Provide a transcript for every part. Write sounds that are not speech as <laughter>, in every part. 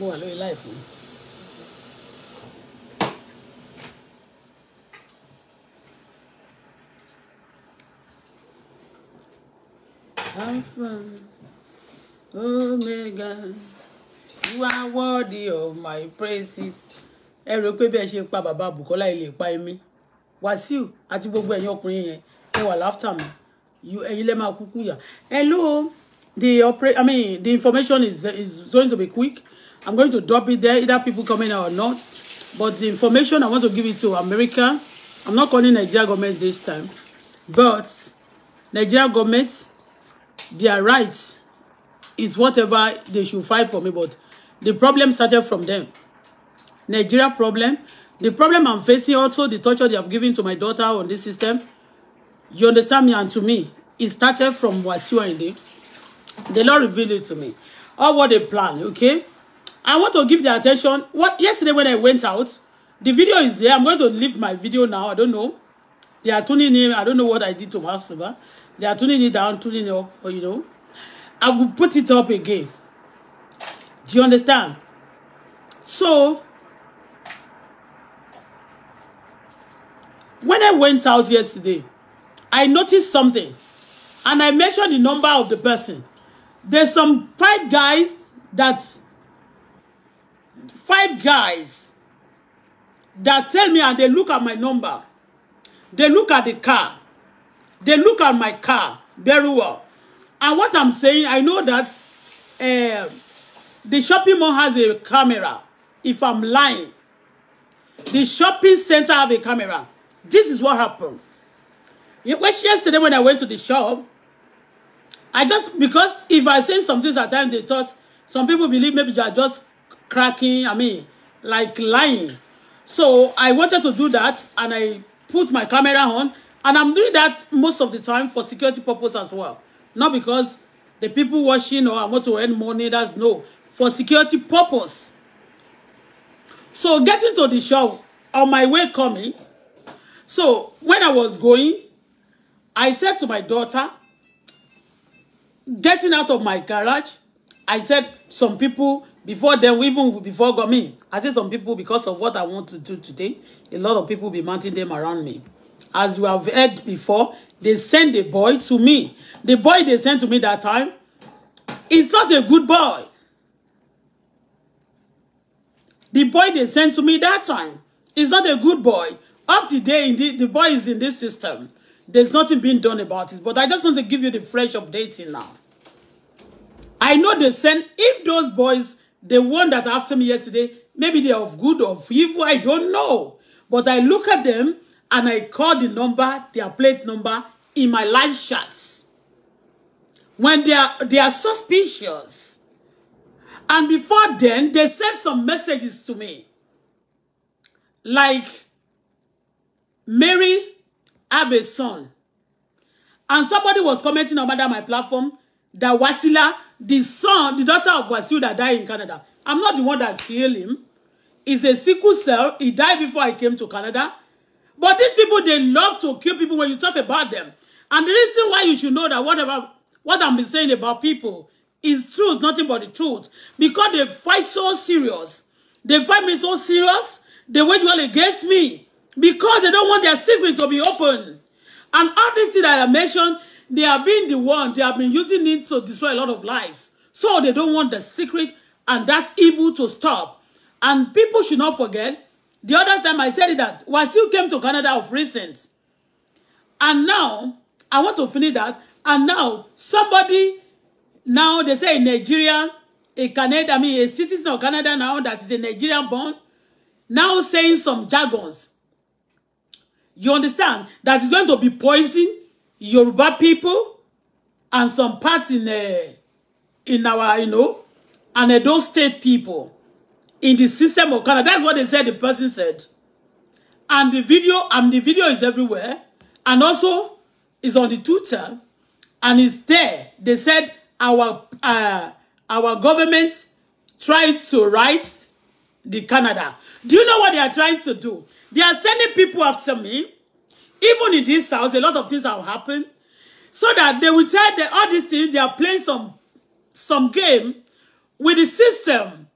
mo wà lórí láì fún Alpha, Omega, you are worthy of my praises. Ẹ rò pé bẹ́ẹ̀ ṣe pa bàbá Bùkọ́lá ilé pa èmi. Wàsíù àti gbogbo ẹ̀yin ọkùnrin yẹn ẹ wà láftà mi. Ẹ̀yin lẹ́ máa kúkú yà. Hello, the I mean the information is is going to be quick. I'm going to drop it there, either people coming or not. But the information I want to give it to America. I'm not calling Nigeria government this time. But Nigeria government, their rights is whatever they should fight for me. But the problem started from them. Nigeria problem. The problem I'm facing also, the torture they have given to my daughter on this system, you understand me and to me, it started from Wasiu Ayinde. The Lord revealed it to me. All what they plan, okay? I want to give the attention. What yesterday when I went out, the video is there. I'm going to leave my video now. I don't know. They are tuning in. I don't know what I did to Maxuba. They are tuning it down, tuning it up, you know. I will put it up again. Do you understand? So, when I went out yesterday, I noticed something. And I mentioned the number of the person. There's some five guys that five guys that tell me and they look at my number. They look at the car. They look at my car very well. And what I'm saying, I know that uh, the shopping mall has a camera. If I'm lying, the shopping center have a camera. This is what happened. Yesterday when I went to the shop, I just, because if I say some things at times, they thought, some people believe maybe you are just cracking, I mean, like lying. So I wanted to do that and I put my camera on and I'm doing that most of the time for security purpose as well. Not because the people watching or I want to earn money, that's no. For security purpose. So getting to the show, on my way coming, so when I was going, I said to my daughter, getting out of my garage, I said some people Before then, even before got me, I see some people because of what I want to do today, a lot of people be mounting them around me. As you have heard before, they send a boy to me. The boy they sent to me that time is not a good boy. The boy they sent to me that time is not a good boy. Up to today, the, the boy is in this system. There's nothing being done about it. But I just want to give you the fresh updating now. I know they send, if those boys The one that asked me yesterday, maybe they are of good or of evil, I don't know. But I look at them and I call the number, their plate number, in my live shots. When they are, they are suspicious. And before then, they sent some messages to me. Like, Mary have a son. And somebody was commenting on my platform that Wasila the son, the daughter of Wasiu that died in Canada. I'm not the one that killed him. It's a sickle cell. He died before I came to Canada. But these people, they love to kill people when you talk about them. And the reason why you should know that whatever what I'm been saying about people is truth, nothing but the truth. Because they fight so serious. They fight me so serious. They wage war against me. Because they don't want their secrets to be open. And all these things that I mentioned, They have been the one, they have been using it to destroy a lot of lives. So they don't want the secret and that evil to stop. And people should not forget, the other time I said that Wasiu came to Canada of recent. And now, I want to finish that. And now, somebody, now they say in Nigeria, a Canada, I mean, a citizen of Canada now that is a Nigerian born, now saying some jargons. You understand? That is going to be poison Yoruba people and some parts in uh, in our, you know, and Edo State people in the system of Canada. That's what they said, the person said. And the video, and the video is everywhere. And also, is on the Twitter. And it's there. They said our uh, our government tried to write the Canada. Do you know what they are trying to do? They are sending people after me Even in this house, a lot of things have happened. So that they will tell the, all these things, they are playing some, some game with the system.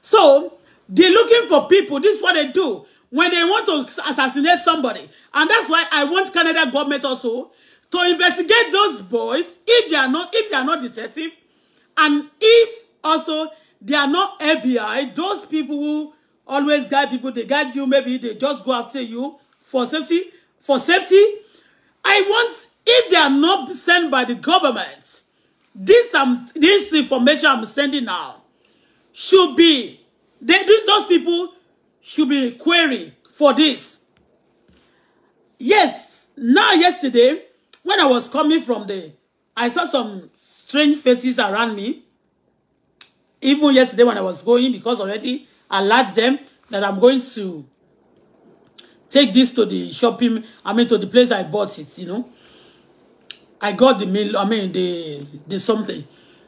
So they're looking for people. This is what they do when they want to assassinate somebody. And that's why I want Canada government also to investigate those boys if they are not if they are not detective and if also they are not FBI, those people who always guide people, they guide you, maybe they just go after you for safety for safety. I want, if they are not sent by the government, this, um, this information I'm sending now should be, they, those people should be querying for this. Yes, now yesterday, when I was coming from there, I saw some strange faces around me. Even yesterday when I was going, because already I alerted them that I'm going to take this to the shopping, I mean, to the place I bought it, you know. I got the meal, I mean, the, the something.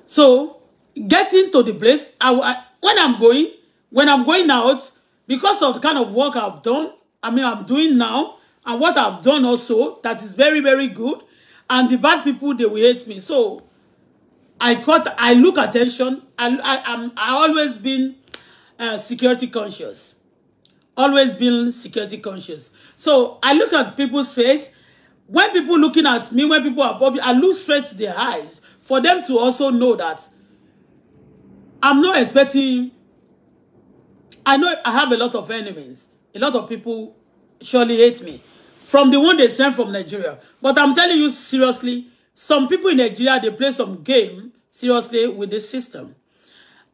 So, getting to the place, I, I, when I'm going, when I'm going out, because of the kind of work I've done, I mean, I'm doing now, and what I've done also, that is very, very good, and the bad people, they will hate me. So, I caught, I look attention, I, I, I'm, I always been uh, security conscious always been security conscious. So I look at people's face. When people looking at me, when people are above me, I look straight to their eyes for them to also know that I'm not expecting. I know I have a lot of enemies. A lot of people surely hate me from the one they sent from Nigeria. But I'm telling you seriously, some people in Nigeria, they play some game seriously with the system.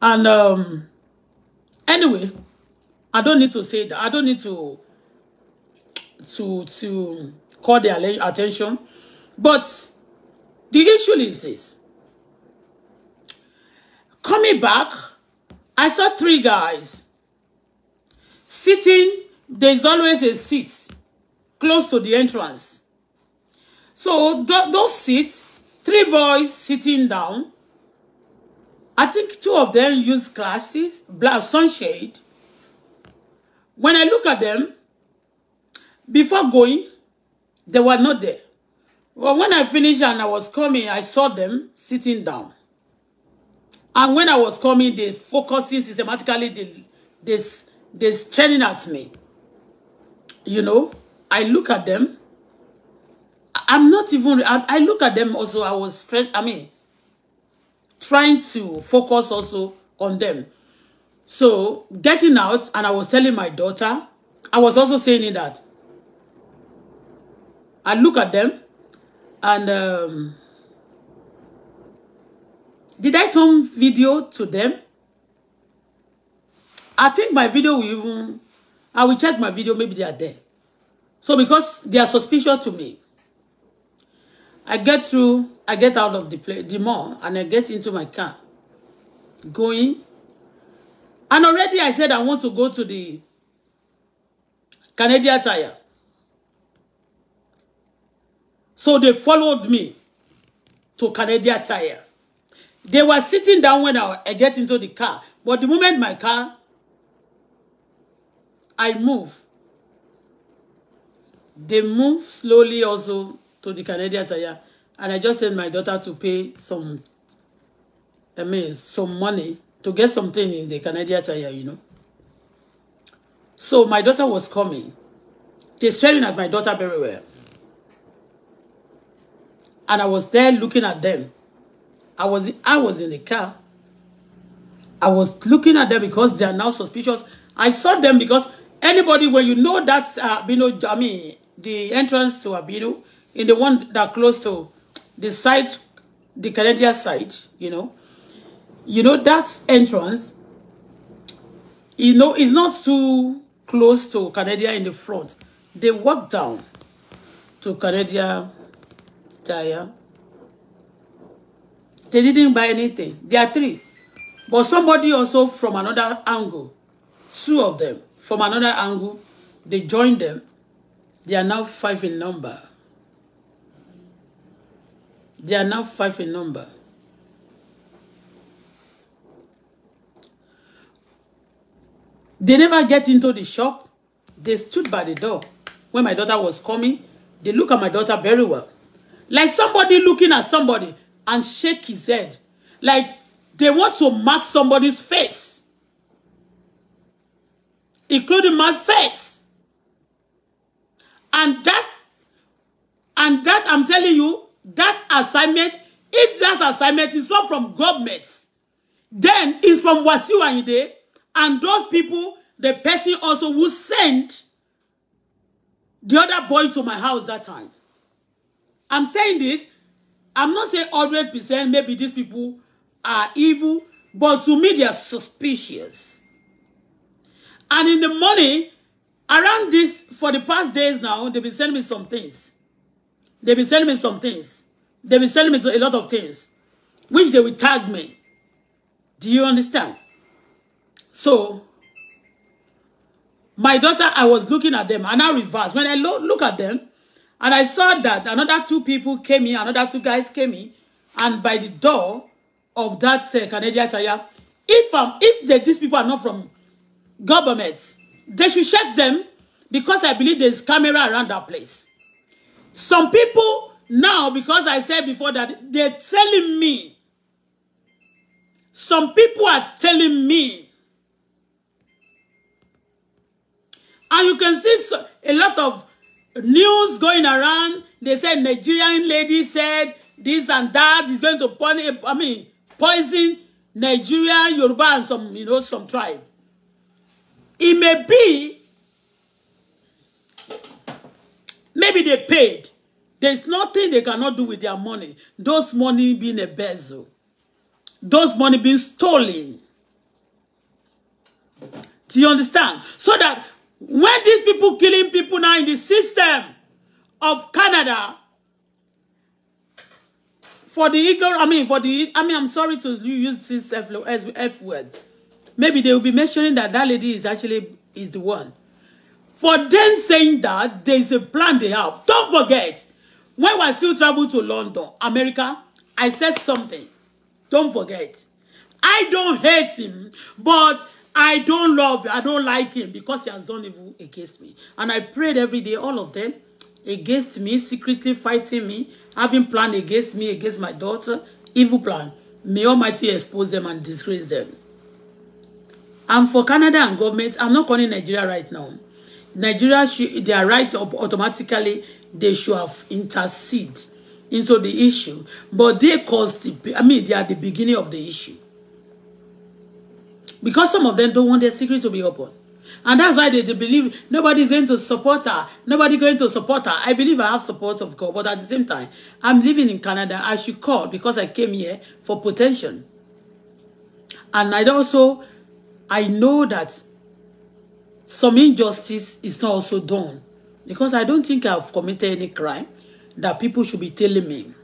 And um, anyway, I don't need to say that. I don't need to to to call their attention. But the issue is this. Coming back, I saw three guys sitting. There's always a seat close to the entrance. So th those seats, three boys sitting down. I think two of them use glasses, black sunshade. When I look at them, before going, they were not there. But when I finished and I was coming, I saw them sitting down. And when I was coming, they focusing systematically, they, they, they staring at me. You know, I look at them. I'm not even, I, I look at them also, I was stressed, I mean, trying to focus also on them. So getting out, and I was telling my daughter, I was also saying that I look at them and um, did I turn video to them? I think my video will even, I will check my video, maybe they are there. So because they are suspicious to me, I get through, I get out of the play, the mall, and I get into my car, going And already I said I want to go to the Canadian Tire. So they followed me to Canadian Tire. They were sitting down when I, get into the car. But the moment my car, I move. They move slowly also to the Canadian Tire. And I just sent my daughter to pay some, I mean, some money to get something in the Canadian Tire, you know. So my daughter was coming. They're staring at my daughter very well. And I was there looking at them. I was I was in the car. I was looking at them because they are now suspicious. I saw them because anybody when you know that uh, I mean the entrance to Abino in the one that close to the side, the Canadian side, you know, you know, that entrance, you know, it's not too close to Canada in the front. They walk down to Canada Tire. They didn't buy anything. There are three. But somebody also from another angle, two of them from another angle, they joined them. They are now five in number. They are now five in number. They never get into the shop. They stood by the door when my daughter was coming. They look at my daughter very well. Like somebody looking at somebody and shake his head. Like they want to mark somebody's face. Including my face. And that, and that I'm telling you, that assignment, if that assignment is not from government, then it's from Wasiwa Ayinde And those people, the person also who sent the other boy to my house that time. I'm saying this. I'm not saying 100% maybe these people are evil, but to me they are suspicious. And in the morning, around this, for the past days now, they've been sending me some things. They've been sending me some things. They've been sending me a lot of things, which they will tag me. Do you understand? So, my daughter, I was looking at them and I reversed. When I lo look at them, and I saw that another two people came in, another two guys came in, and by the door of that uh, Canadian tire, if um, if these people are not from governments, they should check them because I believe there's camera around that place. Some people now, because I said before that, they're telling me, some people are telling me And you can see so, a lot of news going around. They said Nigerian lady said this and that is going to punish, I mean, poison Nigeria, Yoruba, and some, you know, some tribe. It may be, maybe they paid. There's nothing they cannot do with their money. Those money being a embezzled. Those money being stolen. Do you understand? So that When these people killing people now in the system of Canada, for the ignorant, I mean, for the, I mean, I'm sorry to use this F, F, F word. Maybe they will be mentioning that that lady is actually is the one. For them saying that there is a plan they have. Don't forget, when I still travel to London, America, I said something. Don't forget. I don't hate him, but I don't love, I don't like him because he has done evil against me. And I prayed every day, all of them, against me, secretly fighting me, having planned against me, against my daughter, evil plan. May Almighty expose them and disgrace them. And for Canada and government, I'm not calling Nigeria right now. Nigeria, they are right automatically, they should have intercede into the issue. But they caused, the, I mean, they are the beginning of the issue. Because some of them don't want their secrets to be open. And that's why they, they believe nobody's going to support her. Nobody going to support her. I believe I have support of God. But at the same time, I'm living in Canada. I should call because I came here for protection. And I also, I know that some injustice is not also done. Because I don't think I've committed any crime that people should be telling me.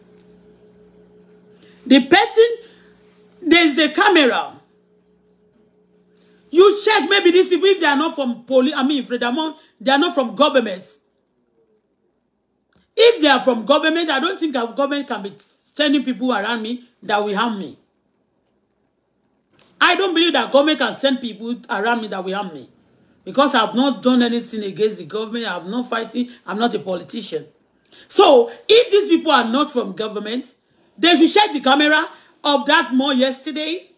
The person, there's a camera. You check maybe these people, if they are not from police, I mean, if they are not from governments. If they are from government, I don't think our government can be sending people around me that will harm me. I don't believe that government can send people around me that will harm me. Because I have not done anything against the government. I have not fighting. I'm not a politician. So, if these people are not from government, they should check the camera of that mall yesterday.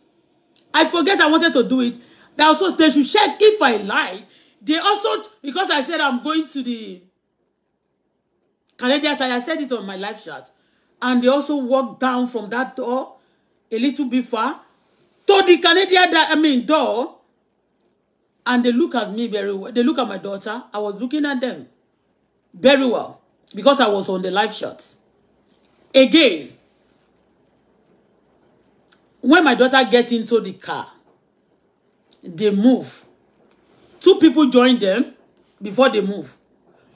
I forget I wanted to do it. They also they should check if I lie. They also because I said I'm going to the Canadian Tire. I said it on my live chat, and they also walked down from that door a little bit far to the Canadian I mean door. And they look at me very well. They look at my daughter. I was looking at them very well because I was on the live shot. Again, when my daughter gets into the car, they move. Two people join them before they move.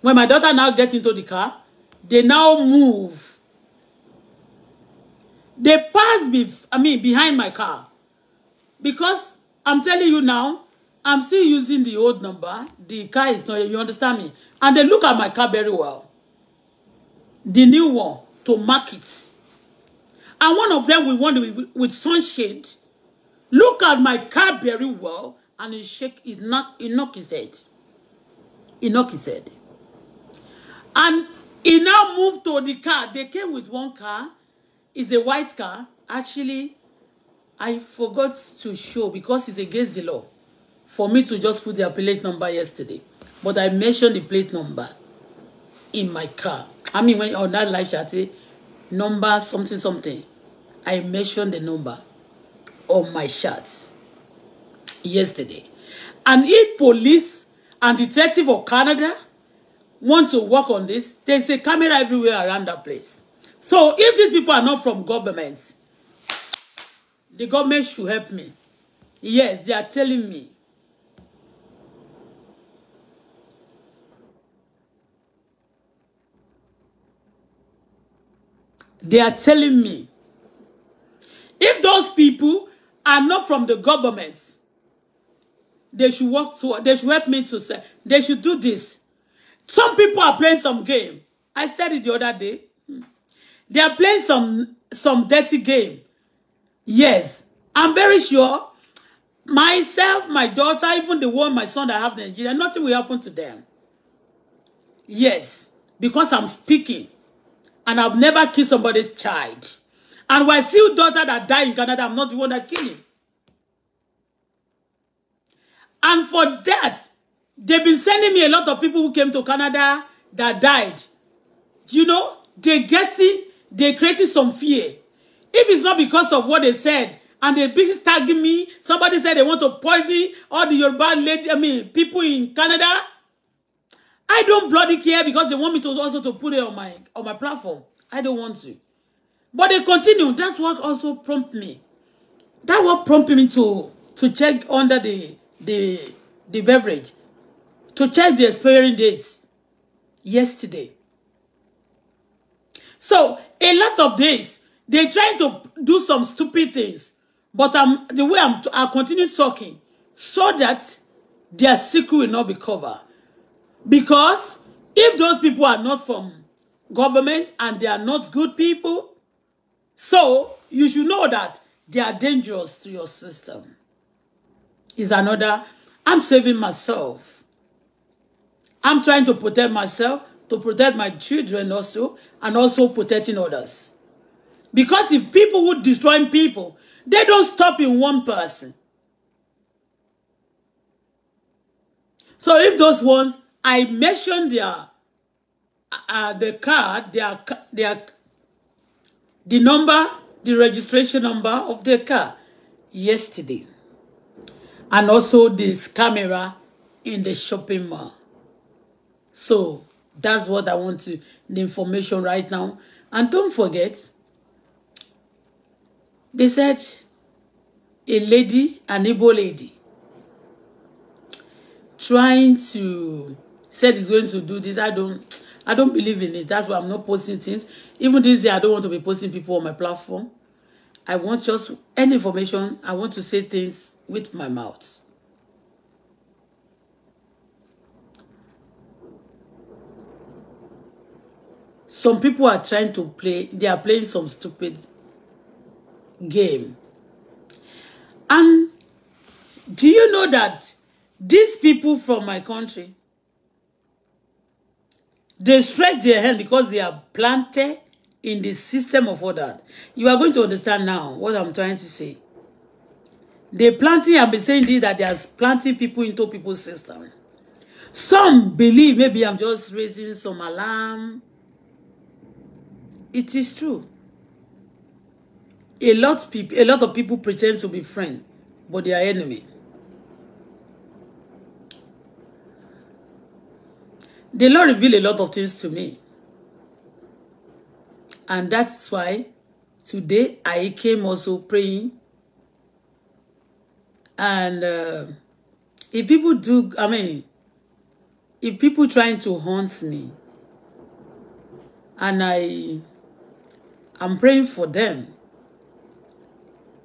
When my daughter now gets into the car, they now move. They pass me I mean behind my car. Because I'm telling you now, I'm still using the old number. The car is not, you understand me? And they look at my car very well. The new one to mark it. And one of them we want with, with sunshade Look at my car very well. And he shake, he knock, he knock his head. He knock his head. And he now moved to the car. They came with one car. It's a white car. Actually, I forgot to show because it's against the law for me to just put their plate number yesterday. But I mentioned the plate number in my car. I mean, when on that light chat, eh, number something something, I mentioned the number on my shirt yesterday. And if police and detective of Canada want to work on this, there's a camera everywhere around that place. So if these people are not from government, the government should help me. Yes, they are telling me. They are telling me. If those people are not from the government. They should work to they should help me to say they should do this. Some people are playing some game. I said it the other day. They are playing some some dirty game. Yes, I'm very sure myself, my daughter, even the one, my son that I have in Nigeria, nothing will happen to them. Yes, because I'm speaking and I've never killed somebody's child. And my still daughter that died in Canada, I'm not the one that killed him. And for that, they've been sending me a lot of people who came to Canada that died. Do You know, they getting, they creating some fear. If it's not because of what they said, and they be tagging me, somebody said they want to poison all the Yoruba lady, I mean, people in Canada. I don't bloody care because they want me to also to put it on my on my platform. I don't want to. But they continue. That's what also prompted me. That what prompted me to to check under the the the beverage, to check the expiring dates yesterday. So a lot of days they trying to do some stupid things, but I'm the way I'm I continue talking so that their secret will not be covered. Because if those people are not from government and they are not good people, So you should know that they are dangerous to your system. Is another, I'm saving myself. I'm trying to protect myself, to protect my children also, and also protecting others. Because if people would destroy people, they don't stop in one person. So if those ones, I mentioned their, uh, uh the card, their, their the number, the registration number of their car yesterday. And also this camera in the shopping mall. So that's what I want to, the information right now. And don't forget, they said a lady, an Igbo lady, trying to, said he's going to do this. I don't, I don't believe in it. That's why I'm not posting things. Even this day, I don't want to be posting people on my platform. I want just any information. I want to say things with my mouth. Some people are trying to play, they are playing some stupid game. And do you know that these people from my country, They stretch their hand because they are planted in the system of others. You are going to understand now what I'm trying to say. They planting, I've been saying this, that they are planting people into people's system. Some believe, maybe I'm just raising some alarm. It is true. A lot, people, a lot of people pretend to be friends, but they are enemies. The Lord revealed a lot of things to me. And that's why today I came also praying. And uh, if people do, I mean, if people trying to haunt me, and I, I'm praying for them.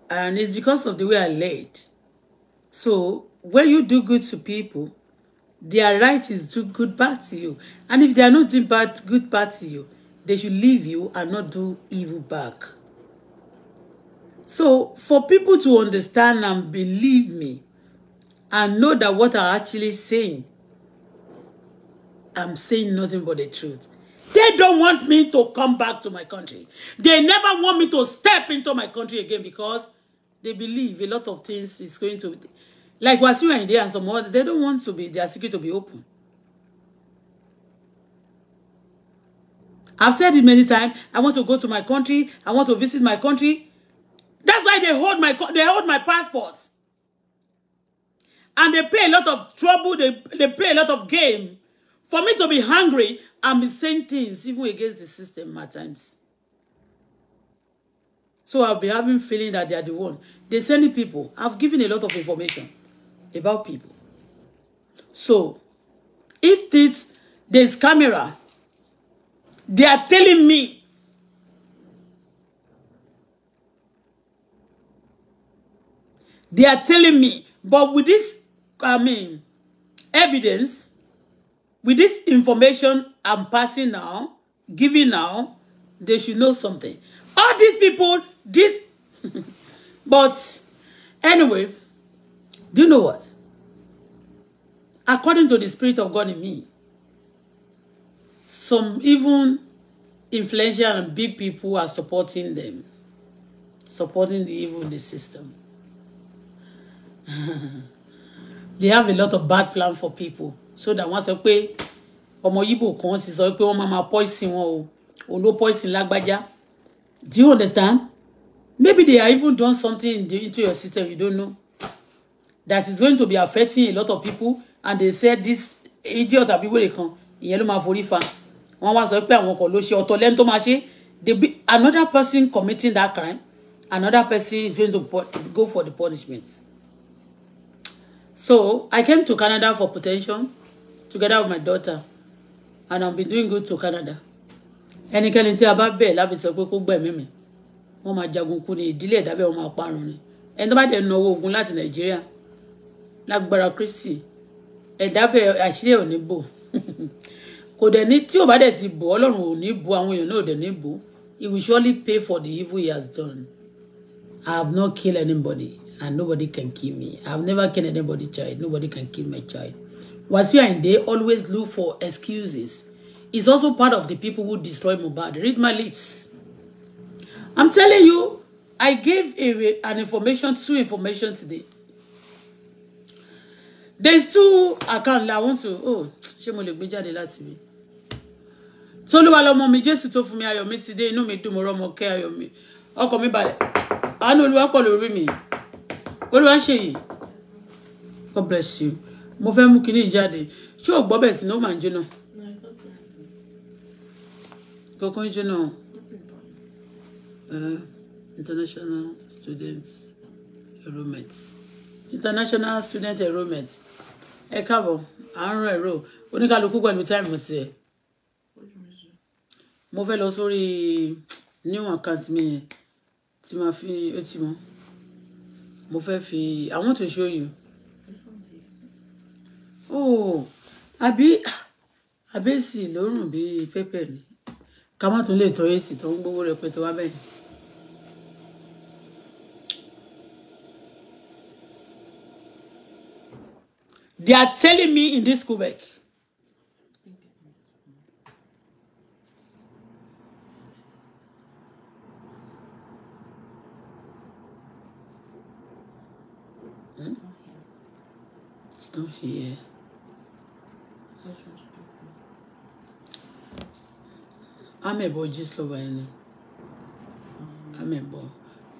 And it's because of the way I laid. So when you do good to people, their right is do good bad to you and if they are not doing bad good bad to you they should leave you and not do evil back so for people to understand and believe me and know that what I'm actually saying I'm saying nothing but the truth they don't want me to come back to my country they never want me to step into my country again because they believe a lot of things is going to Like Wasiu Ayinde and some other, they don't want to be their secret to be open. I've said it many times. I want to go to my country. I want to visit my country. That's why they hold my they hold my passports. And they pay a lot of trouble. They, they pay a lot of game. For me to be hungry and be saying things even against the system at times. So I'll be having feeling that they are the one. They send people. I've given a lot of information about people. So, if this there's camera, they are telling me they are telling me, but with this, I mean, evidence, with this information I'm passing now, giving now, they should know something. All these people, this, <laughs> but anyway. Do you know what? According to the Spirit of God in me, some even influential and big people are supporting them, supporting the evil in the system. <laughs> They have a lot of bad plan for people. So that once a pé Omo Yibo kan sì sọ pé wọ́n ma poison wọn o, oló poison lágbájá. Do you understand? Maybe they have even done something into your system you don't know that is going to be affecting a lot of people and they said this idiot àbí wèrè kan ìyẹn ló máa forí fa wọ́n wá sọ pé àwọn kan ló ṣe ọ̀tọ̀ lẹ́nu tó máa ṣe another person committing that crime another person is going to go for the punishment so I came to Canada for protection together with my daughter and I've been doing good to Canada ẹnikẹ́ni tí a bá bẹ̀ láti sọ pé kó gbẹ̀mí mi wọ́n máa jagun kú ni ìdílé ẹ̀dábẹ́ wọn máa parun ni ẹni tó bá dẹ̀ náwó ogun láti Nàìjíríà lágbára Kristi ẹ̀dá bẹ́ẹ̀ àṣírí ò ní bò <laughs> kò dẹ̀ ní tí ò bá dẹ̀ ti bò ọlọ́run ò ní bò àwọn èèyàn náà ò dẹ̀ ní bò he will surely pay for the evil he has done I have not killed anybody and nobody can kill me I have never killed anybody child nobody can kill my child Wasiu Ayinde always look for excuses is also part of the people who destroy Mohbad read my lips I'm telling you I gave a, an information two information today there's two account la want to oh ṣé mo lè gbé jáde láti mi tolúwa lọmọ mi jésù tó fún mi ayọ̀ mi ti dé inú mi dùn mo rọmọ kẹ́ ayọ̀ mi ọkàn mi balẹ̀ àánú olúwa pọ̀ lórí mi olúwa ṣe yìí god bless you mo fẹ́ mú kinní jáde ṣé o gbọ́ bẹ́ẹ̀ sí ní ó máa ń jóná kankan ń jóná uh-huh. international students roommates international student enrollment ẹ káàbọ̀ à ń rán ẹ̀rọ oníkàlùkù pẹ̀lú táìmù tiẹ̀ mo fẹ́ lọ sórí new account mi yẹn tí màá fi ó ti mọ́ mo fẹ́ fi i want to show you oh àbí àbẹ́sì lórùn bíi pépè ni ká má tún lè tọ́ èsì tó ń gbowó rẹpẹtẹ wá bẹ́ẹ̀. They are telling me in this Quebec. Hmm? It's not here. I'm a ẹni amẹ̀bọ̀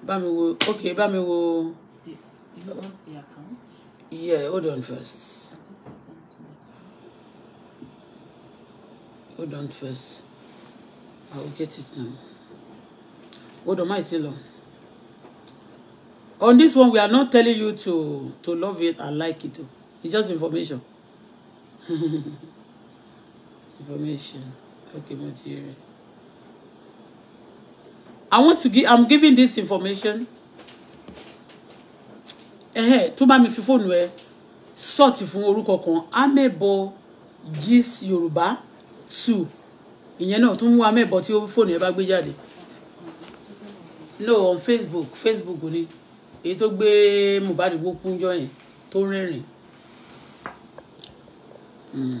bá mi wo ok bá mi wo. The, the, the, Yeah, hold on first. Hold on first. I will get it now. Hold on, my still on. this one, we are not telling you to to love it and like it. It's just information. <laughs> information. Okay, material. I want to give. I'm giving this information ẹ̀hẹ́ tó bá mi fi fóònù ẹ sọ́ọ̀tì fún orúkọ kan amẹ́bọ gist yorùbá two ìyẹn náà tún mú amẹ́bọ tí fóònù ẹ bá gbé jáde no on facebook facebook ni èyí tó gbé Mohbad wó kúnjọ yẹn tó rẹ́rìn hmm.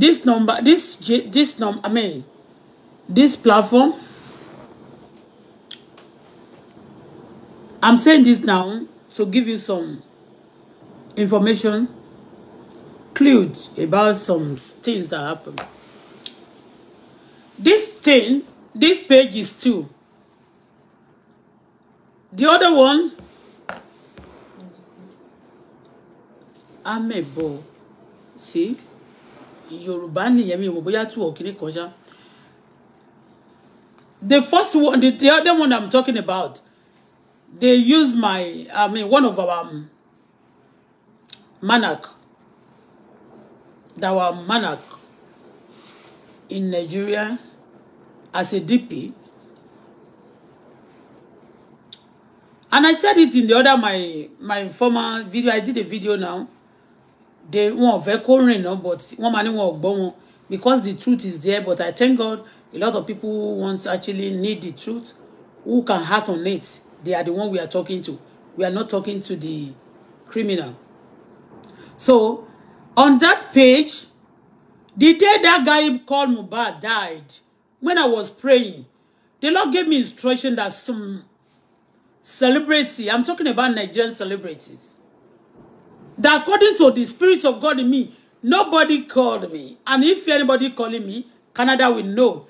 this number this this num. i mean this platform I'm saying this now to give you some information, clues about some things that happen. This thing, this page is two. The other one, a boy, see, Yoruba nìyẹn mi wò bóyá two or kìíní kan ṣá. The first one, the, the other one I'm talking about they use my, I mean, one of our manak, um, that were manak in Nigeria as a DP. And I said it in the other, my, my former video, I did a video now. They won't very current, no, but one man won't go because the truth is there. But I thank God a lot of people want actually need the truth who can hurt on it. They are the one we are talking to. We are not talking to the criminal. So, on that page, the day that guy called Mubad died, when I was praying, the Lord gave me instruction that some celebrity, I'm talking about Nigerian celebrities, that according to the Spirit of God in me, nobody called me. And if anybody calling me, Canada will know.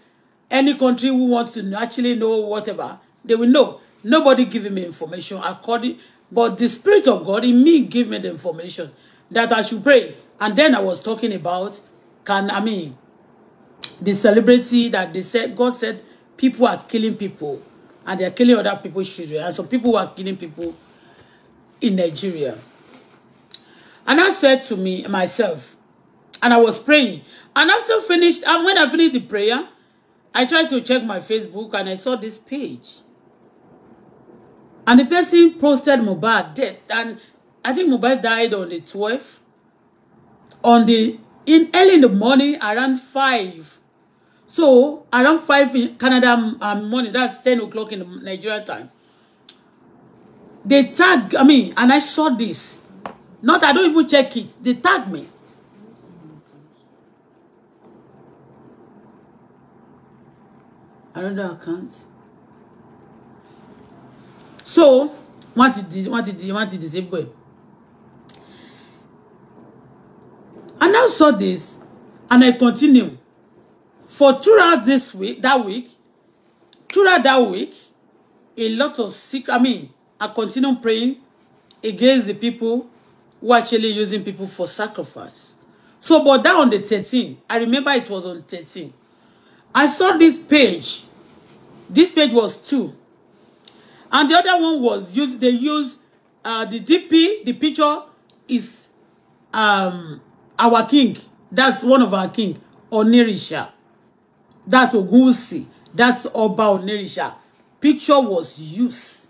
Any country who wants to actually know whatever, they will know. Nobody giving me information according, but the Spirit of God in me gave me the information that I should pray. And then I was talking about, can I mean, the celebrity that they said, God said, people are killing people and they're killing other people's children. And so people are killing people in Nigeria. And I said to me, myself, and I was praying. And after finished, and when I finished the prayer, I tried to check my Facebook and I saw this page. And the person posted Mohbad dead. And I think Mohbad died on the 12th. On the in early in the morning around 5. So around 5 in Canada um, um morning, that's 10 o'clock in Nigeria time. They tagged, I mean, and I saw this. Not, I don't even check it. They tagged me. Another account so wọ́n ti di wọ́n ti di wọ́n ti disable ẹ̀ I now saw this and I continue for throughout this week that week throughout that week a lot of sick I mean I continue praying against the people who actually using people for sacrifice. So, but that on the 13, I remember it was on 13. I saw this page. This page was two. And the other one was used, they use uh, the DP, the picture is um, our king. That's one of our king, Onirisha. That's Ogusi. That's Oba Onirisha. Picture was used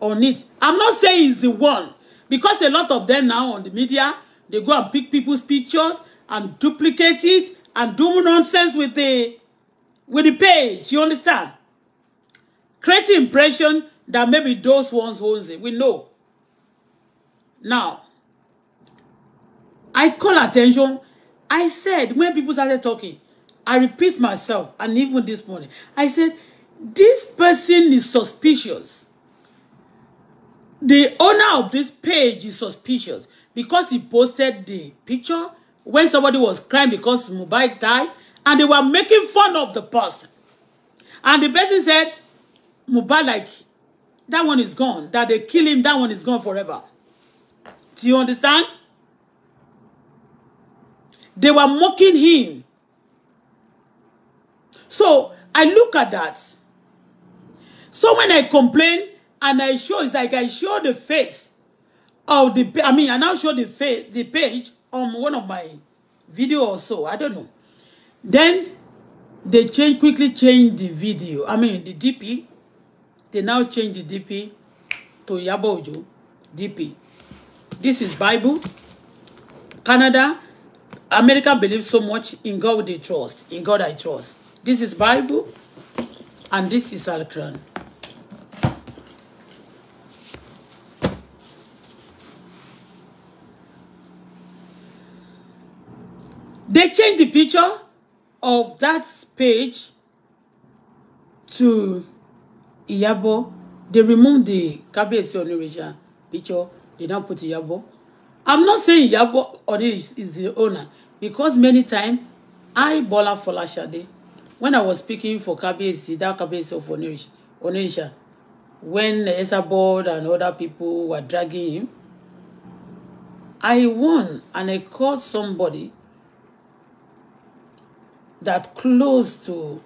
on it. I'm not saying it's the one because a lot of them now on the media, they go and pick people's pictures and duplicate it and do nonsense with the with the page. You understand? creating impression that maybe those ones owns it. We know. Now, I call attention. I said when people started talking, I repeat myself, and even this morning, I said, this person is suspicious. The owner of this page is suspicious because he posted the picture when somebody was crying because Mumbai died, and they were making fun of the person. And the person said, Mohbad like that one is gone that they kill him that one is gone forever do you understand they were mocking him so I look at that so when I complain and I show it's like I show the face of the I mean I now show the face the page on one of my videos. or so I don't know then they change quickly change the video I mean the DP They now change the DP to Yabojo DP. This is Bible. Canada, America believes so much in God they trust. In God I trust. This is Bible and this is Al-Quran. They changed the picture of that page to Iyabo. They remove the Kabiyesi Onitsha picture. They now put Iyabo. I'm not saying Iyabo Oni is, is the owner because many times I Bola Folashade when I was speaking for Kabiyesi that Kabiyesi of Onitsha, Onitsha when board and other people were dragging him I won and I called somebody that close to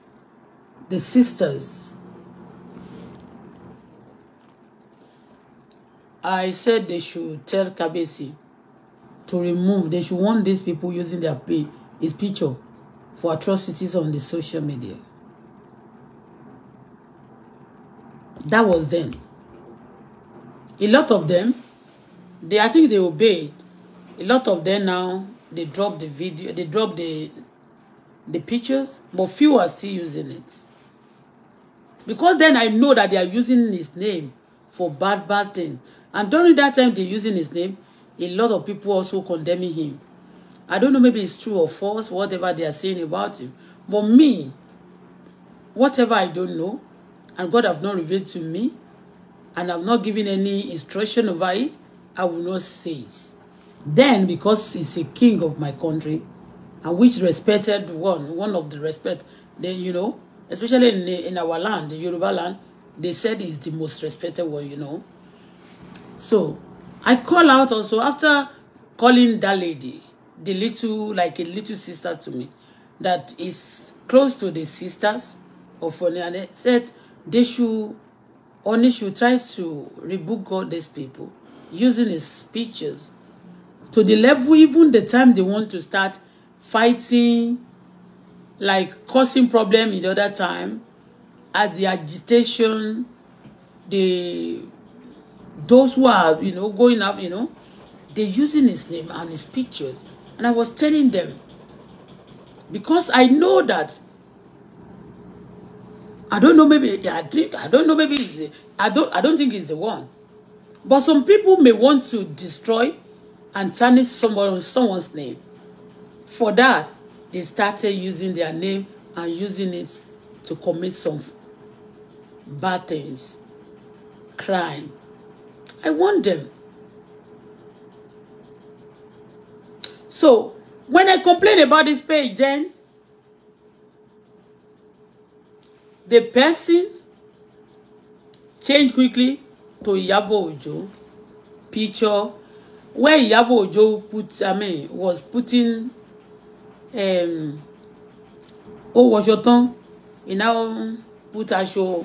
the sisters I said they should tell Kabesi to remove, they should warn these people using their pay, his picture for atrocities on the social media. That was then. A lot of them, they I think they obeyed. A lot of them now they drop the video, they drop the the pictures, but few are still using it. Because then I know that they are using his name for bad bad things. And during that time, they using his name, a lot of people also condemning him. I don't know, maybe it's true or false, whatever they are saying about him. But me, whatever I don't know, and God have not revealed to me, and I've not given any instruction over it, I will not say it. Then, because he's a king of my country, and which respected one, one of the respect, they, you know, especially in, in our land, the Yoruba land, they said he's the most respected one, you know. So I call out also after calling that lady, the little, like a little sister to me, that is close to the sisters of Oni, and they said they should, Oni should try to rebuke all these people using his speeches to the level even the time they want to start fighting, like causing problem in the other time, at the agitation, the those who are, you know, going up, you know, they're using his name and his pictures. And I was telling them, because I know that, I don't know, maybe, I think, I don't know, maybe, it's the, I, don't, I don't think he's the one. But some people may want to destroy and tarnish someone, someone's name. For that, they started using their name and using it to commit some bad things, crime. I want them. So, when I complain about this page, then the person changed quickly to Yabo Ojo picture where Yabo Ojo put, I mean, was putting um, ó wọṣọ tán he now put a aṣọ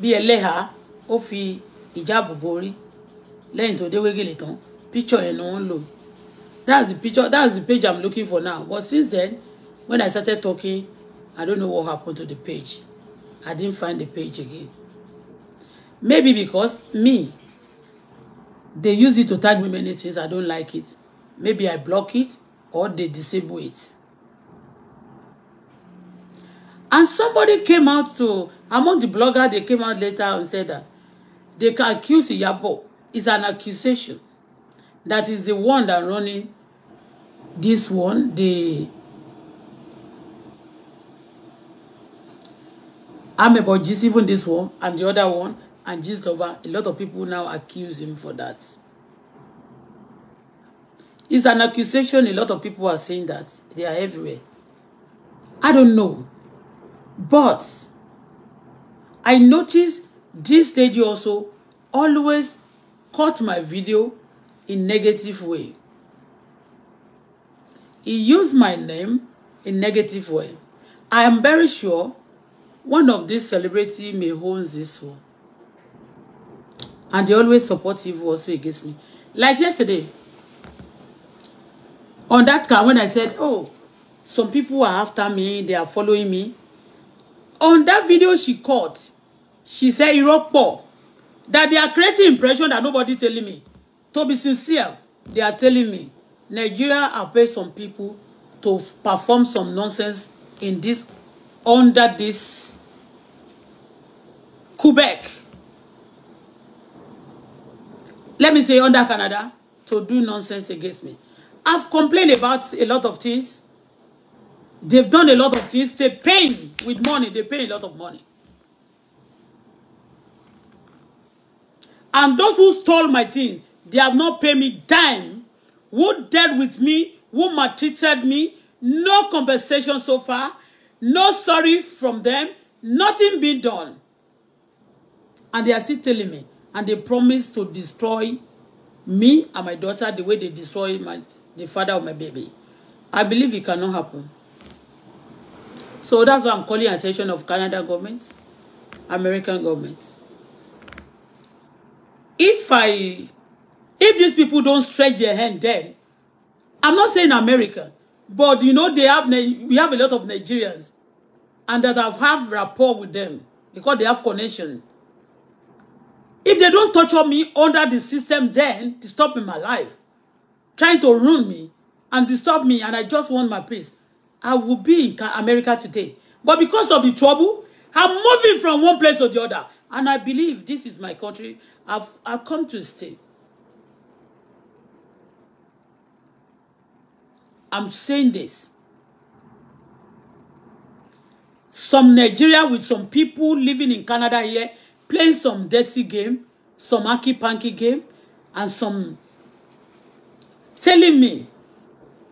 bí ẹlẹ́hà ó fi ìjáàbò borí lẹ́yìn tó dé wégele tán picture ẹ̀ ni wọ́n lò that's the picture that's the page i'm looking for now but since then when i started talking i don't know what happened to the page i didn't find the page again maybe because me they use it to tag me many things i don't like it maybe i block it or they disable it and somebody came out to among the bloggers they came out later and said that They can accuse Yabo. It's an accusation. That is the one that running this one, the I'm about Gist, even this one, and the other one, and just over a lot of people now accuse him for that. It's an accusation. A lot of people are saying that. They are everywhere. I don't know. But I noticed this lady also always cut my video in negative way. He used my name in negative way. I am very sure one of these celebrity may own this one. And they always supportive also against me. Like yesterday, on that car when I said, oh, some people are after me, they are following me. On that video she caught, she said, irọ́ poor." that they are creating impression that nobody telling me. To be sincere, they are telling me Nigeria have paid some people to perform some nonsense in this under this Quebec. Let me say under Canada to do nonsense against me. I've complained about a lot of things. They've done a lot of things. They pay with money. They pay a lot of money. And those who stole my thing, they have not paid me dime. Who dealt with me? Who maltreated me? No compensation so far. No sorry from them. Nothing being done. And they are still telling me. And they promise to destroy me and my daughter the way they destroyed my the father of my baby. I believe it cannot happen. So that's why I'm calling attention of Canada governments, American governments if I, if these people don't stretch their hand then, I'm not saying America, but you know, they have, we have a lot of Nigerians and that I've have rapport with them because they have connection. If they don't torture me under the system then, disturbing my life, trying to ruin me and disturb me and I just want my peace, I will be in America today. But because of the trouble, I'm moving from one place to the other. And I believe this is my country. I've, I've come to stay. I'm saying this. Some Nigeria with some people living in Canada here playing some dirty game, some hanky-panky game, and some telling me,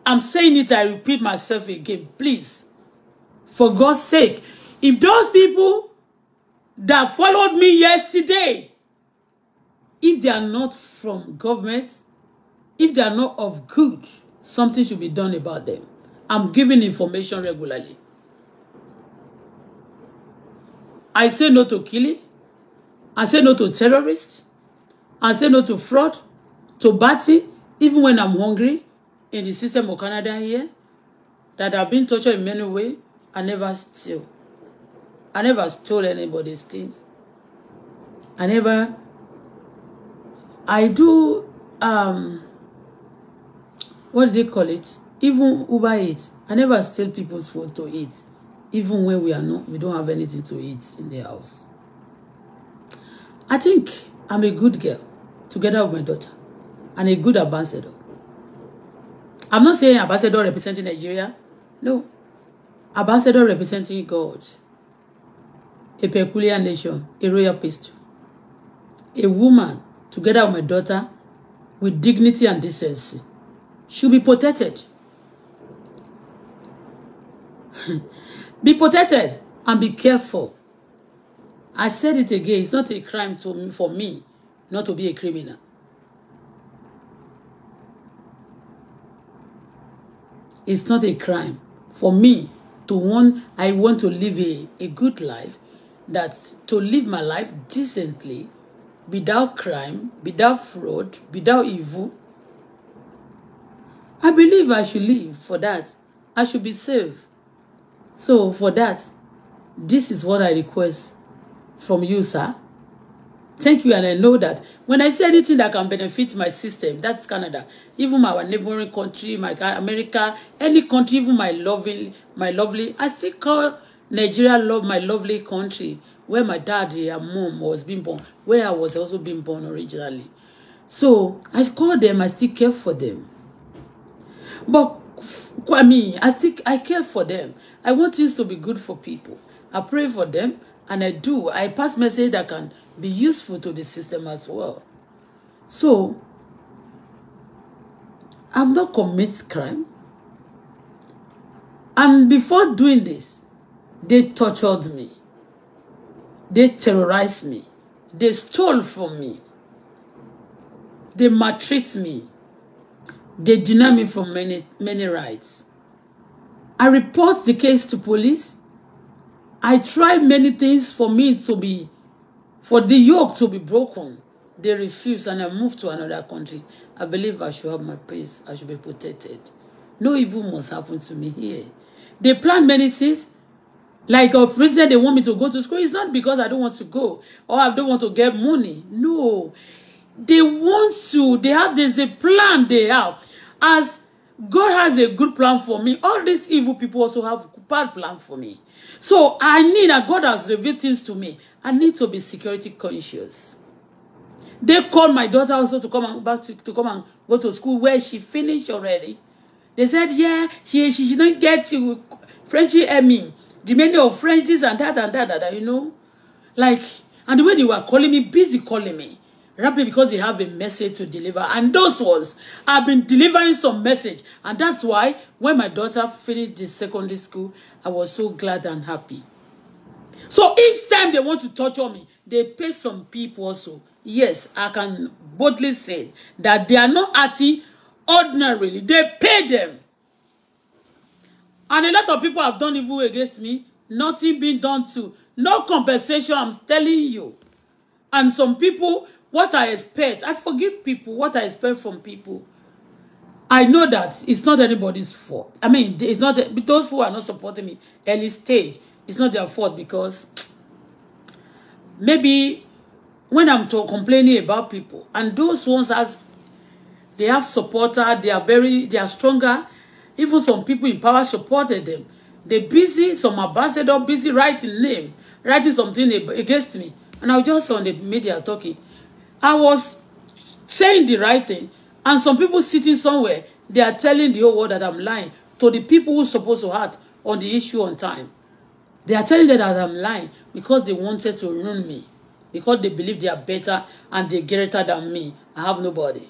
I'm saying it, I repeat myself again, please, for God's sake, if those people that followed me yesterday, if they are not from government, if they are not of good, something should be done about them. I'm giving information regularly. I say no to killing. I say no to terrorists. I say no to fraud, to batty, even when I'm hungry in the system of Canada here, that I've been tortured in many ways, I never steal. I never stole anybody's things. I never. I do. Um, what do they call it? Even Uber Eats. I never steal people's food to eat, even when we are not. We don't have anything to eat in the house. I think I'm a good girl, together with my daughter, and a good ambassador. I'm not saying ambassador representing Nigeria. No, ambassador representing God a peculiar nation, a royal priesthood. A woman, together with my daughter, with dignity and decency, should be protected. <laughs> be protected and be careful. I said it again, it's not a crime to, for me not to be a criminal. It's not a crime for me to want, I want to live a, a good life that to live my life decently, without crime, without fraud, without evil. I believe I should live for that. I should be saved. So for that, this is what I request from you, sir. Thank you, and I know that when I say anything that can benefit my system, that's Canada, even my neighboring country, my America, any country, even my lovely, my lovely, I still call Nigeria love my lovely country where my dad and mom was being born, where I was also being born originally. So I call them, I still care for them. But I mean, I still I care for them. I want things to be good for people. I pray for them and I do. I pass message that can be useful to the system as well. So I've not committed crime. And before doing this, They tortured me. They terrorized me. They stole from me. They maltreat me. They deny me from many, many rights. I report the case to police. I try many things for me to be, for the yoke to be broken. They refuse and I move to another country. I believe I should have my peace. I should be protected. No evil must happen to me here. They plan many things. Like of reason they want me to go to school, it's not because I don't want to go or I don't want to get money. No. They want to, they have this a plan they have. As God has a good plan for me, all these evil people also have bad plan for me. So I need that God has revealed things to me. I need to be security conscious. They called my daughter also to come and back to, to come and go to school where she finished already. They said, yeah, she she, didn't get to Frenchie Emin the many of French, this and that and that, that, that, you know. Like, and the way they were calling me, busy calling me, rapidly because they have a message to deliver. And those ones, I've been delivering some message. And that's why when my daughter finished the secondary school, I was so glad and happy. So each time they want to torture me, they pay some people also. Yes, I can boldly say that they are not acting ordinarily. They pay them. And a lot of people have done evil against me. Nothing being done to. No compensation, I'm telling you. And some people, what I expect, I forgive people, what I expect from people. I know that it's not anybody's fault. I mean, it's not those who are not supporting me early stage. It's not their fault because maybe when I'm to complaining about people and those ones as they have supporter, they are very, they are stronger Even some people in power supported them. They busy, some ambassador busy writing name, writing something against me. And I was just on the media talking. I was saying the right thing. And some people sitting somewhere, they are telling the whole world that I'm lying to the people who supposed to act on the issue on time. They are telling them that I'm lying because they wanted to ruin me. Because they believe they are better and they greater than me. I have nobody.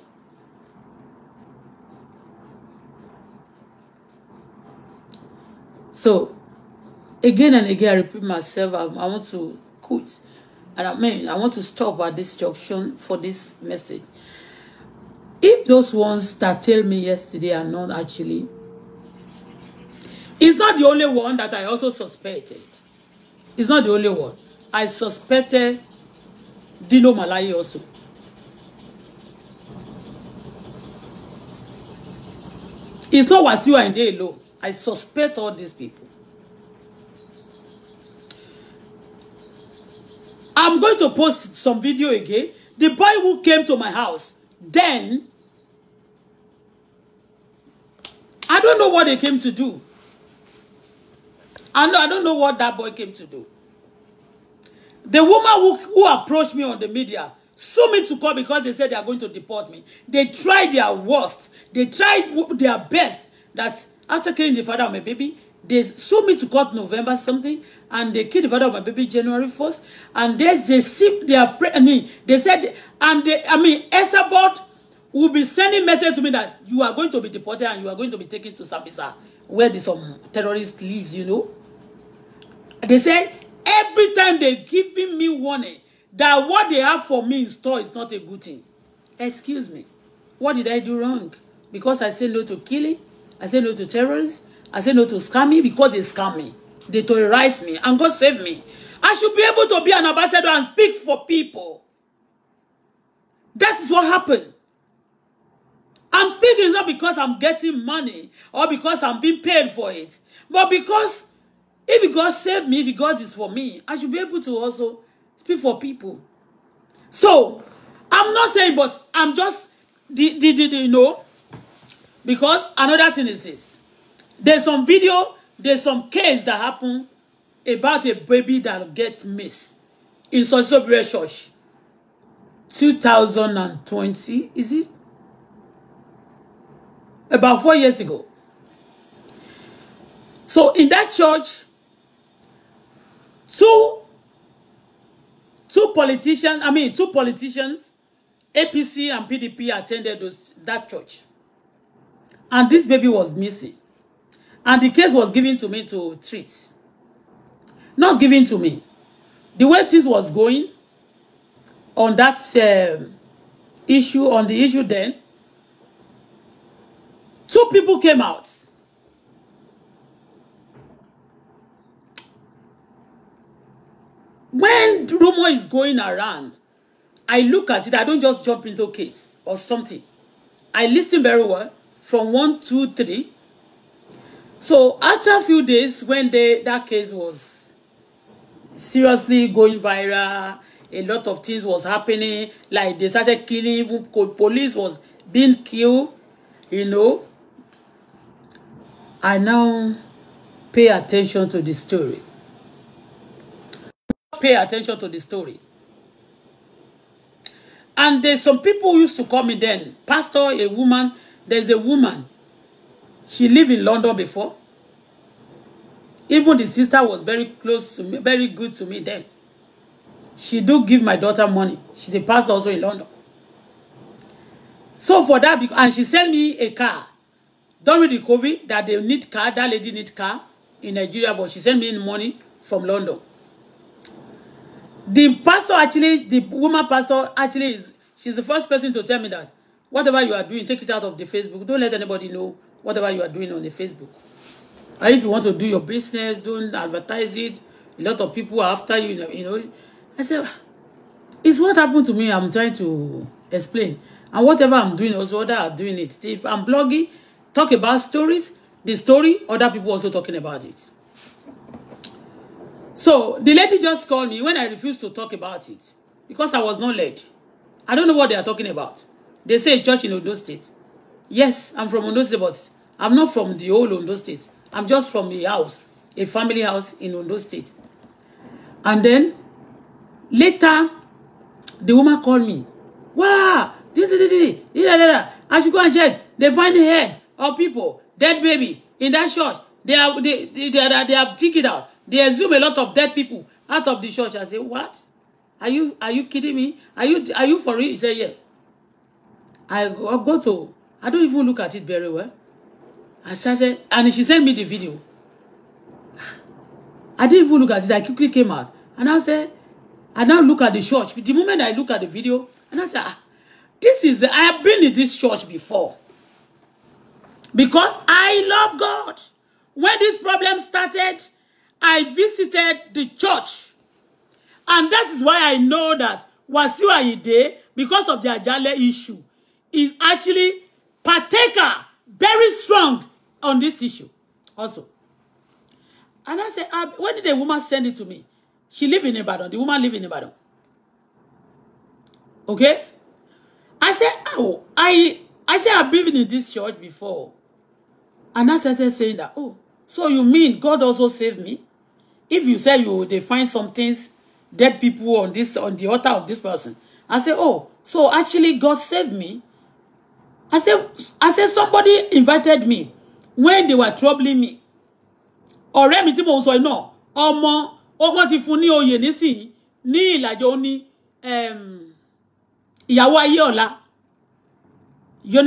So again and again, I repeat myself. I, I want to quit, and I mean I want to stop at this junction for this message. If those ones that tell me yesterday are not actually, it's not the only one that I also suspected. It's not the only one. I suspected Dino Malai also. It's not what you Wasiu Ayinde alone. I suspect all these people. I'm going to post some video again. The boy who came to my house, then, I don't know what they came to do. I, know, I don't know what that boy came to do. The woman who, who approached me on the media sue me to call because they said they are going to deport me. They tried their worst. They tried their best that After killing the father of my baby, they sued me to court November something, and they killed the father of my baby January 1st. And they, they sip their prayer. I mean, they said, and they, I mean, Esabot will be sending message to me that you are going to be deported and you are going to be taken to Sabisa, where the, some terrorist lives, you know. They said, every time they giving me warning that what they have for me in store is not a good thing. Excuse me. What did I do wrong? Because I said no to killing? I say no to terrorists. I say no to scamming because they scam me. They terrorize me. And God save me. I should be able to be an ambassador and speak for people. That is what happened. I'm speaking not because I'm getting money or because I'm being paid for it, but because if God saved me, if God is for me, I should be able to also speak for people. So, I'm not saying, but I'm just, the, the, the, the you know, Because another thing is this. There's some video, there's some case that happened about a baby that get missed in Sosobire Church. 2020, is it? About four years ago. So in that church, two two politicians, I mean two politicians, APC and PDP attended those, that church. And this baby was missing. And the case was given to me to treat. Not given to me. The way things was going on that um, issue, on the issue then, two people came out. When rumor is going around, I look at it, I don't just jump into case or something. I listen very well from one two three so after a few days when they that case was seriously going viral a lot of things was happening like they started killing even police was being killed you know I now pay attention to the story pay attention to the story and there's some people used to call me then pastor a woman There's a woman. She lived in London before. Even the sister was very close to me, very good to me then. She do give my daughter money. She's a pastor also in London. So for that, and she sent me a car. During the COVID, that they need car, that lady need car in Nigeria, but she sent me money from London. The pastor actually, the woman pastor actually is, she's the first person to tell me that Whatever you are doing, take it out of the Facebook. Don't let anybody know whatever you are doing on the Facebook. And if you want to do your business, don't advertise it. A lot of people are after you. You know, I said, ah, it's what happened to me. I'm trying to explain. And whatever I'm doing, also other are doing it. If I'm blogging, talk about stories, the story, other people also talking about it. So the lady just called me when I refused to talk about it because I was not led. I don't know what they are talking about. They say a church in Ondo State. Yes, I'm from Ondo State, but I'm not from the old Ondo State. I'm just from a house, a family house in Ondo State. And then later, the woman called me. Wow, this is it. I should go and check. They find the head of people, dead baby, in that church. They are they they, they, are, they have taken it out. They assume a lot of dead people out of the church. I say, what? Are you are you kidding me? Are you are you for real? He said, yeah. I go to, I don't even look at it very well. I started, and she sent me the video. <sighs> I didn't even look at it. I quickly came out. And I said, I now look at the church. The moment I look at the video, and I said, ah, this is, I have been in this church before. Because I love God. When this problem started, I visited the church. And that is why I know that Wasiu Ayinde, because of the Ajale issue, is actually partaker very strong on this issue also. And I said, when did the woman send it to me? She live in Ibadan. The woman live in Ibadan. Okay? I said, oh, I, I said, I've been in this church before. And I started saying that, oh, so you mean God also saved me? If you say you, they find some things, dead people on this, on the altar of this person. I said, oh, so actually God saved me I said, I said somebody invited me when they were troubling me. Ọ̀rẹ́ mi tí mo sọ iná ọmọ ọmọ ti fún ní oyè nísìnyí ní ìlàjọ ó ní ìyàwó ayé ọ̀la. You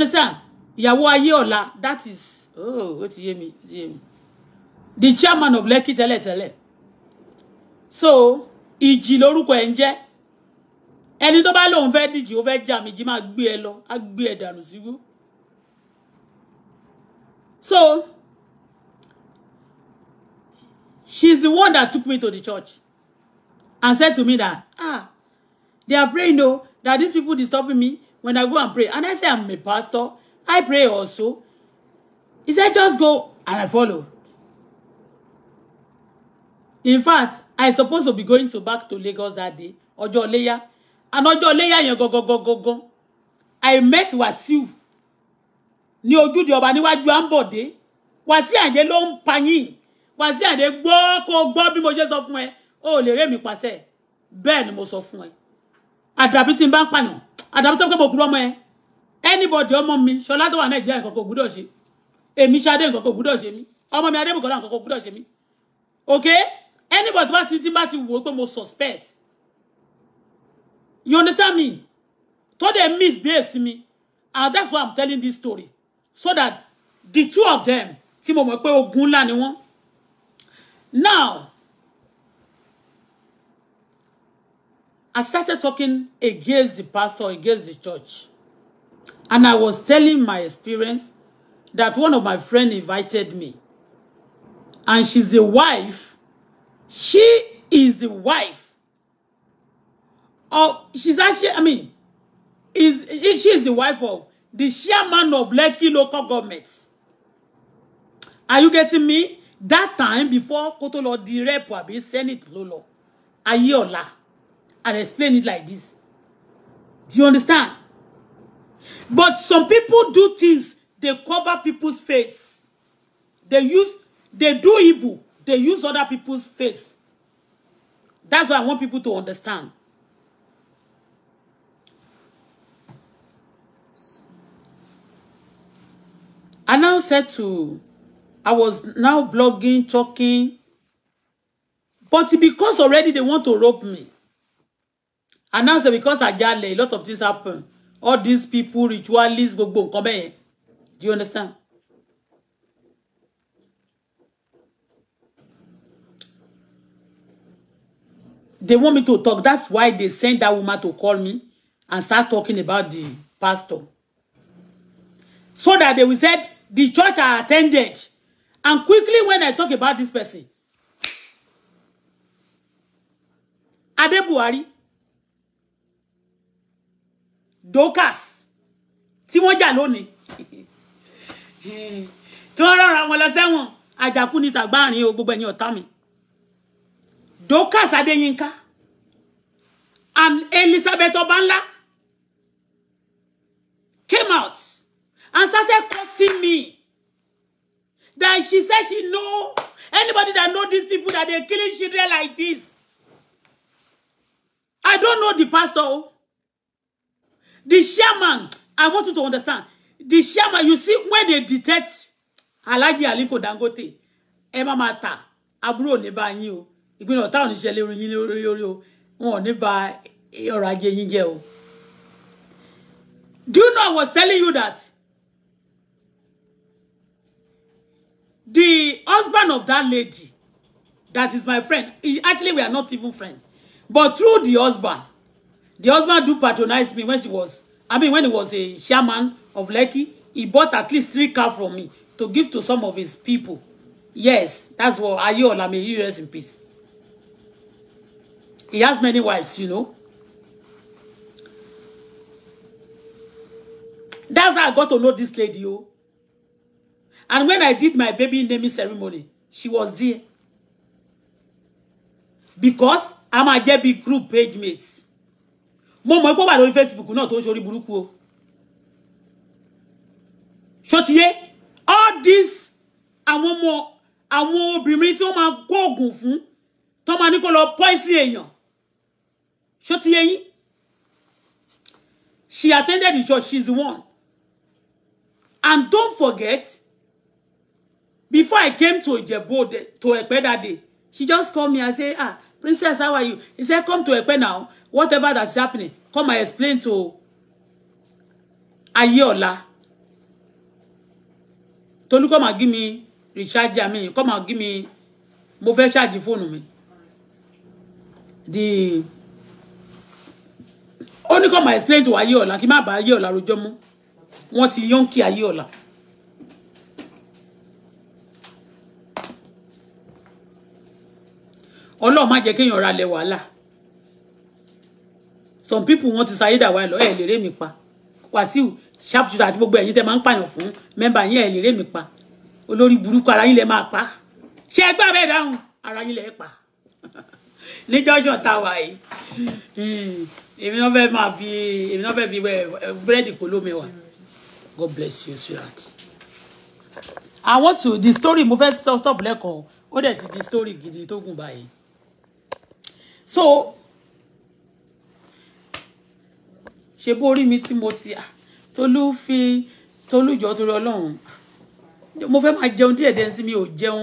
Ìyàwó ayé ọ̀la that is oh ó ti yé mi ó ti yé mi. The chairman of Lekki tẹ́lẹ̀tẹ́lẹ̀. So ìjì lórúkọ ẹ̀ ń jẹ́ ẹni tó bá lóun fẹ́ díjì ó fẹ́ jà méjì máa gbé ẹ lọ á gbé ẹ dànù sígbó so she's the one that took me to the church and said to me that ah they are praying though that these people disturbing me when I go and pray and I say I'm a pastor I pray also he said just go and I follow in fact I suppose to be going to back to Lagos that day ọjọ́ léyà àná ọjọ́ iléyà yẹn gangan I met Wasiu ní ojúde ọba níwájú àǹbọ̀dé Wasiu Àyìndé ló ń pa yín Wasiu Àyìndé gbọ́ kó gbọ́ bí mo ṣe sọ fún ẹ ó lè rémi pàṣẹ bẹ́ẹ̀ ni mo sọ fún ẹ àdàbí tí n bá ń pààyàn àdàbí tó ń pẹ́ mo anybody omo mi ṣọlá tó wà nàìjíríà nǹkan kò gbúdọ̀ ṣe èmi ṣadé nǹkan kò gbúdọ̀ ṣe mí ọmọ mi adébùkọ́lá nǹkan kò gbúdọ̀ ṣe mí okay anybody tó bá ti ti ti wò ó mo suspect you understand me to dey misbehave sí mi and ah, that's why i'm telling this story so that the two of them tí mo mọ̀ pé ogun ńlá ni wọ́n now i started talking against the pastor against the church and i was telling my experience that one of my friend invited me and she's the wife she is the wife Oh, she's actually I mean is she is the wife of the chairman of Lekki local government. Are you getting me? That time before kó tó lọ di rep àbí senate ló lọ and explain it like this. Do you understand? But some people do things they cover people's face. They use they do evil. They use other people's face. That's what I want people to understand. I now said to, I was now blogging, talking, but because already they want to rope me. I now said because I got a lot of things happen. All these people, ritualists, go go come here. Do you understand? They want me to talk. That's why they sent that woman to call me and start talking about the pastor. So that they will said, the church I attended. And quickly when I talk about this person, Adebuhari, Dorcas, tí wọ́n Tora lónìí, <laughs> tí Ajakuni rọra wọn lọ sẹ́wọ̀n, àjàkú ni tàgbáàrin o and Elizabeth Obanla came out and started cursing me. Then she said she know anybody that know these people that they're killing children like this. I don't know the pastor. The chairman, I want you to understand. The chairman, you see, when they detect alagi Aliko Dangote, ẹ má máa tà, àbúrò ní bá yín o. Ìpínlẹ̀ Ọ̀tá ò ní ṣẹlẹ̀ orí yín lórí orí o. Wọn ò o. Do you know I was telling you that? the husband of that lady, that is my friend, he, actually we are not even friends, but through the husband, the husband do patronize me when she was, I mean, when he was a chairman of Lekki, he bought at least three cars from me to give to some of his people. Yes, that's what Are you all? I may you rest in peace. He has many wives, you know. That's how I got to know this lady, oh. And when I did my baby naming ceremony, she was there. Because I'm a JB group page mates. Mo mọ̀ pé wà lórí Facebook not tó ń ṣorí burúkú o. Ṣọ́tiyé, all this àwọn ọmọ more, obìnrin tí wọ́n máa me to my go go fun, kó lọ pọ́ìsì èèyàn. Ṣọ́tiyé She attended the church, she's the one. And don't forget, Before I came to Ijebu, to Epe that day, she just called me and said, ah, princess, how are you? He said, come to Epe now. Whatever that's happening, come and explain to Ayeola. Tolu, come and give me recharge, I mean, come and give me, mobile fẹ́ charge phone me. The, only come and explain to Ayeola, kí má bàa Ayeola rojọ́ mọ́. Wọ́n ti yọ́n kí ọlọ́run má jẹ́ kéèyàn ra lẹ̀ wàhálà some people wọ́n ti sáyé dà wá lọ ẹ̀ lè rémi pa wàsíù sharpshooter àti gbogbo ẹ̀yin tẹ́ máa ń pààyàn fún mẹ́mbà yín ẹ̀ lè rémi pa olórí burúkú ara yín lẹ máa pa ṣé ẹgbẹ́ abẹ́ ìdáhùn ara yín lẹ pa <laughs> ní junction tower yìí hmm, èmi náà fẹ́ máa fi èmi náà fẹ́ fi eh, eh, búrẹ́dì kó lómi wá God bless you sweetheart. I want to the story mo fẹ́ stop lẹ́kọ̀ọ́ ó dẹ̀ ti di story gidi tó gùn báyìí so ṣe bó rí mi tí mo ti tolú fi tolú jọ torí ọlọ́run mo fẹ́ máa jẹun díẹ̀ díẹ̀ sí mi ò jẹun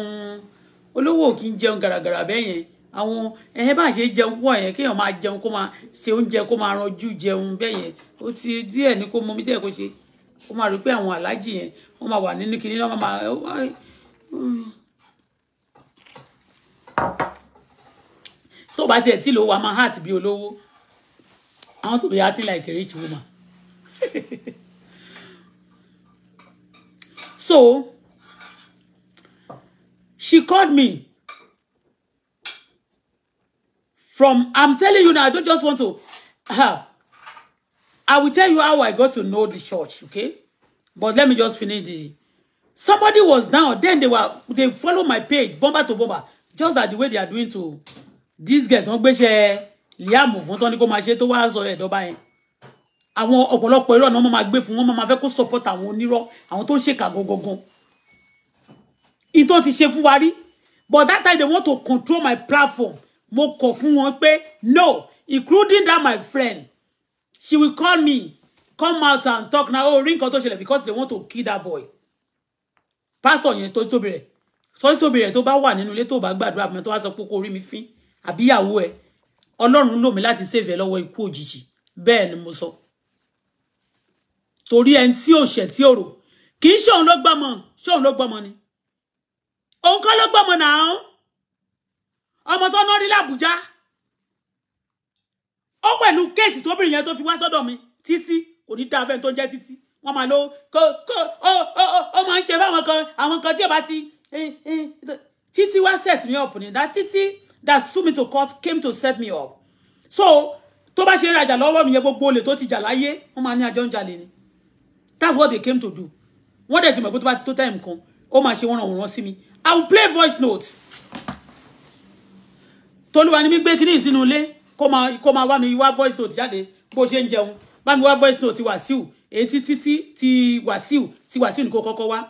olówó ò kí ń jẹun gàràgàrà bẹ́ẹ̀ yẹn àwọn ẹ̀hẹ́ bá ṣe jẹun pọ̀ yẹn kéèyàn máa jẹun kó máa ṣe oúnjẹ kó máa ranjú jẹun bẹ́ẹ̀ yẹn ó ti díẹ̀ ní kó mọ mi díẹ̀ kó ṣe ó máa rí pé àwọn aláàjì yẹn wọ́n máa wà nínú kinní náà máa tó bá tiẹ̀ tí lówó a máa heart bí olówó I want to be acting like a rich woman so she called me from I'm telling you now I don't just want to uh, I will tell you how I got to know the church okay but let me just finish the somebody was down then they were they follow my page bomber to bomber just that the way they are doing to this girl tó ń gbéṣẹ́ Liam fún tán ni kó máa ṣe tó wá sọ ẹ̀dọ́ba yẹn àwọn ọ̀pọ̀lọpọ̀ irọ́ náà wọ́n máa gbé fún wọn máa fẹ́ kó support àwọn onírọ́ àwọn tó ń ṣèkà gangan ìtò ti ṣe fún wa rí but that time they want to control my platform mo kọ̀ fún wọn pé no including that my friend she will call me come out and talk now. orí nǹkan tó ṣẹlẹ̀ because they want to kill that boy pásọ̀ yẹn tó to rẹ̀ So tóbi rẹ̀ tó bá wà nínú ilé tó bá gbàdúrà fún mi tó wá sọ pé kó orí mi fín àbí ìyàwó ẹ ọlọ́run lò mí láti save ẹ lọ́wọ́ ikú òjijì bẹ́ẹ̀ ni mo sọ torí ẹni tí ò ṣẹ̀ tí ò rò kì í ṣe òun ló gbọ́mọ ṣé òun ló gbọ́mọ ni òun kọ́ ló gbọ́mọ náà ọmọ tó ná rí làbújá ó pẹ̀lú kéèsì tóbìnrin yẹn tó fi wá sọ́dọ̀ mi títí kò ní dáa fẹ́ni tó jẹ́ títí wọ́n máa lo kó kó ó ó ó máa ń ṣe fáwọn kan àwọn kan tí ò bá ti eh, eh, títí wá set mi up ní dá títí that sued me to court came to set me up so tó bá ṣe rajà lọ́wọ́ mi yẹn gbogbo olè tó ti jà láyé wọ́n máa ní àjọ ń ni that's what they came to do What dẹ̀ ti mọ̀ pé tó bá ti tó time kan ó máa ṣe wọ́n ràn wọ́n sí mi i will play voice notes. Toluwa ni mi gbé kíní ìsínú ilé kó máa kó máa wá mi wá voice note jáde bó ṣe ń jẹun mi wá voice note ti wàsíù etí títí ti wàsíù ti wàsíù ní kó kọ́kọ́ wá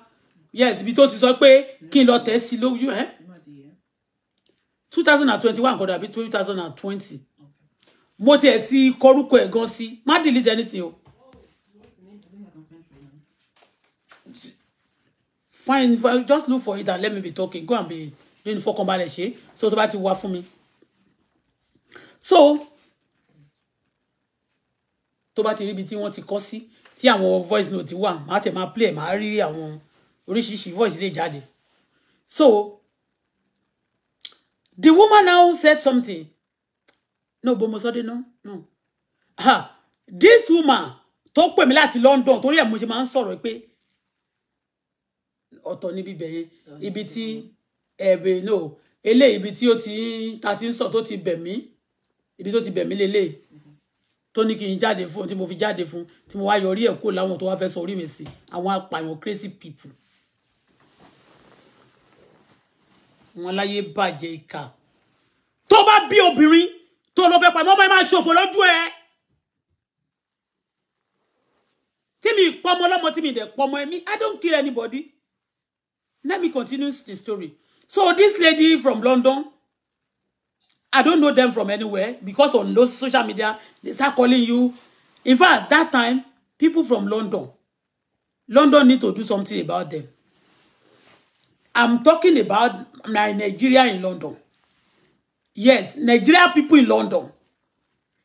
yes ibi tó ti sọ pé kí n lọ tẹ̀ sí lójú two thousand and twenty one kọ́dà àbí two thousand and twenty mo tiẹ̀ ti kọrúkọ ẹ̀ gan sí má delete anything o. fine just look for it and let me be talking go and be doing fọkànbalẹ̀ ṣe so tó bá ti work for me. so tó bá ti be ibi tí wọ́n ti kọ́ sí tí àwọn voice note wà má tẹ̀ máa play máa rí àwọn oríṣiríṣi voice lè jáde so The woman now said something. No, Bomosodi, no, no. Ha, this woman talk pè mí láti London torí ẹ̀ mo ṣe máa ń sọ̀rọ̀ pé ọ̀tọ̀ níbi no eléyìí ibiti tí ó ti ta ti ń sọ tó ti bẹ̀ mi ibi tó ti bẹ̀ mí lélẹ̀ tó ní kí n jáde fún tí mo fi jáde fún tí mo wá yọrí ẹ̀ kó láwọn tó wá fẹ́ sọ orí mi sí àwọn apààyàn crazy people. wọn láyé bàjẹ́ ìkà tó bá bí obìnrin tó lọ fẹ́ pàmò ọmọ ẹ máa ṣòfò lójú ẹ tí mi pọmọ ọlọmọ tí mi dẹ̀ pọmọ ẹmí I don't kill anybody let me continue the story so this lady from London I don't know them from anywhere because on those social media they start calling you in fact that time people from London London need to do something about them I'm talking about my Nigeria in London. Yes, Nigeria people in London.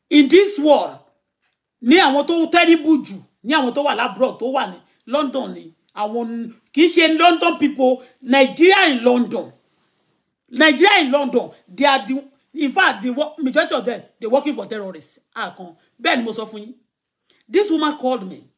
In this war, ni àwọn tó terrible jù, ní àwọn tó wà labroad tó wà ní London ni. Àwọn kìí ṣe London people, Nigeria in London. Nigeria in London, they are the in fact the majority of them they working for terrorists. Ah kan. Bẹ́ẹ̀ mo sọ fún yín. This woman called me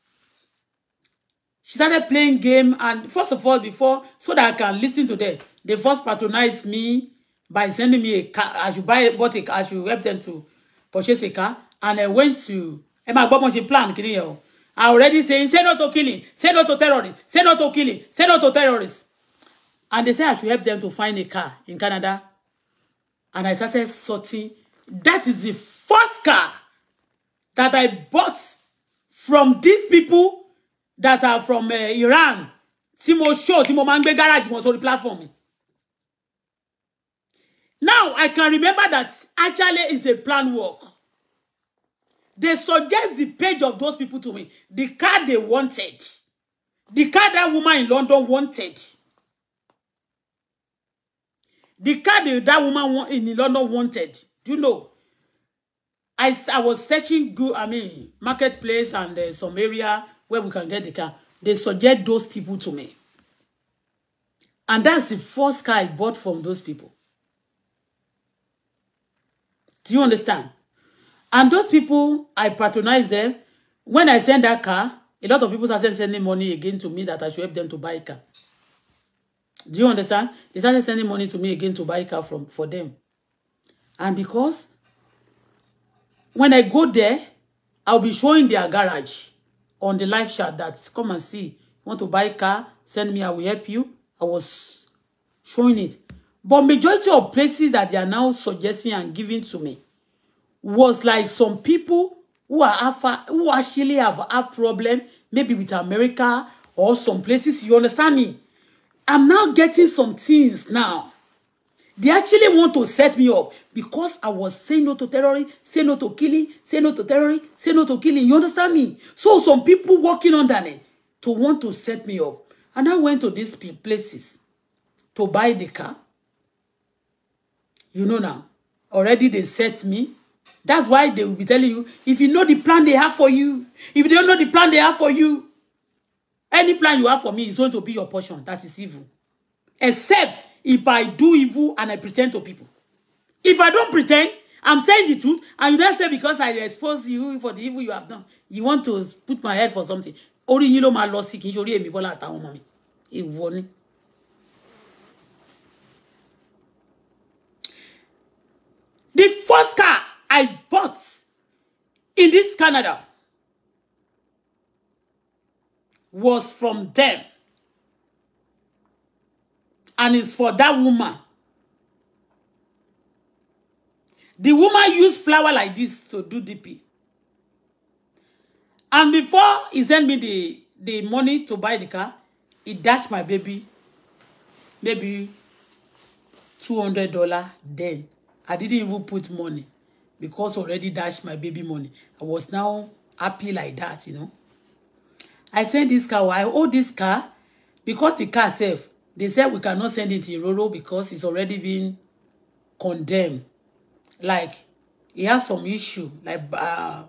she started playing game and first of all before so that I can listen to them they first patronized me by sending me a car I should buy bought a car I should help them to purchase a car and I went to ẹ máa gbọ́ bọ́n plan I already saying say no to killing say no to terrorists say no to killing say no to terrorists and they said I should help them to find a car in Canada and I started sorting that is the first car that I bought from these people that are from uh, Iran tí mo show tí mo man. ń gbé garage wọn the platform Now I can remember that actually is a plan work. They suggest the page of those people to me. The car they wanted. The car that woman in London wanted. The car they, that woman in London wanted. Do you know? I, I was searching good, I mean, marketplace and uh, some area where we can get the car. They suggest those people to me. And that's the first car I bought from those people. Do you understand? And those people, I patronize them. When I send that car, a lot of people started sending money again to me that I should help them to buy a car. Do you understand? They started sending money to me again to buy a car from, for them. And because when I go there, I'll be showing their garage on the live chat that come and see. Want to buy car? Send me. I will help you. I was showing it. But majority of places that they are now suggesting and giving to me was like some people who are alpha, who actually have a problem, maybe with America or some places. You understand me? I'm now getting some things now They actually want to set me up because I was saying no to terrorism, say no to killing, say no to terrorism, say no to killing. You understand me? So some people working under me to want to set me up. And I went to these places to buy the car. You know now, already they set me. That's why they will be telling you, if you know the plan they have for you, if you don't know the plan they have for you, any plan you have for me is going to be your portion. That is evil. Except if I do evil and I pretend to people. If I don't pretend, I'm saying the truth, and you then say because I expose you for the evil you have done, you want to put my head for something. Orí yín ló máa lọ sí kì í ṣe orí èmi Bọ́lá àtàwọn The first car I bought in this Canada was from them and it's for that woman. The woman used flower like this to do DP. And before he sent me the, the money to buy the car, he dashed my baby maybe $200 then. I didn't even put money because already dashed my baby money. I was now happy like that, you know. I sent this car, I owe this car because the car safe. They said we cannot send it to Roro because it's already been condemned. Like, he has some issue, like, uh,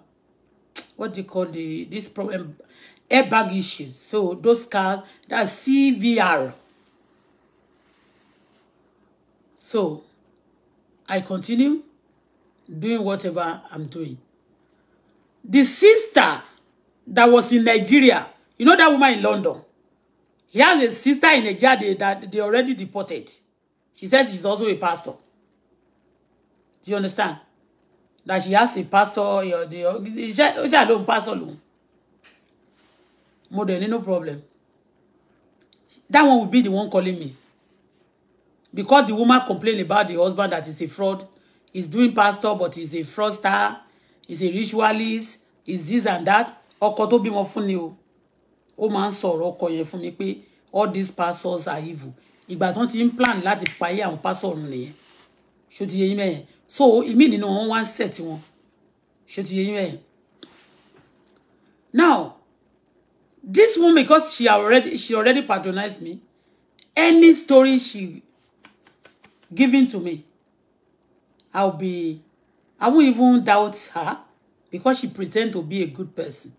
what do you call the, this problem, airbag issues. So those cars, that's CVR. So, I continue doing whatever I'm doing. The sister that was in Nigeria, you know that woman in London, He has a sister in Nigeria they, that they already deported. She says she's also a pastor. Do you understand? That she has a pastor. She has a pastor. More than no problem. That one will be the one calling me. Because the woman complained about the husband that is a fraud. He's doing pastor, but he's a fraudster. He's a ritualist. He's this and that. Ọkọ tó bímọ fún ni o ó máa ń sọ ọ̀rọ̀ ọkọ yẹn fún mi pé all these pastors are evil ìgbà tí wọ́n ti ń plan láti payé àwọn pastors nìyẹn ṣó ti mẹ́yẹn so ìmí nínú wọn wá ń sẹ̀ tí wọn ṣó ti mẹ́yẹn now this woman because she already she already patronized me any story she giving to me I'll be I won't even doubt her because she pretend to be a good person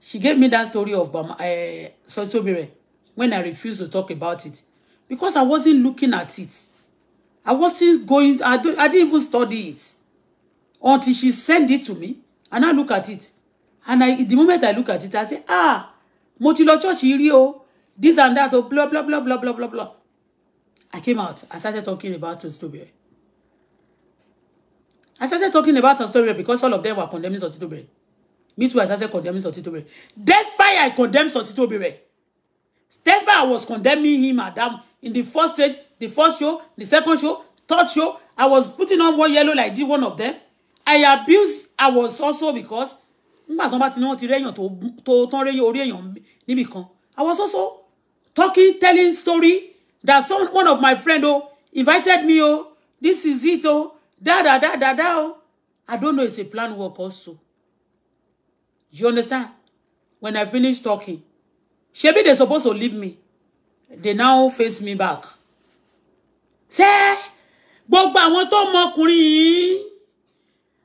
she gave me that story of Bama, uh, eh, Sotobire when I refused to talk about it because I wasn't looking at it. I wasn't going, I, don't, I didn't even study it until she sent it to me and I look at it. And I, the moment I look at it, I say, ah, mo ti lọ church this and that, oh, blah, blah, blah, blah, blah, blah, blah. I came out. I started talking about Sotobire. I started talking about Sotobire because all of them were condemning Sotobire. Me too, I started condemning Sotitobire. Despite I condemned Sotitobire. Despite I was condemning him at that, in the first stage, the first show, the second show, third show, I was putting on one yellow like this one of them. I abused, I was also because I was also talking telling story that some one of my friend oh, invited me oh, this is it oh, da da da da da oh I don't know it's a plan work also. You understand? When I finish talking, be they supposed to leave me. They now face me back. Ṣé gbogbo àwọn tó mọ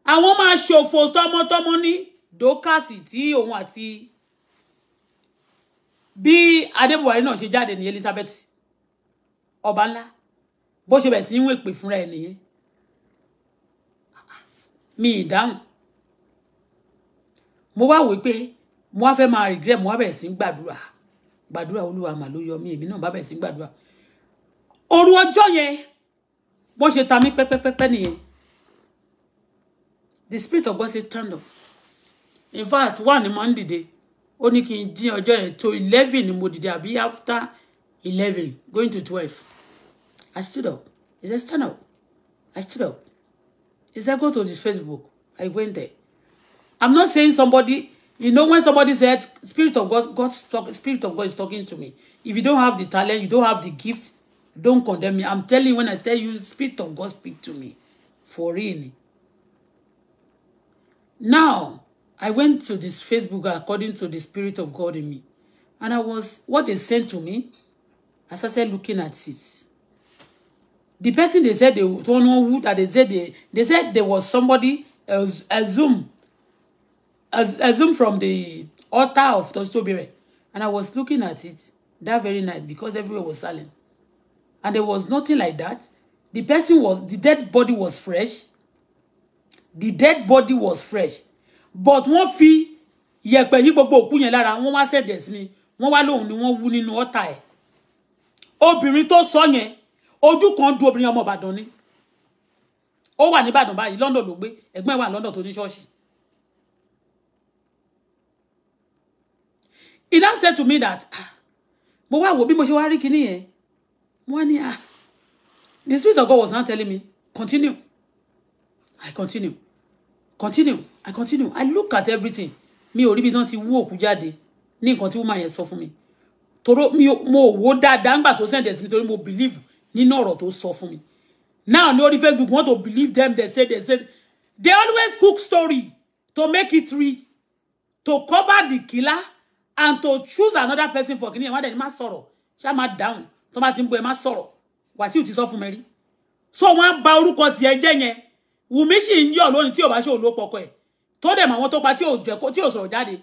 I want my máa ṣòfò tọmọtọmọ ní money. tí òun àti bí adébùwárí náà ṣe jáde ní she jaded ńlá bó ṣe bẹ̀ sí ń with my friend nìyẹn mi ìdáhùn mo wá wí pé mo wá fẹ́ máa regret mo wá bẹ̀rẹ̀ sí gbàdúrà gbàdúrà olúwa mà ló yọ mí èmi náà bá bẹ̀rẹ̀ sí gbàdúrà òru ọjọ́ yẹn bó ṣe ta mí pẹ́pẹ́pẹ́pẹ́ nìyẹn the spirit of God say stand up in fact wà ní mọ́ ń dìde ó ní kí n dín ọjọ́ yẹn tó eleven ni mo dìde àbí after eleven going to twelve I stood up he said stand up I stood up he said go to his Facebook I went there I'm not saying somebody, you know, when somebody said, Spirit of God, God's talk, Spirit of God is talking to me. If you don't have the talent, you don't have the gift, don't condemn me. I'm telling you, when I tell you, Spirit of God speak to me. For real. Now, I went to this Facebook according to the Spirit of God in me. And I was, what they sent to me, as I said, looking at it. The person they said they don't know who that they said they, they said there was somebody, a, a Zoom as, assumed from the altar of Tostobire. And I was looking at it that very night because everywhere was silent. And there was nothing like that. The person was, the dead body was fresh. The dead body was fresh. But one fee, yẹ̀pẹ̀ yí gbogbo òkú yẹn lára, wọ́n wá sẹ̀dẹ̀ sí ni, wọ́n wá lóhùn ni wọ́n wú nínú ọ̀tá ẹ̀. Obìnrin tó sọ yẹn, ojú du obìnrin ọmọ Ìbàdàn ni. Ó wà ní Ìbàdàn báyìí, London ló gbé, ẹ̀gbọ́n ẹ̀ wà London tó he now said to me that ah, but why would be bí mo ṣe wá rí kinní ah, the spirit of God was now telling me continue I continue continue I continue I look at everything Me ò rí bí wọ́n ti wú òkú jáde ní nǹkan tí woman yẹn sọ fún mi toro mi mo wò dáadáa ńgbà tó send it mi torí mo believe nínú ọ̀rọ̀ to sọ fún mi now ní orí Facebook want to believe them they say they said, they always cook story to make it real to cover the killer and to choose another person for kìnìyàn má dẹ̀ ni má sọ̀rọ̀ ṣá má dáhùn tó bá ti ń bọ̀ ẹ má sọ̀rọ̀ Wàsíù ti sọ fún mi so wọ́n á ba orúkọ tiẹ̀ jẹ́ yẹn Wùmí sì ń yọ̀ lónìí tí ò bá ṣe òlò pọkọ ẹ̀ tó dẹ̀ mọ̀ àwọn tó pa tí ò sọ̀rọ̀ jáde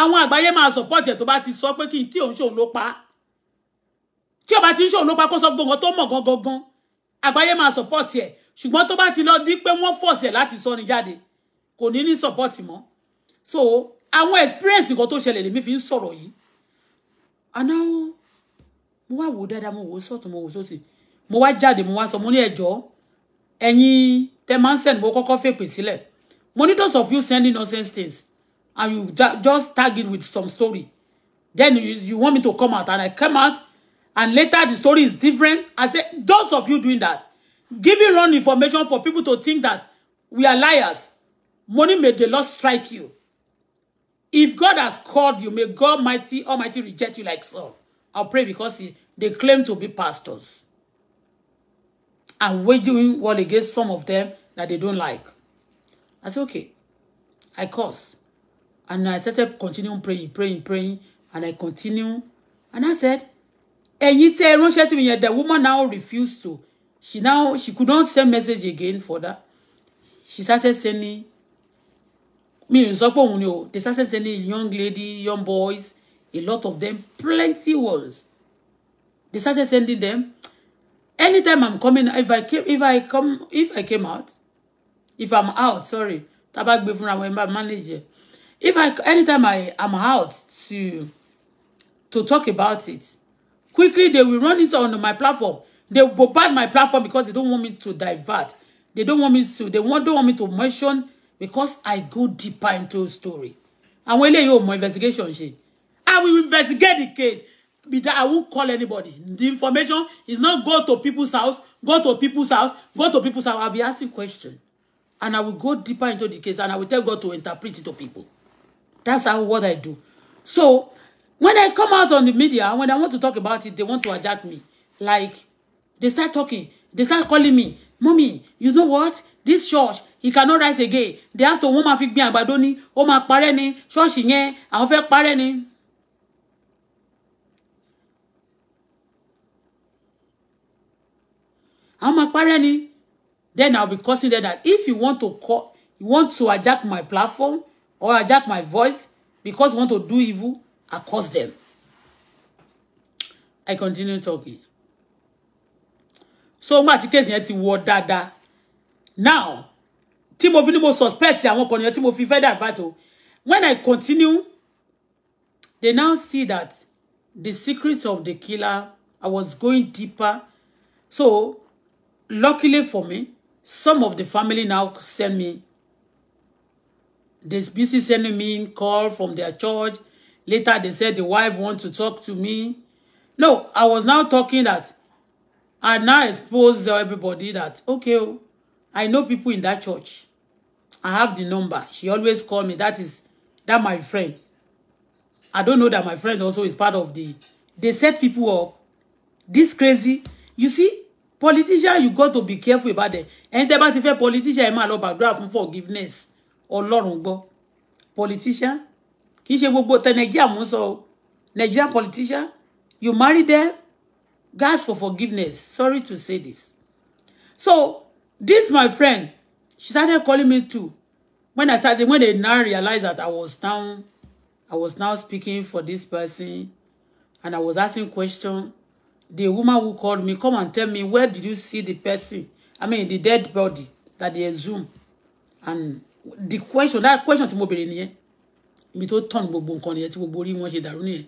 àwọn àgbáyé máa support ẹ̀ tó bá ti sọ pé kí n tí ò ń ṣe òun ló pa tí ò bá ti ń ṣe òun ló pa kó sọ gbọ̀ngàn tó mọ̀ gangan àgbáyé máa support ẹ̀ ṣùgbọ́n tó bá ti lọ di pé wọ́n force ẹ̀ láti sọ ni jáde kò ní ní support mọ́ so àwọn experience nǹkan tó ṣẹlẹ̀ lèmi fi ń sọ̀rọ̀ yìí àná mo wá wò ó dáadáa mo wò ó sọ̀tún mo wò ó sósì mo wá jáde mo wá sọ mo ní ẹ̀jọ́ ẹ̀yin tẹ máa ń send mo kọ́kọ́ fèpè sílẹ̀ mo ní those of you sending nonsense things and you just tag it with some story then you, you want me to come out and I come out and later the story is different I say those of you doing that giving wrong information for people to think that we are liars money may the Lord strike you If God has called you, may God mighty, almighty reject you like Saul. I'll pray because he, they claim to be pastors. And waging war against some of them that they don't like. I said, okay. I curse. And I started continuing praying, praying, praying. And I continue. And I said, ẹ̀yin you tell, sí mi yẹn the woman now refused to. She now, she could not send message again for that. She started sending mi ò sọ pé òun ni o they started sending young lady young boys a lot of them plenty ones they started sending them anytime i'm coming if i came if i come if i came out if i'm out sorry tá bá gbé fúnra wọn bá manage if i anytime i am out to to talk about it quickly they will run into on my platform they bombard my platform because they don't want me to divert they don't want me to they don't want me to mention because I go deeper into the story. Àwọn eléyìí ò mọ investigation ṣe. I will investigate the case. Be that I won't call anybody. The information is not go to people's house, go to people's house, go to people's house. I'll be asking question, And I will go deeper into the case and I will tell God to interpret it to people. That's how what I do. So when I come out on the media, when I want to talk about it, they want to hijack me. Like they start talking, they start calling me, mommy, you know what? this church he cannot rise again they have to wọ́n máa fi gbin àgbàdo ni ó máa parẹ́ ni ṣọ́ọ̀ṣì yẹn àwọn fẹ́ parẹ́ ni. àwọn máa parẹ́ ni then I'll be causing them that if you want to call you want to hijack my platform or hijack my voice because you want to do evil I curse them. I continue talking. so ngbà tí kéèsì yẹn ti wọ dáadáa now tí mo fi ní mo suspect àwọn kan nìyẹn tí mo fi fẹ́ divert o when i continue they now see that the secret of the killer i was going deeper so luckily for me some of the family now send me this busy sending me call from their church later they said the wife want to talk to me no i was now talking that i now expose everybody that okay I know people in that church. I have the number. She always call me. That is that my friend. I don't know that my friend also is part of the. They set people up. This crazy. You see, politician, you got to be careful about them. Ẹni tẹ́ bá ti fẹ́ politician, ẹ máa lọ gbàdúrà fún forgiveness. Ọlọ́run gbọ́. Politician. Kì í ṣe gbogbo tẹ Nàìjíríà Nigerian politician, you marry them, ask for forgiveness. Sorry to say this. So This my friend, she started calling me too. When I started, when they now realized that I was now, I was now speaking for this person, and I was asking question. The woman who called me, come and tell me where did you see the person? I mean, the dead body that they exhumed, and the question that question to mo béèrè nìyẹn mi tó turn gbogbo nǹkan nìyẹn tí gbogbo orí wọn ṣe dàrú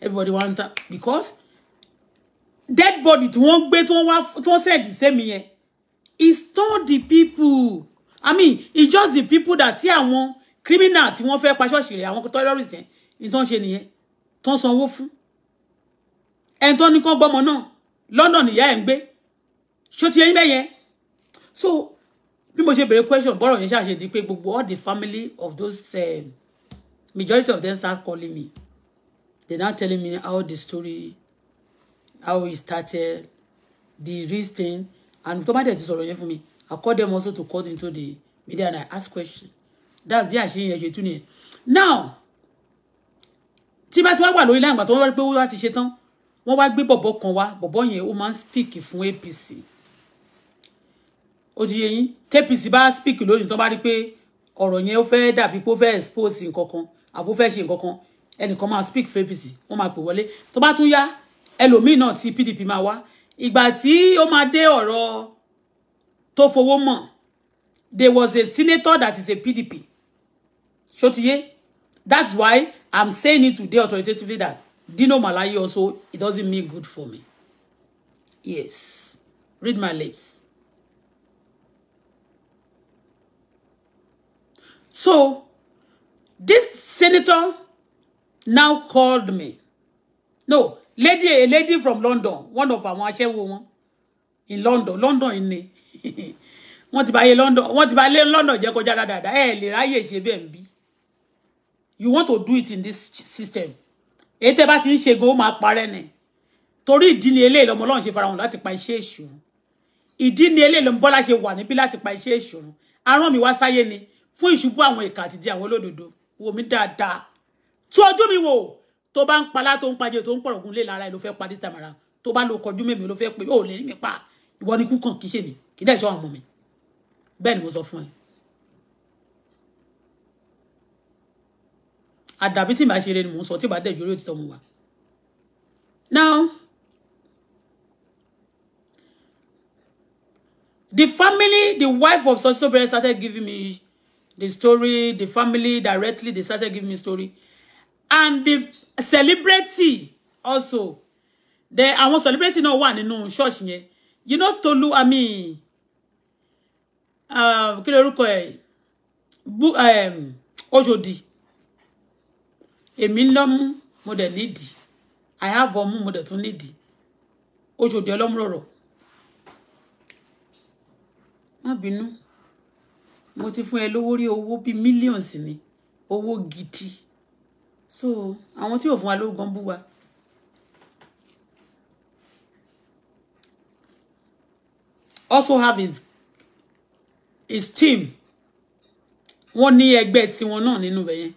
everybody wan ta because dead body tí wọ́n gbé tí wọ́n wá tí wọ́n send sẹ́mi yẹn it's told the people i mean it's just the people that tí àwọn criminal tí wọ́n fẹ́ pa ṣọ́ọ̀ṣì rẹ̀ àwọn terrorist yẹn ní tó ń ṣe nìyẹn tó ń sanwó fún ẹni tó ní kán gbọ́mọ London ìyá ẹ̀ ń gbé ṣó ti yẹn bẹ́yẹn so bí mo ṣe béèrè question bọ́rọ̀ yẹn ṣàṣe di pé gbogbo all the family of those uh, majority of them start calling me they now telling me how the story how it started the reason and tó bá dẹ̀ ti sọ̀rọ̀ yẹn fún mi I call them also to call into the media and I ask question that's bí àṣírí yẹn ṣe tún nìyẹn now tí bá ti wá wà lórí láǹgbà tó wọ́n rí pé wọ́n ti ṣe tán wọ́n wá gbé bọ̀bọ̀ kan wá bọ̀bọ̀ yẹn ó máa ń speak fún APC ó yín KPC bá speak lónìí tó bá rí pé ọ̀rọ̀ yẹn ó fẹ́ dàbí pé ó fẹ́ expose nǹkan kan àbó fẹ́ ṣe nǹkan kan ẹnìkan máa speak for APC wọ́n máa pè wọlé tó bá tún yá ẹlòmíì náà ti PDP máa wá ìgbà tí ó máa dé ọ̀rọ̀ tó fowó mọ̀ there was a senator that is a PDP ṣótiyé that's why I'm saying it today authoritatively that Dino Malayi also it doesn't mean good for me yes read my lips so this senator now called me no lady a lady from London one of àwọn aṣẹ́wó wọn in London London ni <laughs> wọ́n ti bá yé London wọ́n ti bá lé London jẹ́ kọjá dáadáa ẹ lè ráyè ṣe bẹ́ẹ̀ ń bí you want to do it in this system èyí tẹ́ bá ti ń ṣe gan ó máa parẹ́ ni torí ìdí ni eléyìí lọmọ Ọlọ́run ṣe farahàn láti pa iṣẹ́ èṣù ìdí ni eléyìí lọmọ Bọ́lá ṣe wà níbí láti pa iṣẹ́ èṣù arán mi wá sáyé ni fún ìṣubú àwọn ìkà àti di àwọn olódodo wò mí dáadáa tú ojú mi wò tó bá ń palá tó ń pajẹ tó ń pọ̀rọ̀ gun lé lára ẹ̀ ló fẹ́ pa this time around tó bá lo kọjú mẹ́mi ló fẹ́ pé ó lè mi pa ìwọ ni kúkàn kì í ṣe mi kì í dẹ̀ ṣọ́ ọmọ mi bẹ́ẹ̀ ni mo sọ fún ẹ. àdàbí tí màá ṣe eré ni mò ń sọ tí màá dẹ̀ orí òtítọ́ mu wá. now the family the wife of Sotitobire started giving me the story the family directly they started giving me story and the celebrity also the àwọn celebrity náà wà nínú church yẹn you know Tolu I mean um, kí ló orúkọ ẹ Òṣòdì um, èmi lọ́mú mo dẹ̀ nídìí I have ọmú mo dẹ̀ tún nídìí Òṣòdì ọlọ́múrọ̀rọ̀ má bínú mo ti fún ẹ lówó rí owó bíi mílíọ̀nsì ni owó gidi so àwọn tí ò fún wa lówó gan bú wa. also have his his team wọ́n ní ẹgbẹ́ tiwọn náà nínú bẹyẹn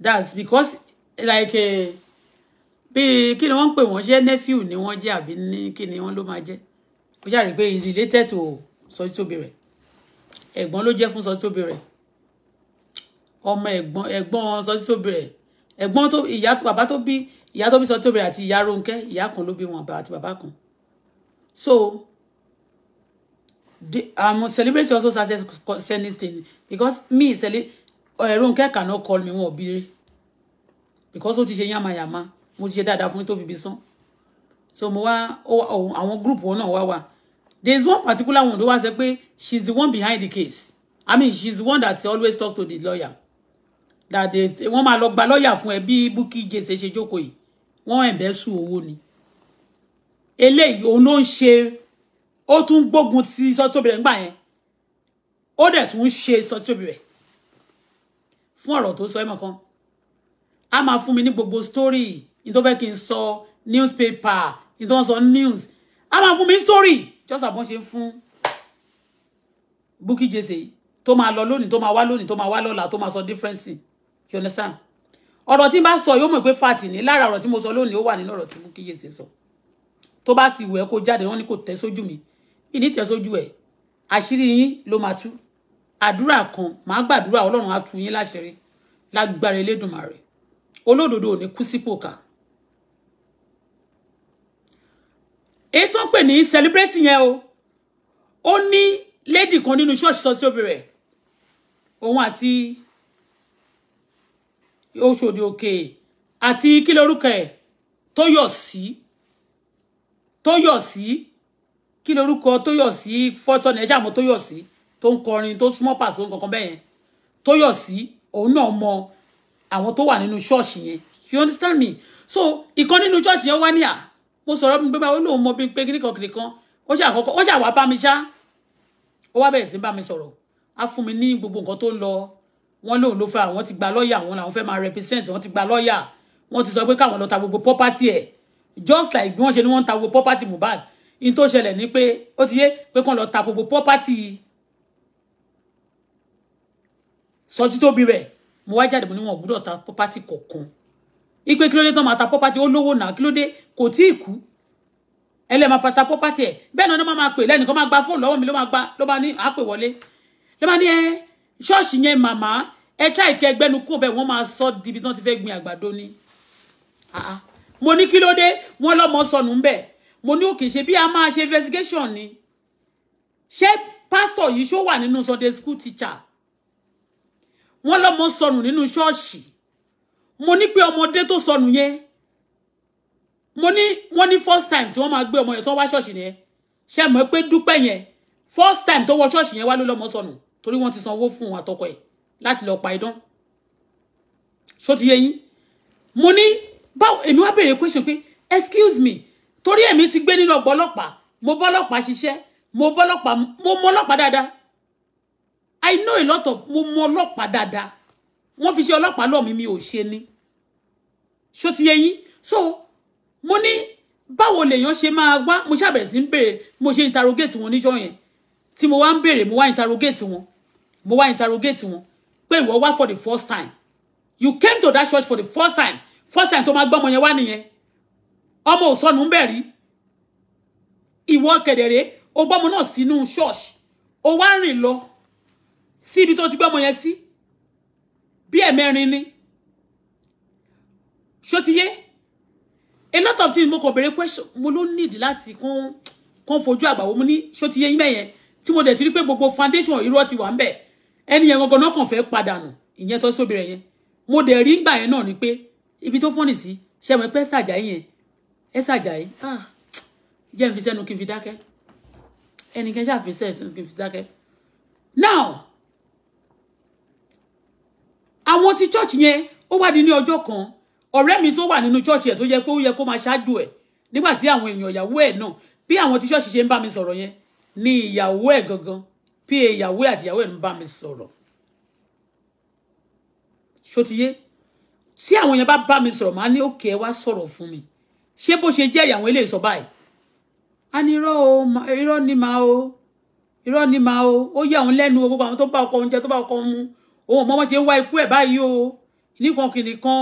that's because like eh, bí kí ni wọ́n ń pè wọ́n ṣe nephew ni wọ́n jẹ́ àbí ní kí ni wọ́n ló máa jẹ́ kó ṣàrí pé he related to Sotitobire ẹ̀gbọ́n ló jẹ́ fún Sotitobire ọmọ ẹ̀gbọ́n ẹ̀gbọ́n sọ sí sóbìrẹ̀ ẹ̀gbọ́n tó ìyá bàbá tó bí ìyá tó bí sọ tóbìrẹ̀ àti ìyá Rónkẹ́ ìyá kan ló bí wọn àti bàbá kan so the um, celebrity also started sending things because me sele Rónkẹ́ cannot call me wọn ò rí because ó ti ṣe yàmàyàmà mo ti ṣe dáadáa fún mi tó fi bí sán so mo wá àwọn group wọn náà wá wà there is one particular one tó wá sọ pé she is the one behind the case i mean she is the one that always talk to the lawyer that is wọ́n máa lọ gba lọ́ọ̀yà fún ẹ bí Bukky joko. ṣe jókòó yìí wọ́n ẹ̀bẹ́sù owó ni eléyìí òun ló ń ṣe ó tún gbógun ti sọ́tòbìrẹ̀ nígbà yẹn ó dẹ̀ to ṣe sọ́tòbìrẹ̀ fún ọ̀rọ̀ tó sọ ẹ́ mọ̀kan a máa fún mi ní gbogbo story ní tó fẹ́ kí n sọ newspaper ní tó ń news a máa fún mi story just àbọ̀n ṣe fún Bukky Jesse tó máa lọ lónìí tó máa wá lónìí tó máa wá lọ́la tó máa sọ different thing you understand ọ̀rọ̀ tí n bá sọ yóò mọ̀ pé fati ní lára ọ̀rọ̀ tí mo sọ lónìí ó wà nínú ọ̀rọ̀ tí mo kíyè sí sọ tó bá ti wù ẹ́ kó jáde wọ́n ní kò tẹ́ mi mi ní tẹ́ sójú ẹ̀ àṣírí yín ló máa tú àdúrà kan màá gbàdúrà ọlọ́run á tú yín láṣẹrí lágbára elédùnmarè olódodo ò ní kú sípò ká èyí tó celebrate yẹn o ó ní lady kan nínú ṣọ́ọ̀ṣì sọ sí obìnrin rẹ̀ òun Oṣòdì Òkè àti kí lorúkọ ẹ̀ Tóyọ̀sí Tóyọ̀sí kí lorúkọ Tóyọ̀sí fọ́tọ́nì ẹ̀ ṣàmọ́ Tóyọ̀sí tó ń kọrin tó súnmọ́ pàṣẹ kankan bẹ́ẹ̀ yẹn Tóyọ̀sí òun náà mọ àwọn tó wà nínú ṣọ́ọ̀ṣì yẹn you understand me so ìkan nínú ṣọ́ọ̀ṣì yẹn wá ní mo sọ̀rọ̀ mi pé ó lóun mọ bí pé kíríkan kìrìkan ó ṣàkọ́kọ́ ó ṣàwá bá mi ṣá ó wá bẹ̀rẹ̀ sí bá mi sọ̀rọ̀ á fún mi ní gbogbo nǹkan tó lọ wọ́n lóun ló fẹ́ àwọn ti gba lọ́ọ̀yà wọn làwọn fẹ́ máa represent wọ́n ti gba lọ́ọ̀yà wọ́n ti sọ pé káwọn lọ ta gbogbo property ẹ̀ just like bí wọ́n ṣe ni wọ́n ń ta gbogbo property Mohbad in tó ṣẹlẹ̀ ni pé ó ti yé pé kàn lọ ta gbogbo property sọjí tóbi rẹ̀ mo wá jáde mo ní wọn ò gbúdọ̀ ta property kọ̀ọ̀kan ipe kí ló dé tán máa ta property ó lówó náà kí ló dé kò tí ì kú ẹlẹ́ máa ta property ẹ̀ bẹ́ẹ̀ náà ni wọ́n máa pè lẹ́nìkan máa gba fóònù lọ́wọ́ mi ló máa gba ló máa ní àpè wọlé ló máa ní ẹ́ ṣọ́ọ̀ṣì yẹn màmá ẹ ṣá ìkẹgbẹ́nu kúrò bẹ́ẹ̀ wọ́n máa sọ dibi tí wọ́n ti fẹ́ gbin àgbàdo ni mo ní kí ló dé wọ́n lọ́mọ sọnù ńbẹ̀ mo ní òkè ṣe bí a máa ṣe investigation ni ṣé pásítọ̀ yìí ṣó wà nínú sunday school teacher wọ́n lọ́mọ sọnù nínú ṣọ́ọ̀ṣì mo ní pé ọmọdé tó sọnù yẹn mo ní wọ́n ní first time tí wọ́n máa gbé ọmọ yẹn tó wá ṣọ́ọ̀ṣì yẹn ṣe mọ̀ pé dúpẹ́ yẹn first time tó wọ ṣọ́ọ̀ṣì yẹn wá ló lọ́mọ sọnù torí wọ́n ti sanwó fún òun àtọkọ ẹ̀ láti lọ pa idán ṣó ti yé yín mo ní báwo èmi wá béèrè question pé excuse me torí èmi ti gbé nínú ọgbọ́n ọlọ́pàá mo bọ́ ọlọ́pàá mo bọ́ ọlọ́pàá mo mọ ọlọ́pàá dáadáa i know a lot of mo mọ ọlọ́pàá dáadáa wọ́n fi ṣe ọlọ́pàá lọ́ọ̀ mi mi ò ṣe ni ṣó ti yé yín so mo ní báwo lèèyàn ṣe máa wá mo ṣàbẹ̀rẹ̀ ń béèrè mo ṣe interrogate wọn níjọ́ yẹn tí mo wá ń béèrè mo wá interrogate wọn mo wá interrogate wọn pé ìwọ wá for the first time you came to that church for the first time first time tó máa gbọ́mọ yẹn wá nìyẹn ọmọ ò sọnù ń bẹ̀ rí ìwọ kẹ̀dẹ̀rẹ́ o gbọ́mọ náà sínú church o wá rìn lọ sí ibi tó ti gbọ́mọ yẹn sí bí ẹ̀mẹrin ni ṣó ti yé a lot of things mo kàn béèrè question mo ló need láti kàn kàn fojú àgbàwo mo ní ṣó ti yé yín mẹ́yẹn tí mo dẹ̀ ti rí pé gbogbo foundation irọ́ ti wà ń bẹ̀ ẹni yẹn gangan náà kàn fẹ́ padà nù ìyẹn tó sóbìrẹ̀ yẹn mo dẹ̀ rí gbà yẹn náà ni pé ibi tó fọ́nì sí ṣe mọ̀ pé ẹ ṣàjàyí yẹn ẹ ṣàjàyí ah, jẹ́ n fi sẹ́nu kí n fi dákẹ́ ẹnìkan ṣáà fi sẹ́nu kí n fi dákẹ́ now àwọn ti church yẹn ó wá di ní ọjọ́ kan ọ̀rẹ́ mi tó wà nínú church yẹn tó yẹ pé ó yẹ kó máa ṣáájú ẹ̀ nígbà tí àwọn èèyàn ìyàwó ẹ̀ náà bí àwọn tí church ṣe ń bá mi sọ̀rọ̀ yẹn ni ìyàwó ẹ̀ gangan pa ìyàwó àti ìyàwó ẹ̀ ń bá mi sọ̀rọ̀ ṣótiyé tí àwọn yẹn bá bá mi sọ̀rọ̀ máa ní òkè ẹ wá sọ̀rọ̀ fún mi ṣé bó ṣe jẹ́ ìyàwó eléyìí sọ báyìí a ní irọ́ o irọ́ ni màá o irọ́ ni màá o ó yà òun lẹ́nu o gbogbo àwọn tó bá ọkọ oúnjẹ tó bá ọkọ mu òun ò mọ ṣe ń wá ikú ẹ̀ báyìí o nìkan kìnìkan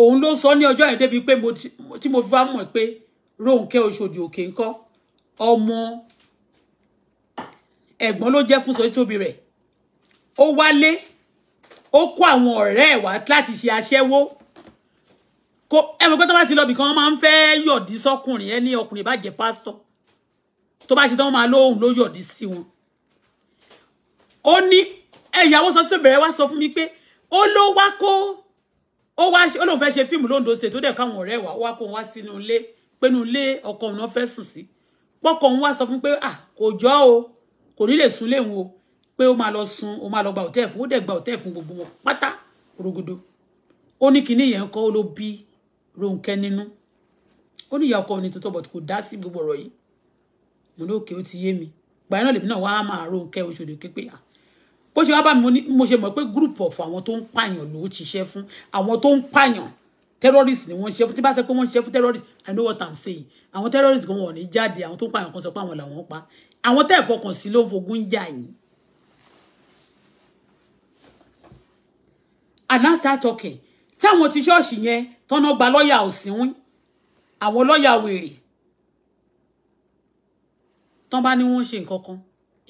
òun ló sọ ní ọjọ́ yẹn débi pé tí mo fi wá mọ̀ pé Rónkẹ́ Oṣòdì Òkè ńkọ́ ọmọ ẹ̀gbọ́n ló jẹ́ fún Sotitobire rẹ̀ ó wálé ó kó àwọn ọ̀rẹ́ ẹ̀ wá láti ṣe aṣẹ́wó kó ẹ mọ̀ pé tó bá ti lọ bìkan wọ́n máa ń fẹ́ yọ̀dí sọ́kùnrin ẹ ní ọkùnrin bá jẹ́ pásítọ̀ tó bá ṣe tán wọ́n máa lóhùn ló yọ̀dí sí wọn. ó ní ìyàwó Sotitobire wá sọ fún mi pé ó ló wá kó ó wá ó lóun fẹ́ ṣe fíìmù lóńdó ṣe tó dẹ̀ káwọn ọ̀rẹ́ wá wá kó wá sínú ilé pé ilé ọkọ òun náà fẹ́ sùn sí pọ́kọ òun wá sọ fún pé à kò jọ́ o kò ní lè sùn léwu o pé ó máa lọ sun ó máa lọ gba òtẹ́ẹ̀ fún ó dẹ̀ gba òtẹ́ẹ̀ fún gbogbo wọn pátá rogodo ó ní kinní yẹn kọ́ ó ló bí Rónkẹ́ nínú ó ní ìyá ọkọ ní tó tọ́bọ̀ kò dá sí gbogbo ọ̀rọ̀ yìí mo ní òkè ó ti yé mi gbàyẹn náà lèmi náà wá máa Rónkẹ́ Òṣòdì képe à bó ṣe wá bá mi mo ṣe mọ̀ pé group of àwọn tó ń pààyàn ló ṣiṣẹ́ fún àwọn tó ń pààyàn terrorist ni wọ́n ṣe fún tí bá ṣe pé wọ́n ṣe fún terrorist i know what i'm saying àwọn terrorist gan wọn ò ní jáde àwọn tó ń pààyàn kan sọ pé àwọn làwọn pa àwọn tẹ́ ẹ̀ fọkàn sí ló fogun jà yìí and now start talking táwọn ti ṣọ́ọ̀ṣì yẹn tọ́nà gba lọ́ọ̀yà òsínwín àwọn lọ́ọ̀yà wèrè tán bá ní wọ́n ṣe nǹkan kan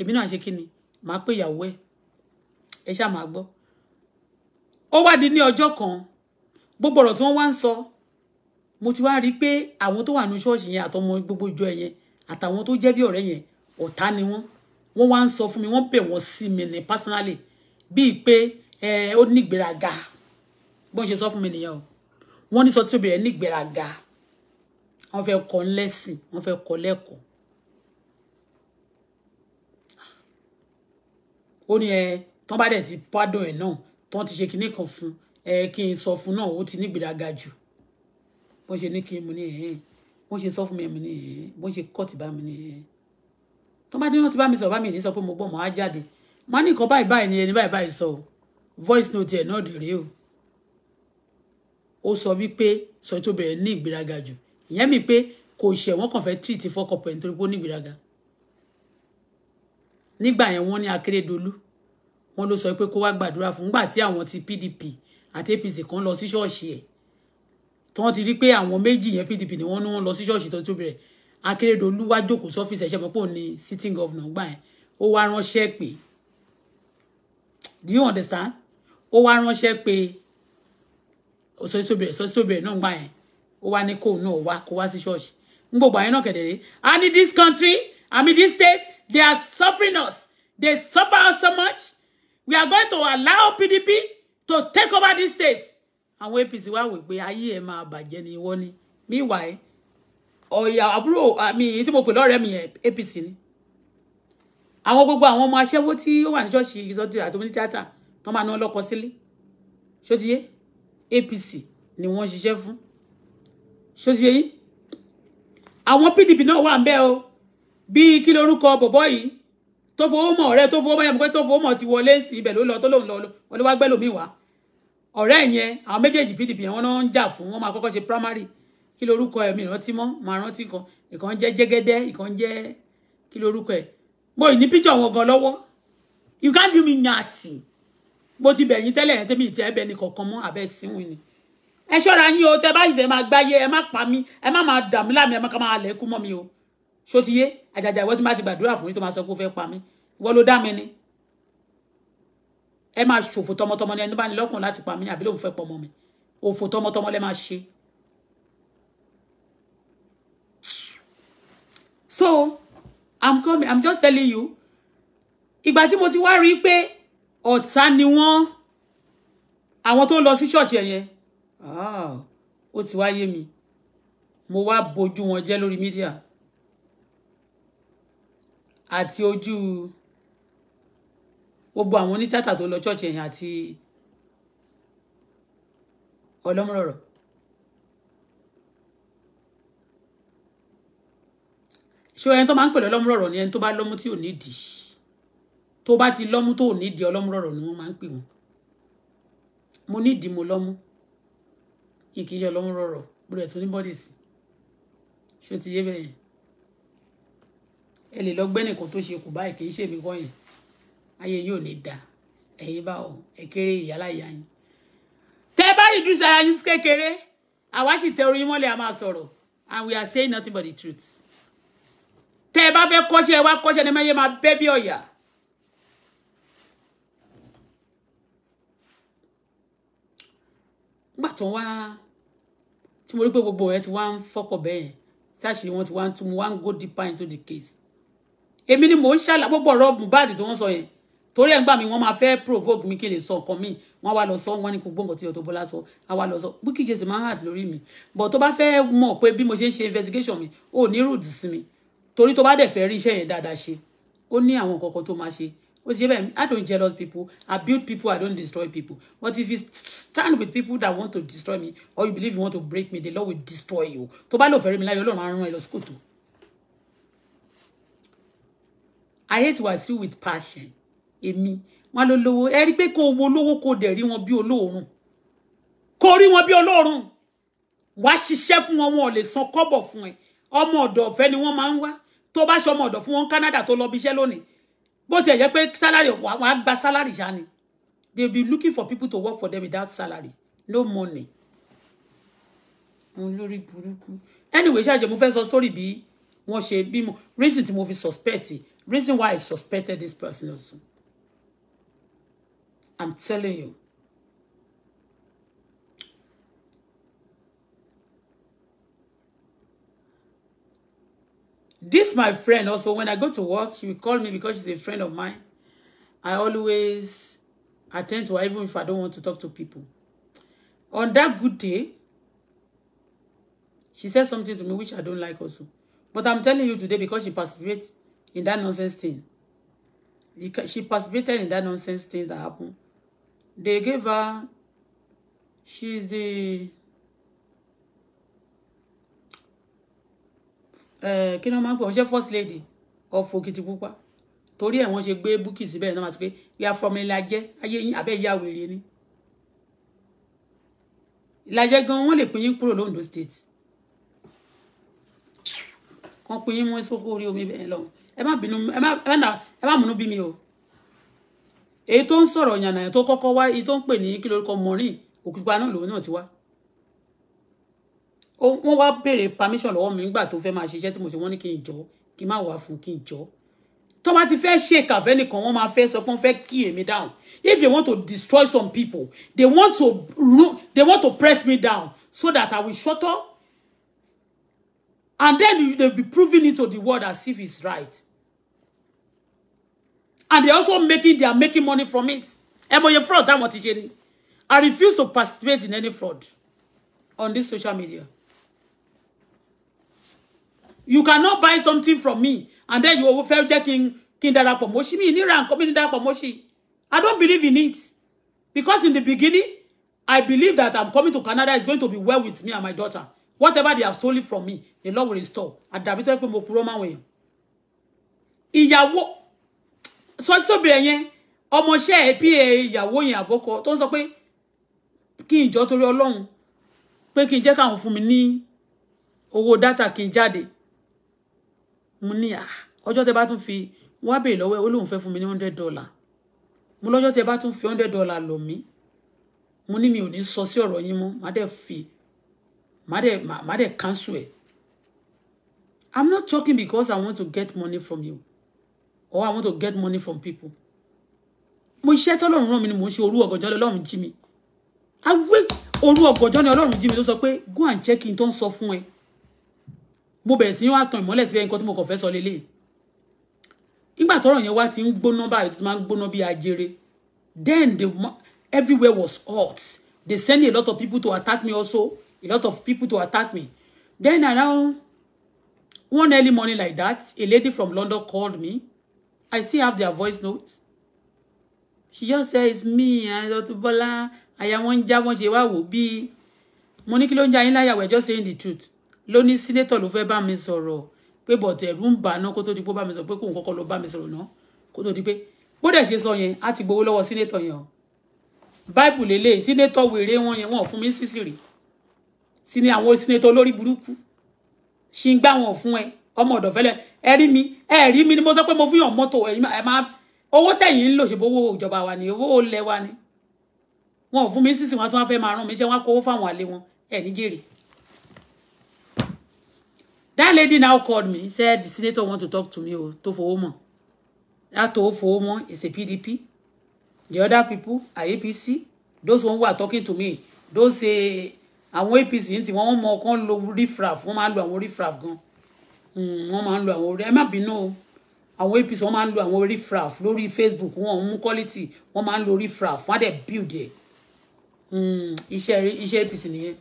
èmi náà ṣe kí ni màá pé ìyàwó ẹ̀ ẹ ṣáà máa gbọ́ ó wá di ní ọjọ́ kan gbogbo ọ̀rọ̀ tí wọ́n wá ń sọ mo ti wá rí i pé àwọn tó wà ní ṣọ́ọ̀ṣì yẹn àtọmọ gbogbo ìjọ yẹn àtàwọn tó jẹ́ bí ọ̀rẹ́ yẹn ọ̀tá ni wọ́n wọ́n wá ń sọ fún mi wọ́n bẹ̀ wọ́n sí mi ní personally bíi pé ó nígbéraga bó ń ṣe sọ fún mi nìyẹn o wọ́n ní sọ tí obìnrin nígbéraga wọ́n fẹ́ kọ́ lẹ́sìn wọ́n fẹ́ kọ́ lẹ́kọ̀ọ́ ó ní ẹ tán bá dẹ̀ ti pardon ẹ̀ náà tán ti ṣe kinní kan fún ẹ kí n sọ fún náà ó ti nígbéraga jù bó ṣe ní kí n mú ní ẹ̀hìn bó ṣe sọ fún mi ẹ̀ mú ní ẹ̀hìn bó ṣe kọ́ọ̀tì bá mi ní ẹ̀hìn tó bá dé náà ti bá mi sọ bá mi ní sọ pé mo gbọ́ mọ́ á jáde má ní nǹkan báyìí báyìí ni ẹni báyìí báyìí sọ voice note ẹ̀ náà dèrè o ó sọ wípé sọ tó bẹ̀rẹ̀ ní ìgbéraga jù ìyẹn mi pé kò ṣẹ̀ wọ́n kàn fẹ́ treat fọkọ̀pẹ̀ nítorí pé ó ní ìgbéraga nígbà yẹn wọ́n ní Akérédolú wọ́n ló sọ pé kó wá gbàdúrà fún nígbà tí àwọn ti PDP àti APC kan lọ sí ṣọ́ọ̀ṣì ẹ̀ tí wọ́n ti rí pé àwọn méjì yẹn PDP ni wọ́n ní wọ́n lọ sí ṣọ́ọ̀ṣì tó tó bẹ̀rẹ̀ akérèdọ́lù wá jókòó sọ́fíìsì ẹ̀ṣẹ̀ mọ́ pé òun ni sitting governor gbà ẹ̀ ó wá ránṣẹ́ pé do you understand ó wá ránṣẹ́ pé sọ́sọ́bẹ̀rẹ̀ sọ́sọ́bẹ̀rẹ̀ náà gbà ẹ̀ ó wá ní kóun náà wá kó wá sí ṣọ́ọ̀ṣì ń gbogbo àyẹn náà kẹ̀dẹ̀rẹ́ I need this country I mean this state they are suffering us they suffer us so much we are going to allow PDP to take over this state àwọn APC wá wò pé ayé ẹ máa bàjẹ́ ni wọ́n ní meanwhile ọ̀yà àbúrò àmì tí mo pè lọ́rẹ̀ẹ́ mi yẹn APC ni àwọn gbogbo àwọn ọmọ aṣẹ́wó tí ó wà ní ṣọ́ọ̀ṣì ìsọdún àti omi tíátà tó máa ná ọlọ́kọ sílé ṣótiyé APC ni wọ́n ṣiṣẹ́ fún ṣótiyé yìí àwọn PDP náà wà ń bẹ̀ o bíi kí lorúkọ bọ̀bọ́ yìí tó fowó mọ̀ ọ̀rẹ́ tó fowó mọ̀ yẹn tó fowó mọ̀ ti wọlé sí ibẹ̀ ló lọ tó lòun lọ wọlé wá gbẹ́lòmíì wá ọ̀rẹ́ yẹn àwọn méjèèjì PDP yẹn wọ́n náà ń jà fún wọn máa kọ́kọ́ ṣe primary kí lorúkọ ẹ̀ mi rántí mọ́ máa rántí kan ìkan jẹ́ jẹ́gẹ́dẹ́ ìkan jẹ́ kí lorúkọ ẹ̀ mo ì píjọ wọn gan lọ́wọ́ you can't do me nyàtì mo ti bẹ̀yìn tẹ́lẹ̀ yẹn tẹ́mi ìtì ẹ̀bẹ̀ ni kọ̀ọ̀kan mọ́ abẹ́ síwìn ni ẹ ṣọ́ra yín o tẹ́ bá ìfẹ́ máa gbáyé ẹ má pa mí ẹ má máa dàmí láàmì ẹ má ká máa lẹ́kú mọ́ mi o ṣó ti yé àjàjà ìwọ tí má ti gbàdúrà fún yín tó máa sọ pé ó fẹ́ pa mí ìwọ ló dá mi ni ẹ máa ṣòfò tọmọtọmọ ni ẹni bá ní lọ́kàn láti pa mí àbí lóun fẹ́ pọ̀ mọ́ mi òfò tọmọtọmọ lẹ máa ṣe so i'm coming i'm just telling you ìgbà tí mo ti wá rí pé ọ̀tá ni wọ́n àwọn tó lọ sí ṣọ́ọ̀ṣì yẹn ah, ó ti wá yé mi mo wa boju wọn jẹ́ lórí mídíà àti ojú gbogbo àwọn onítìátà tó lọ ṣọ́ọ̀ṣì yẹn àti ọlọ́mọrọ̀rọ̀ ṣé ẹni tó máa ń pè lọ́mú rọ̀rọ̀ ni ẹni tó bá lọ́mú tí ò nídìí tó bá ti lọ́mú tó ò nídìí ọlọ́mú rọ̀rọ̀ ni wọ́n máa ń pè wọ́n mo nídìí mo lọ́mú ìkìíṣẹ́ ọlọ́mú rọ̀rọ̀ bóyá tó ní bọ́dì sí ṣé ti yé bẹ́ẹ̀ ẹ lè lọ gbẹ́ nìkan tó ṣe kù báyìí kì í ṣèmi kọ́ yẹn ayé yóò ní da ẹ̀yin bá ọ ẹ kéré ìyáláyà yín tẹ bá rí dùn sára yín kékeré àwa sì tẹ orí mọ́lẹ̀ a máa sọ̀rọ̀ and we are saying nothing but the truth tẹ́ ẹ bá fẹ́ kọ́ṣẹ́ ẹ wá kọ́ṣẹ́ ní mẹ́yẹ máa bẹ́ bí ọ̀yà. nígbà tó ń wá tí mo rí pé gbogbo ẹ ti wá ń fọ́pọ̀ bẹ́ẹ̀ ṣáàṣì wọn ti wá ń tún mo wá ń go deeper into the case èmi ni mò ń ṣàlà gbogbo ọ̀rọ̀ Mohbad tó ń sọ yẹn torí ẹ̀ ń gbà mí wọ́n máa fẹ́ provoke mi kí n lè sọ nǹkan mi wọ́n wá lọ sọ wọ́n ní kò gbọ́ nǹkan tí Auto Bola sọ á wá lọ sọ Bukky Jesse máa hard lórí mi but tó bá fẹ́ mọ̀ pé bí mo ṣe ń ṣe investigation mi ò ní rúdì sí mi torí tó bá dẹ̀ fẹ́ rí iṣẹ́ yẹn dáadáa ṣe ó ní àwọn kankan tó máa ṣe ó ti yẹ bẹ́ẹ̀ I don't jealous people I build people I don't destroy people but if you stand with people that want to destroy me or you believe you want to break me the Lord will destroy you tó bá lò fẹ́ rí mi láyọ̀ Ọlọ́run á rán ẹ lọ sí kòtò. I hate Wasiu with passion èmi wọn ló lówó ẹ rí pé kó owó olówó kó dẹ̀ rí wọn bí olóòórùn kó rí wọn bí olóòórùn wàá ṣiṣẹ́ fún wọn wọn ò lè san kọ́bọ̀ fún ẹ ọmọ ọ̀dọ̀ ọ̀fẹ́ ni wọ́n máa ń wá tó bá ṣọmọ ọ̀dọ̀ fún wọn Canada tó lọ bí iṣẹ́ lónìí bó tiẹ̀ jẹ́ pé salary wàá gba salary ṣá ni they be looking for people to work for them without salary no money. wọn lórí burúkú anyway ṣáàjẹ mo fẹ́ sọ story bí wọ́n ṣe bí mo reason tí mo fi suspect reason why I suspected this person also I'm telling you. This my friend also, when I go to work, she will call me because she's a friend of mine. I always attend to her even if I don't want to talk to people. On that good day, she said something to me which I don't like also. But I'm telling you today because she participates in that nonsense thing. She participated in that nonsense thing that happened. They gave her, she's the Eh, kí ni wọ́n máa ń pè wọ́n ṣe first lady of Òkìtìpupa torí ẹ̀ wọ́n ṣe gbé búkì síbẹ̀ náà àti pé ya fọmọ ìlàjẹ́ ayé yín abẹ́ ìyá wèrè ni ìlàjẹ́ gan wọ́n lè pín yín kúrò lóńdó state kan pín yín mú sókó orí omi bẹ́ẹ̀ lọ ẹ má bínú ẹ má ẹ má múnú bí mi o èyí tó ń sọ̀rọ̀ yànnà tó kọ́kọ́ wá èyí tó ń pè ní kí lórúkọ mọ́rin Òkìtìpupa náà lòun náà ti wá wọ́n wá béèrè permission lọ́wọ́ mi nígbà tó fẹ́ máa ṣiṣẹ́ tí mo ṣe wọ́n ní kí n jọ kí n má wà fún kí n jọ tó bá ti fẹ́ ṣe kàfẹ́ nìkan wọ́n máa fẹ́ sọ pé wọ́n fẹ́ kí èmi down if they want to destroy some people they want to they want to press me down so that I will shut up and then they be proving it to the world as if it's right and they also making they are making money from it ẹ mọ̀ fraud táwọn ti ṣe ni I refuse to participate in any fraud on this social media you cannot buy something from me and then you fẹ́ jẹ́ kí n pomoshi, n darapọ̀ mọ́ sí mi pomoshi. i don't believe in it because in the beginning i believe that i'm coming to Canada it's going to be well with me and my daughter whatever they have stolen from me the Lord will restore àdàbí tó yẹ pé mo purọ́ máa wọ̀nyẹn ìyàwó so be ọmọọṣẹ́ ẹ̀ pa ìyàwó yẹn àbọ́kọ aboko. ń sọ pé kí n jọ torí ọlọ́run pé kí n jẹ́ mi ní owó dátà kí n mo ní à ah, ọjọ́ tẹ bá tún fi wọ́n á béèrè lọ́wọ́ ẹ ó lóun fẹ́ fún mi ní hundred dollar mo lọ́jọ́ tẹ bá tún fi hundred dollar lọ mí mo ní mi ò ní sọ sí ọ̀rọ̀ yín mọ́ má dẹ̀ fi má dẹ̀ má dẹ̀ cancel ẹ̀ I'm not talking because I want to get money from you or I want to get money from people mo iṣẹ́ tọ́lọ́run rán mi ni mo ń ṣe òru ọ̀gànjọ́ lọ́run jí mi awé òru ọ̀gànjọ́ ni ọlọ́run jí mi tó sọ pé go and check in tó ń sọ fún ẹ mo bẹ̀rẹ̀ sí wá tan ìmọ́lẹ̀ síbẹ̀ nǹkan tí mo kàn fẹ́ sọ lélẹ̀ nígbà tọ́rọ̀ yẹn wá ti ń gbóná báyìí tó máa ń gbóná bí ajere then the everywhere was hot they send a lot of people to attack me also a lot of people to attack me then around one early morning like that a lady from London called me I still have their voice notes she just say it's me ayọ̀túbọ́lá àyà wọn ń já wọn ṣe wá wò bíi mo ní kí ló ń já yín láyàwó ẹ̀ just saying the truth ló ní sínétọ̀ ló fẹ́ bá mi sọ̀rọ̀ pé bọ̀tẹ̀ ẹ̀rù ń bà náà kó tó di pé bá mi sọ̀rọ̀ pé kóun kọ́kọ́ ló bá mi sọ̀rọ̀ náà kó tó di pé bó dẹ̀ ṣe sọ yẹn á ti gbowó lọ́wọ́ sínétọ̀ yẹn o báìbù lélẹ̀ sínétọ̀ wèrè wọn yẹn wọn fún mi sísì rè síní àwọn sínétọ̀ lórí burúkú ṣì ń gbá wọn fún ẹ ọmọ ọ̀dọ̀ fẹ́lẹ̀ ẹ rí mi ẹ rí mi ni mo sọ pé mo fi hàn mọ́tò ẹ máa owó tẹ̀yìn ń lò ṣe bówó ìjọba wa ni owó lẹ wa ni wọn ò fún mi sísì wọn tí wọn fẹ́ máa rán mi iṣẹ́ wọn kówó fáwọn àlè wọn ẹ ní that lady now called me said the senator want to talk to me Oh, to fowó mọ that to fowó mọ is a PDP the other people are APC those one who are talking to me those say eh, àwọn APC ní tiwọn wọn mọ kán lo riffraff wọn máa ń lo àwọn riffraff gan hmm, wọn máa ń lo àwọn ẹ má bínú o àwọn APC wọn máa ń lo àwọn riffraff lórí Facebook wọn mú quality wọn máa ń lo riffraff wọn á dẹ build ẹ hmm, iṣẹ́ iṣẹ́ APC nìyẹn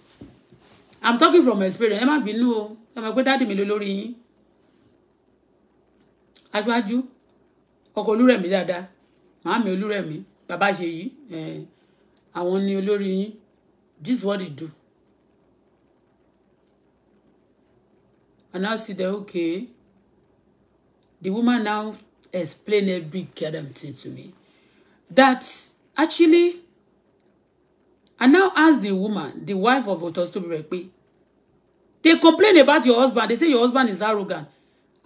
i'm talking from experience ẹ má bínú o ẹ máa gbé dáàdì mi lé lórí yín aṣáájú ọkọ olúrẹ̀mí dáadáa màámi olúrẹ̀mí bàbá ṣe yìí àwọn ni olórí yín this is what they do and now see the okay the woman now explain every goddamn thing to me that actually I now ask the woman the wife of Auto They complain about your husband. They say your husband is arrogant.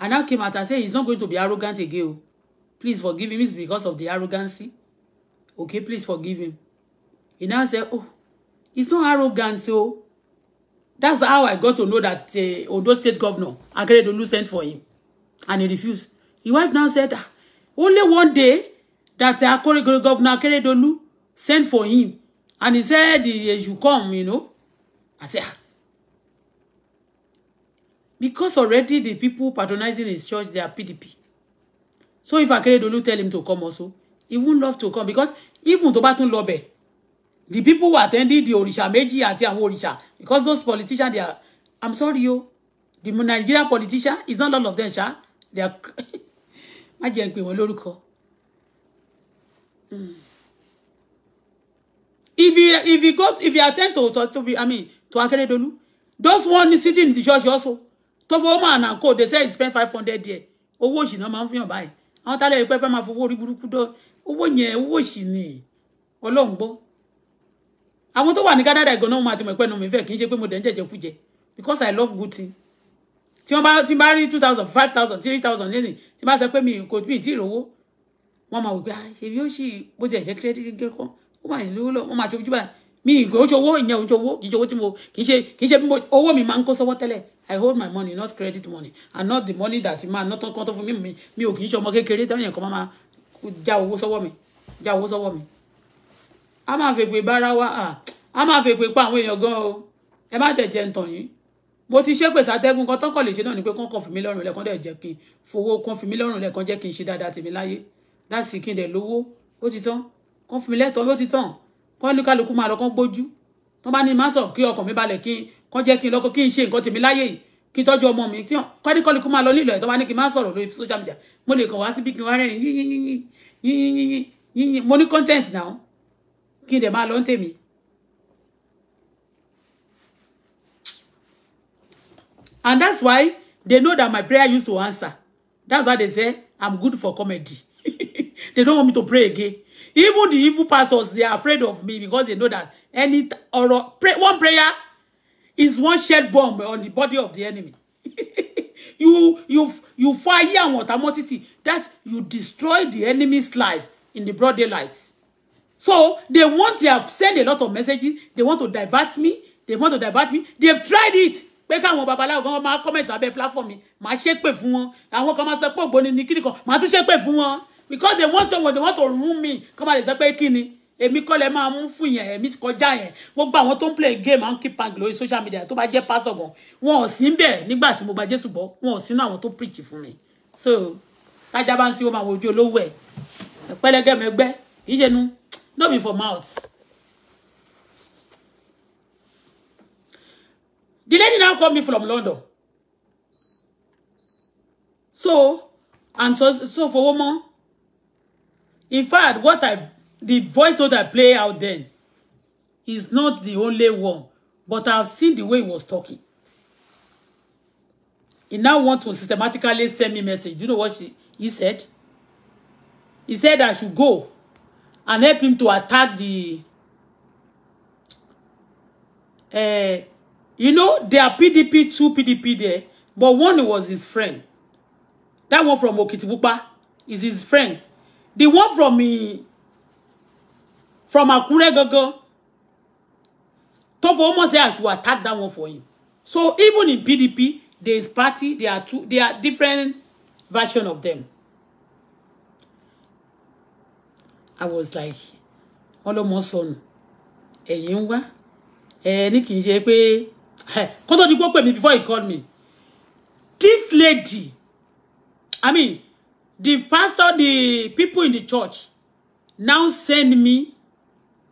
And now came out and said he's not going to be arrogant again. Oh. Please forgive him. It's because of the arrogancy. Okay, please forgive him. He now said, oh, he's not arrogant. So oh. that's how I got to know that uh, Ondo State Governor Akeredolu sent for him. And he refused. His wife now said, ah, only one day that uh, Governor Akeredolu sent for him. And he said you should come, you know. I said, ah, Because already the people patronizing his church, they are PDP. So if Akeredolu tell him to come also, he won't love to come because even tó bá tún lọ the people who attended the òrìṣà méjì àti àwọn òrìṣà because those politicians they are, I'm sorry yo, the Nigerian politician is not all of them sha, they are, <laughs> má jẹ́ n pè hmm. If you if you go if you attend to to, to be I mean to Akeredolu, those one sitting in the church also tó fowó mọ àná kó they say he spend five hundred there owó òṣì náà máa ń fi hàn báyìí àwọn tálẹ̀ ìpẹ́ fẹ́ máa fowó orí burúkú dọ́ owó yẹn owó òṣì ni ọlọ́run gbọ́ àwọn tó wà ní Canada ìgànnà wọn àti mọ̀ẹ́pẹ́ náà mi fẹ́ kì í ṣe pé mo dẹ̀ ń jẹ̀jẹ̀ kújẹ because I love good thing tí wọ́n bá tí bá rí two thousand five thousand three thousand lẹ́nìí tí bá sọ pé mi kò bí ìtì ìrówó wọ́n máa wò pé ah, ṣe bí ó ṣì bó ti ẹ̀ jẹ́ credit kẹ́kọ̀ọ́ ó máa ìlú lọ wọ́n máa ṣojú mi ìgò ojowó ìyẹn ojowó ìjowó tí mo kì í ṣe kì í ṣe owó mi máa ń kó sọ́wọ́ tẹ́lẹ̀ i hold my money not credit money and not the money that máa not tán kán tó fún mi mi mi ò kì í ṣe ọmọ kékeré táwọn èèyàn kan máa já owó sọ́wọ́ mi já owó sọ́wọ́ mi a máa fèpè bára wa a máa fèpè pa àwọn èèyàn gan o ẹ má dẹ̀ jẹ́ ntàn yín mo ti ṣépè sátẹ́gùn kan tán kàn lè ṣe náà ni pé kán kàn fi mí lọ́rùn lẹ́kàn dẹ̀ jẹ́ kí n fowó kán fi mí lọ́rùn lẹ́kàn jẹ́ kí n ṣe dáadáa tèmi láyé láti kí n lówó ó ti tán kán fi mí lẹ́tọ̀ọ́ ló ti tán kọ́lùkálùkù máa lọ kán gbójú tó bá ní máa sọ kí ọkàn mi balẹ̀ kí kán jẹ́ kí n lọ́kọ́ kí n ṣe nǹkan tèmi láyè yìí kí n tọ́jú ọmọ mi tí kọ́lùkálùkù máa lọ nílò ẹ̀ tó bá ní kí n máa sọ̀rọ̀ lórí social media mo lè kàn wá síbi kí n wá rẹ̀ yín mo ní content náà kí n dẹ̀ máa lọ ń tèmi. and that's why they know that my prayer used to answer that's why they say i'm good for comedy <laughs> they don't want me to pray again Even the evil pastors, they are afraid of me because they know that any or pray, one prayer is one shared bomb on the body of the enemy. <laughs> you you you fire àwọn ọ̀tá mọ́ that you destroy the enemy's life in the broad daylight. So they want they have sent a lot of messages. They want to divert me. They want to divert me. They have tried it. comment platform mi màá ṣépè fún wọn àwọn kan máa sọ pé ògbóni ní kíríkan màá tún ṣépè fún because they want to when they want to ruin me Come on, lè sọ pé kí ni èmi kọ́ lẹ máa mú fún yẹn èmi kọjá yẹn gbogbo àwọn tó ń play game and keep pang lórí social media tó bá jẹ́ pastor gan wọn ò sí bẹ́ẹ̀ nígbà tí mo gba Jésù bọ́ wọn ò sínú àwọn tó preach fún mi so tájà bá ń sí wọn máa wojú olówó ẹ̀ pẹ́lẹ́gẹ́ mẹ́gbẹ́ ìṣẹ́nu no be for mouth. The lady now called me from London. So, and so, so for woman, in fact what i the voice note i play out then is not the only one but i've seen the way he was talking he now wants to systematically send me message Do you know what she, he said he said i should go and help him to attack the uh, you know there are pdp two pdp there but one was his friend that one from okitipupa is his friend the one from me eh, from Akure Gogo, tó fọwọ́ mọ̀ sí attack that one for him so even in PDP there is party there are two there are different version of them I was like "Hello, my son. Hey, you? ń wá ẹ̀ ní kì í ṣe pé kó tó di before he called me this lady I mean the pastor the people in the church now send me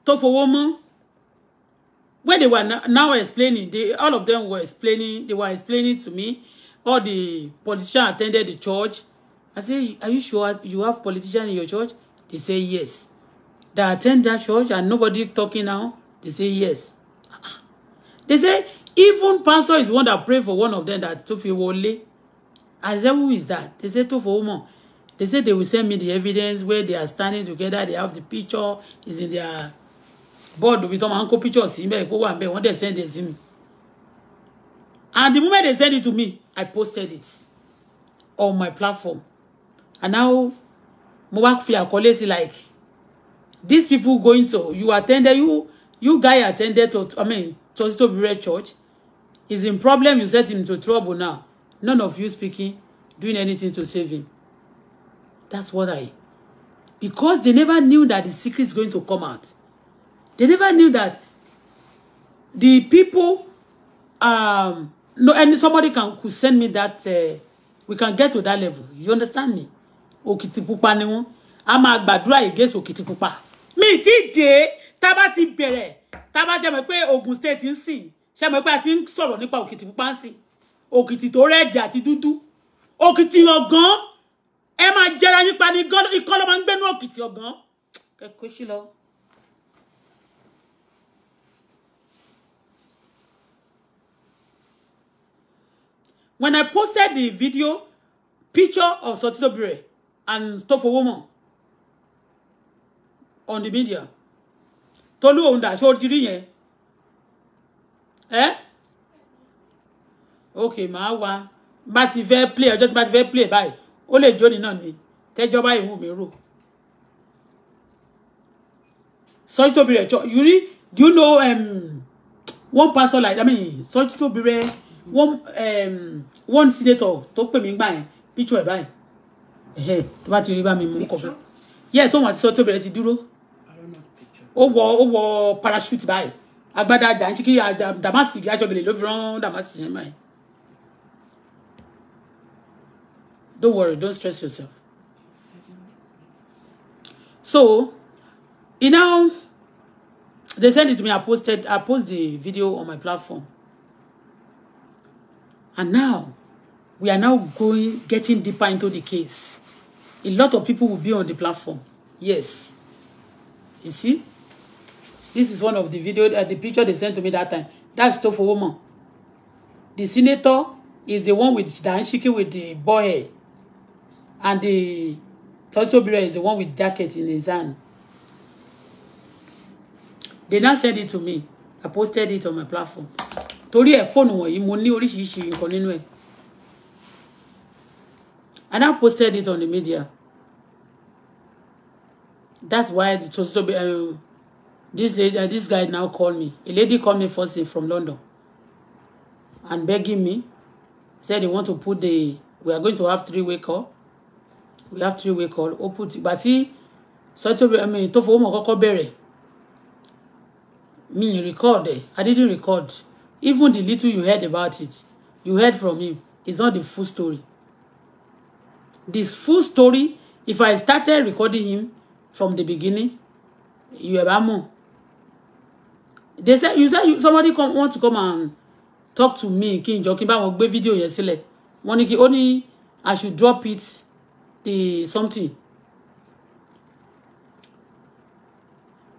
to Woman. Where they were now explaining they all of them were explaining they were explaining to me all the politicians attended the church I say are you sure you have politician in your church they say yes they attend that church and nobody talking now they say yes <laughs> they say even pastor is one that pray for one of them that Tofiwole I say who is that they say Tofowomo They said they will send me the evidence where they are standing together. They have the picture. is in their board We my uncle picture. See me, go and when they send it to me. And the moment they send it to me, I posted it on my platform. And now, mo work for àkọlé sí like these people going to you attended you you guy attended to I mean to red church He's in problem you set him into trouble now none of you speaking doing anything to save him That's what I. Because they never knew that the secret is going to come out. They never knew that the people. Um, no, and somebody can could send me that. Uh, we can get to that level. You understand me? Òkìtìpupa ni wọ́n. A máa gbàdúrà against Òkìtìpupa. Mi ti dé taba a bá ti bẹ̀rẹ̀ tá a bá ṣe mọ̀ pé Ogun State ń sìn ṣe mọ̀ pé a ti ń sọ̀rọ̀ nípa Òkìtìpupa ń sìn. Òkìtì tó rẹ̀jẹ̀ àti dúdú. Òkìtì ẹ máa jẹra yín pa ní ikọ́ ló máa ń gbẹ́nu òkìtì ọ̀gán When I posted the video picture of Sotitobire and Tofowomo on the media, Tolu Ounda ṣé o ti rí yẹn? Ẹ́ ok màá wá bá ti fẹ́ play ọjọ́ tí bá ti fẹ́ play bye ó lè jóni náà ni tẹ́jọba ìwù mi rò Sọjí Tóbìrẹ you read do you know um, one pastor like I mean Sọjí Tóbìrẹ one um, one senator tó pè mí gbà yẹn picture ẹ̀ báyìí ẹ̀hẹ́ tó bá ti rí bá mi mú kọfẹ́ yẹ́ tóun àti Sọjí Tóbìrẹ ti dúró ó wọ ó wọ parachute báyìí agbádá dàńsíkì dàmásìkì àjọgbìnrin ló fi rán dàmásìkì yẹn báyìí. Don't worry, don't stress yourself. So, you know, they sent it to me. I posted, I post the video on my platform. And now, we are now going, getting deeper into the case. A lot of people will be on the platform. Yes. You see? This is one of the video, uh, the picture they sent to me that time. That's stuff woman. The senator is the one with Dan Shiki with the boy head and the Tosobira is the one with jacket in his hand. They now sent it to me. I posted it on my platform. Torí ẹ̀ fóònù wọ̀nyí mo ní oríṣiríṣi nǹkan nínú ẹ̀. And I posted it on the media. That's why the Tosobira, um, this lady, uh, this guy now called me. A lady called me first from London and begging me, said they want to put the, we are going to have three-way call we have three way call ó put ìgbà tí sọ́tòrí ẹ̀mí tó fowó mọ̀ kọ́kọ́ bẹ̀rẹ̀ mi record ẹ̀ I didn't record even the little you heard about it you heard from him it's not the full story this full story if I started recording him from the beginning you have mọ̀ they said you said somebody come want to come and talk to me King joking, jọ kí n bá wọn gbé fídíò I should drop it the something.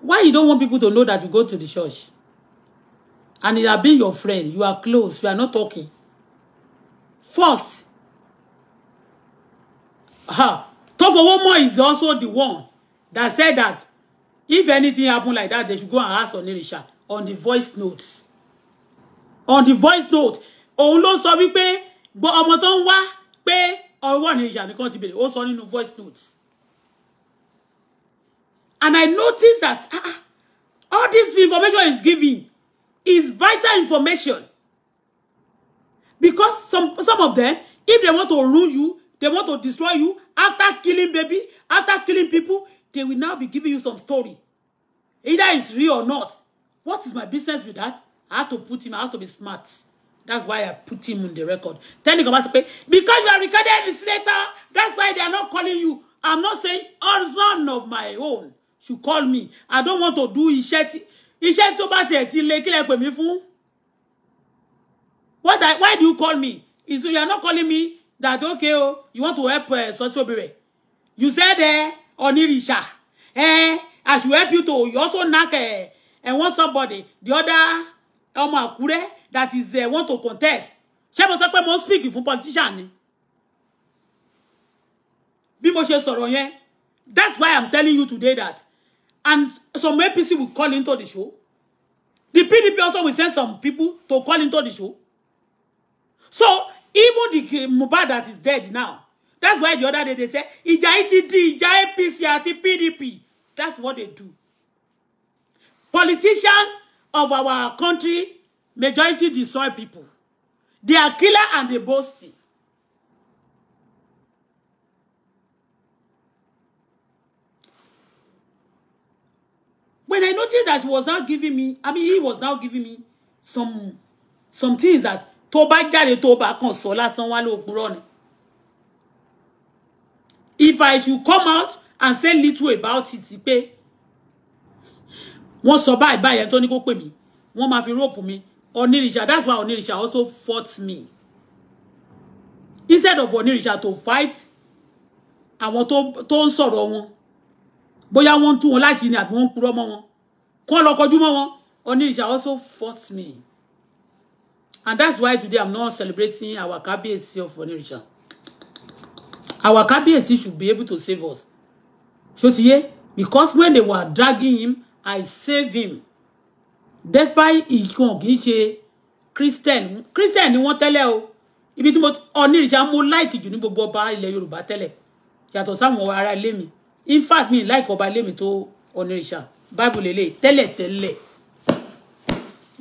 Why you don't want people to know that you go to the church? And it have been your friend. You are close. You are not talking. First, uh, Tofowomo is also the one that said that if anything happen like that, they should go and ask Onirisha on the voice notes. On the voice note, òun ló sọ wípé gbọ́ ọmọ tó ń wá pé ọwọ́ ní ìyá nìkan ti bèrè ó sọ nínú voice notes. and I notice that ah, ah, all this information is giving is vital information because some some of them if they want to ruin you they want to destroy you after killing baby after killing people they will now be giving you some story either it's real or not what is my business with that I have to put him I have to be smart. That's why I put him on the record. Tell the say, because you are recorded this later, that's why they are not calling you. I'm not saying all son of my own should call me. I don't want to do iṣẹ́ tí iṣẹ́ tó bá tiẹ̀ ti lé kí lẹ pè What I, why do you call me? Is you are not calling me that okay oh you want to help uh, eh, Sotso Bere. You said eh Onirisha. Eh I should help you to you also knock eh and want somebody the other ọmọ Àkúrẹ́ that is uh, want to contest ṣé mo sọ pé mo ń speak fún politician ni bí mo ṣe sọ̀rọ̀ yẹn that's why i'm telling you today that and some APC will call into the show the PDP also will send some people to call into the show so even the Mohbad that is dead now that's why the other day they say ìjà ETD ìjà APC àti PDP that's what they do politician of our country Majority destroy people. They are killer and they boasting. When I noticed that he was now giving me, I mean, he was now giving me some some things that tó bá jáde tó bá kàn sọ lásán If I should come out and say little about it pé wọ́n sọ báyìí báyìí ẹni tó ní kó me, mí wọ́n máa fi róòpù mi Onirisha. That's why Onirisha also fought me. Instead of Onirisha to fight I want to sọ̀rọ̀ wọn bóyá wọ́n ń tú wọn láṣìírí àbí wọ́n ń purọ́ mọ́ wọn kọ́ lọ kọjú Onirisha also fought me. And that's why today I'm not celebrating our Kabiyesi of Onirisha. Our Kabiyesi should be able to save us. Shotiye, because when they were dragging him, I saved him despite ìkan kì í ṣe christian christian ni wọ́n tẹ́lẹ̀ o ibi tí mo ọ̀nìrìṣà mo láìkì jù ní gbogbo ọba ilẹ̀ yorùbá tẹ́lẹ̀ yàtọ̀ sáwọn ará ilé mi in fact mi láìkì ọba ilé mi tó ọ̀nìrìṣà bible lélẹ̀ tẹ́lẹ̀ tẹ́lẹ̀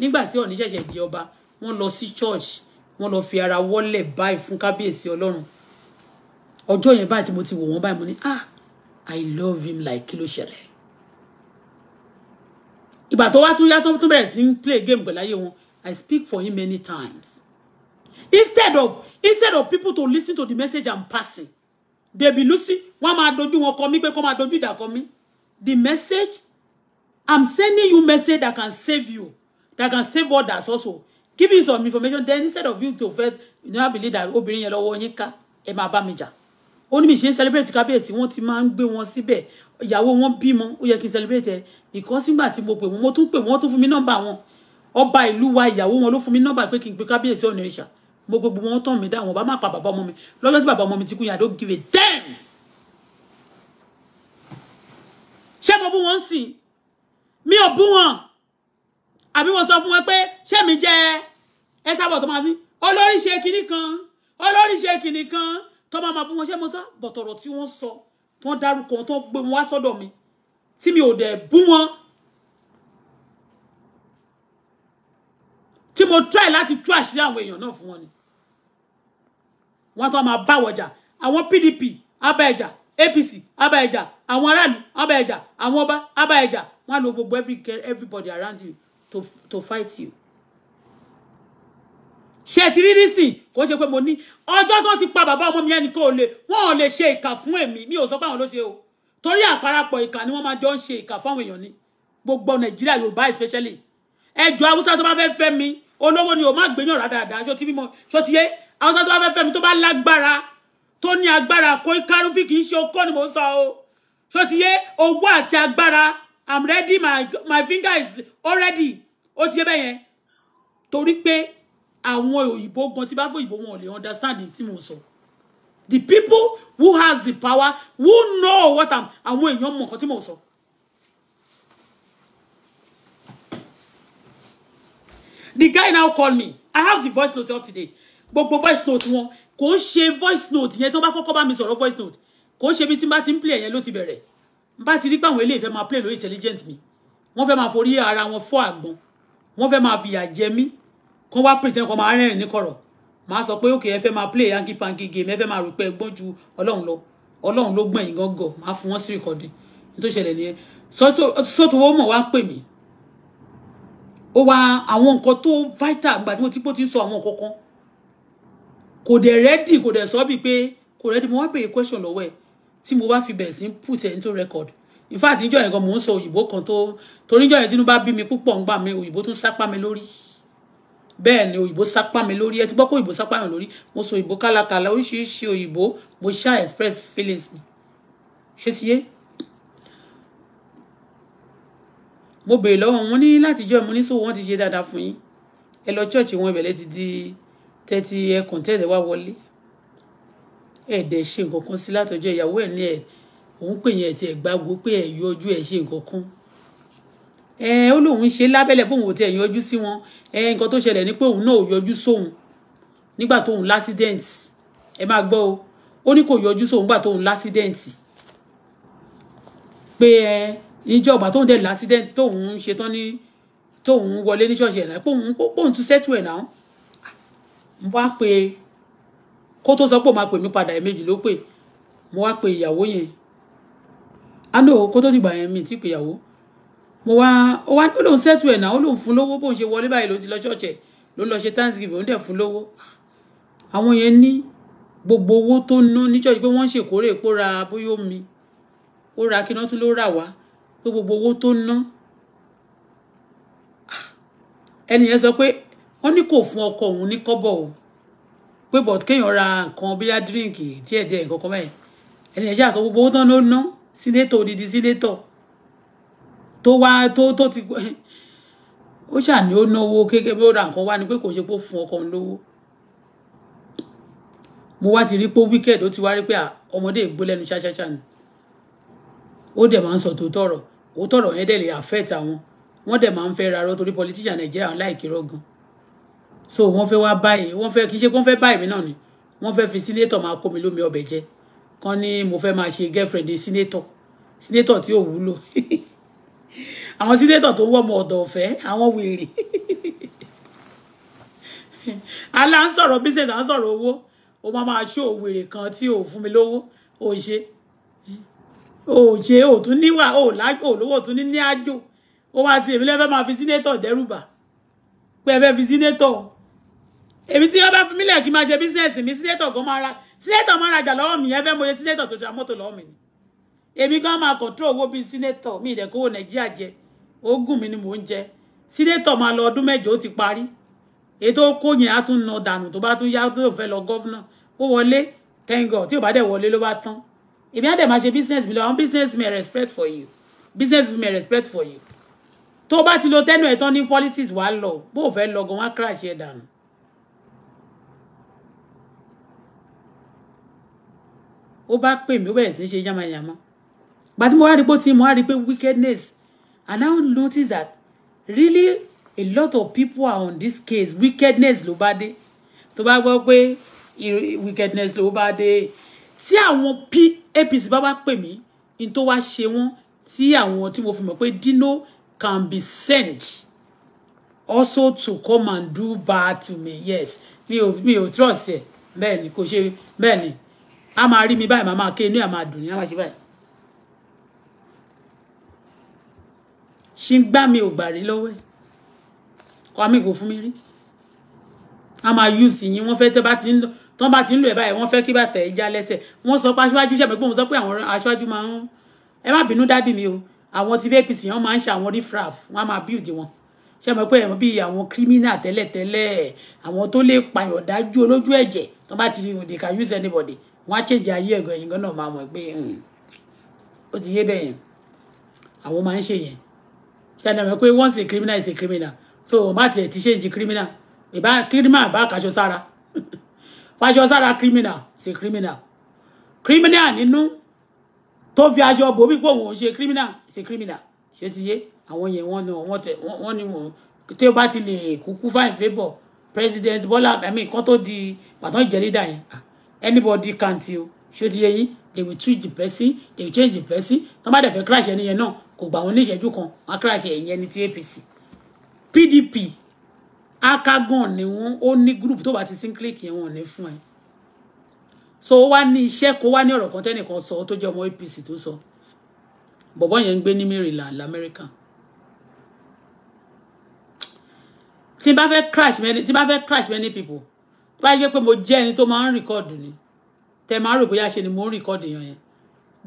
nígbà tí ọ̀nì ṣẹ̀ṣẹ̀ di ọba wọ́n lọ sí church wọ́n lọ fi ara wọ́lẹ̀ báyìí fún kábíyèsí ọlọ́run ọjọ́ yẹn báyìí tí mo ti wò wọ́n báyìí mo ní ah i love him like kí ló ṣẹlẹ̀ ìgbà tó wá tún yá tó bẹ̀rẹ̀ sí ń play game pẹ̀lú ayé wọn I speak for him many times instead of instead of people to listen to the message I'm passing they be listen wọ́n máa dojú wọn kọ mí pé kó máa dojú ìjà kọ mí the message I'm sending you message that can save you that can save others also give you some information then instead of you to fed you never believe that obìnrin yẹn lọ́wọ́ yín ká ẹ máa bá mi jà ó ní mi ṣe celebrate kábíyèsí wọ́n ti máa ń gbé wọn síbẹ̀ ìyàwó wọn bímọ ó yẹ kí celebrate because nígbà tí mo pè wọ́n mo tún pè wọ́n tún fún mi nọ́mbà wọn ọba ìlú wa ìyàwó wọn ló fún mi nọ́mbà pé kí n pe kábíyèsí ọ̀nà ìṣà mo gbogbo wọn tàn mí dá wọn bá má pa bàbá ọmọ mi lọ́jọ́ tí bàbá ọmọ mi ti kú yàrá ó give a damn ṣé mo bú wọn sìn mi ò bú wọn àbí mo sọ fún wọn pé ṣé mi jẹ ẹ sábà tó máa dín olórí ṣe kinní kan olórí ṣe kinní kan tó máa máa bú wọn ṣé mo sọ bọ̀tọ̀rọ̀ tí wọ́n sọ tó ń dárúkọ tó ń gbé wọn wá sọ́dọ̀ mi tí mi ò dẹ̀ bú wọn tí mo try láti tú àṣírí àwọn èèyàn náà fún wọn ni wọ́n tó máa bá wọjà àwọn PDP abẹ́ẹ̀jà APC abẹ́ẹ̀jà àwọn aráàlú abẹ́ẹ̀jà àwọn ọba abẹ́ẹ̀jà wọ́n á lo gbogbo everybody around you to, to fight you ṣe ti rí rísìn kò ṣe pé mo ní ọjọ́ tó ti pa bàbá ọmọ mi ẹnì kan ò lè wọn ò lè ṣe ìkà fún èmi mi ò sọ pé àwọn ló ṣe o torí àparapọ̀ ìkà ni wọ́n máa jọ ń ṣe ìkà fáwọn èèyàn ní gbogbo nàìjíríà yorùbá especially ẹjọ́ haúsá tó bá fẹ́ fẹ́ mi olówó ni o má gbé yàn rádaràdà ṣó ti mímọ ṣó ti yé haúsá tó bá fẹ́ fẹ́ mi tó bá lágbára tó ní agbára kó kárúfì kì í ṣe okó ni mo sọ o ṣó ti yé owó àti agbára i'm ready my my finger is already ó ti yé bẹ́yẹn torí pé àwọn òyìnbó gan tí bá fún òyìnbó wọn ò lè understand tí mo sọ the people who has the power who know what am àwọn èèyàn mọ̀ nǹkan tí mo sọ. the guy now call me i have the voice note up today gbogbo voice note wọn kò ń ṣe voice note yẹn tó bá kọ́kọ́ bá mi sọ̀rọ̀ voice note kò ń ṣe bí tí n bá ti ń play yẹn ló ti bẹ̀rẹ̀ n bá ti rí pé àwọn eléyìí fẹ́ máa play lórí intelligent mi wọ́n fẹ́ máa forí ara wọn fọ́ àgbọn wọ́n fẹ́ máa fìyà jẹ mí kó wá pretend kó máa rẹ́rìn ní kọ̀rọ̀ máa sọ pé òkè ẹ máa play yankee pan game ẹ fẹ́ máa rò pé ẹ gbọ́n ju ọlọ́run lọ ọlọ́run ló gbọ̀n yín gángan máa fún wọn sí recording ní tó ṣẹlẹ̀ nìyẹn sọ́tò owó mọ̀ wá pè mí ó wá àwọn nǹkan tó vital gbà tí mo ti pò ti ń sọ àwọn nǹkan kan kò dẹ̀ rẹ́dì kò dẹ̀ sọ́ bíi pé kò rẹ́dì mo wá béèrè question lọ́wọ́ ẹ̀ tí mo wá fi bẹ̀rẹ̀ sí put ẹ̀ into record in fact níjọ́ yẹn gan mò ń sọ òyìnbó kan tó torí níjọ́ yẹn tínú bá bí mi púpọ̀ ń gbà mí òyìnbó tún sápá mi lórí bẹ́ẹ̀ ni òyìnbó sápá mi lórí ẹ ti gbọ́ pé òyìnbó sápá mi lórí mo sọ òyìnbó kálákálá oríṣiríṣi òyìnbó mo ṣá express feelings mi ṣé ti yé. mo béèrè lọ́wọ́ wọn ní látijọ́ mo ní sọ wọ́n ti ṣe dáadáa fún yín ẹ lọ church wọn ìbẹ̀lẹ̀ ti di tẹ́tí ẹ kọ̀ǹtẹ́ẹ̀dẹ̀ wá wọlé ẹ dẹ̀ ṣe nǹkan kan sí látọjọ́ ìyàwó ẹ̀ ní ẹ̀ òun pè yẹn ti ẹ̀ gbàgbó pé ẹ̀ yọjú ẹ̀ ṣe nǹkan kan ẹ ó lóun ṣe lábẹ́lẹ̀ bóun ò tiẹ̀ yọjú sí wọn ẹ nǹkan tó ṣẹlẹ̀ ni pé òun náà ò yọjú sóun nígbà tóun l'accident ẹ máa gbọ́ o ó ní kò yọjú sóun nígbà tóun l'accident pé ẹ níjọba tóun dẹ̀ l'accident tóun ṣe tán ní tóun wọlé ní ṣọ́ọ̀ṣì ẹ̀ póun póun tún settle ẹ̀ náà mo wá pe kó tó sọ pé òun máa pè mí padà ẹ̀ẹ̀mejì ló pè mo wá pe ìyàwó yẹn á lò kó tó dìgbà yẹn mi ti pè ìyàwó mo wá ó wá ó lòun sẹ́tù ẹ̀ náà ó lòun fún lówó bóun ṣe wọlé báyìí ló ti lọ ṣọ́ọ̀ṣẹ̀ ló lọ ṣe thanksgiving ó dẹ̀ fún lówó àwọn yẹn ní gbogbo owó tó ná ní church pé wọ́n ń ṣèkórè epo ra bóyá omi ó ra kí iná tún ló rà wá pé gbogbo owó tó ná ẹni yẹn sọ pé wọ́n ní kò fún ọkọ òun ní o pé bọ̀t kéèyàn ra nǹkan bíyá díríǹkì díẹ̀díẹ̀ nǹkan kan mẹ́rin ẹni yẹn ṣàṣọ gbogbo owó tán ló ná sínétọ̀ odidi sínétọ̀ tó wá tó tó ti <laughs> ó ṣà ní ó náwó kékeré bí ó ra nǹkan wá ni pé kò ṣe pé fún ọkọ lówó mo wá ti rí pé wicked ó ti wá rí pé ọmọdé ìgbó lẹ́nu ṣáṣáṣá ni ó dẹ̀ máa ń sọ tòótọ́ ọ̀rọ̀ òótọ́ ọ̀rọ̀ yẹn dẹ̀ lè affect àwọn wọ́n dẹ̀ máa ń fẹ́ rarọ́ torí politician nàìjíríà láìkí rọ́gàn so wọ́n fẹ́ wá báyìí wọ́n fẹ́ kì í ṣe pé wọ́n fẹ́ báyìí mi náà ni wọ́n fẹ́ fi sínétọ̀ máa kó mi lómi ọbẹ̀ jẹ kan ní mo fẹ́ máa ṣe girlfriend sínétọ̀ sínétọ̀ tí ò wúlò <laughs> àwọn sínétọ̀ tó wọ́ ọmọ ọ̀dọ̀ ọ̀fẹ́ àwọn wèrè alá <laughs> ń sọ̀rọ̀ business à ń sọ̀rọ̀ owó o máa máa ṣó wèrè kan tí o fún mi lówó o ṣe o ṣe o tún níwà o lájò olówó tún ní ní àjò o máa ti èmi lẹ́fẹ́ máa fi sínétọ̀ dẹ́rùbà pé ẹ fẹ́ fi sínétọ̀ èmi tí wọ́n bá fi mílẹ̀ kí n máa ṣe business mi sínétọ̀ gan máa ra sínétọ̀ máa rajà lọ́wọ́ mi ẹ fẹ́ mo ṣe sínétọ̀ tó ṣe amọ́tò lọ́wọ́ mi èmi gan máa control owó bíi sínétọ̀ mi ìdẹ̀kọ́wọ́ nàìjíríà jẹ́ ogún mi ni mò ń jẹ sínétọ̀ máa lọ ọdún mẹ́jọ ó ti parí ètò kó yẹn á tún na dànù tó bá tún yá tó fẹ́ lọ gọ́fúnà ó wọlé thank God tí ò bá dẹ̀ wọlé ló bá tán èmi á dẹ̀ máa ṣe business mi lọ àwọn business mi respect for you business mi respect for you tó bá ti lo tẹ́nu ẹ̀ tán ní politics wàá lọ bó o fẹ́ lọ gan wá crash ẹ̀ dànù. ó bá pè mí ó bẹ̀rẹ̀ sí ṣe yamayama gbàtí mo wá rí pé ó ti mo wá rí pé wickedness I now notice that really a lot of people are on this case wickedness ló bá dé tó bá gbọ́ pé wickedness ló bá dé tí àwọn APC bá bá pè mí ní tó wá ṣe wọ́n tí àwọn tí mo fi mọ̀ pé Dino can be sent also to come and do bad to me yes mi ò mi ò trust ẹ bẹ́ẹ̀ ni kò ṣe bẹ́ẹ̀ ni a máa rí mi báyìí màá máa ké inú ẹ̀ máa dùn ní àwọn àṣìbáyìí ṣì ń gbá mi ò gbà rí lọ́wọ́ ẹ̀ kọ́ àmì kò fún mi rí a máa yù sí yín wọ́n fẹ́ tẹ́ bá ti ń lọ tán bá ti ń lò ẹ̀ báyìí wọ́n fẹ́ kí bàtà ẹ̀ já lẹ́sẹ̀ wọ́n sọ pé aṣáájú ṣẹ̀ mẹ́gbọ́n sọ pé àwọn aṣáájú máa ń ẹ má bínú dádì mi o àwọn ti bí apc wọn máa ń ṣe àwọn rifraf wọn á máa build wọn ṣe mọ̀ pé ẹ̀wọ̀n bíi àwọn kírímínà tẹ́lẹ̀tẹ́lẹ̀ àwọn tó lè pààyàn dájú olójú ẹ̀jẹ̀ tó bá ti rí wọn they can use anybody wọn á change ayé ẹ̀gọ́ ẹ̀yìn gan náà máa mọ̀ pé hmm, ó ti yé bẹ́ẹ̀ yẹn àwọn máa ń ṣe yẹn ṣe pé once a criminal is a criminal so òun bá tiẹ̀ ti ṣèǹjì criminal ìbá criminal bá kaṣọ sára <laughs> faṣọ sára criminal is a criminal criminal nínú tó fi aṣọ bò wípé òun ò ṣe criminal is a criminal ṣé ti yé àwọn yẹn wọ́n ní wọ́n tẹ wọ́n ní wọ́n tí ó bá ti lè kúkú fáìn favour president Bola ẹmí kan tó di pàtó ìjẹrídà yẹn ah, anybody can't you? ṣé ti yé yín they will treat the person they will change the person tó bá dẹ̀ fẹ́ crash ẹni yẹn náà kò gbà wọn ní ìṣẹ́jú kan wọn ẹ̀yìn ẹni ti APC PDP akagan ni wọn ó ní gúrùpù tó bá ti sí click yẹn wọn ò ní fún ẹ so ó wá ní iṣẹ́ kó wá ní ọ̀rọ̀ kan tẹ́nìkan sọ tó jẹ́ ọmọ APC tó sọ bọ̀bọ̀ yẹn ń gbé ní Maryland lamẹ́ríkà tí bá fẹ́ crash many tí n bá fẹ́ crash many people bá yẹ pé mo jẹ́ ẹni tó máa ń rìkọ́ọ̀dù ni tẹ máa rò bóyá ṣe ni mo ń rìkọ́ọ̀dù yẹn yẹn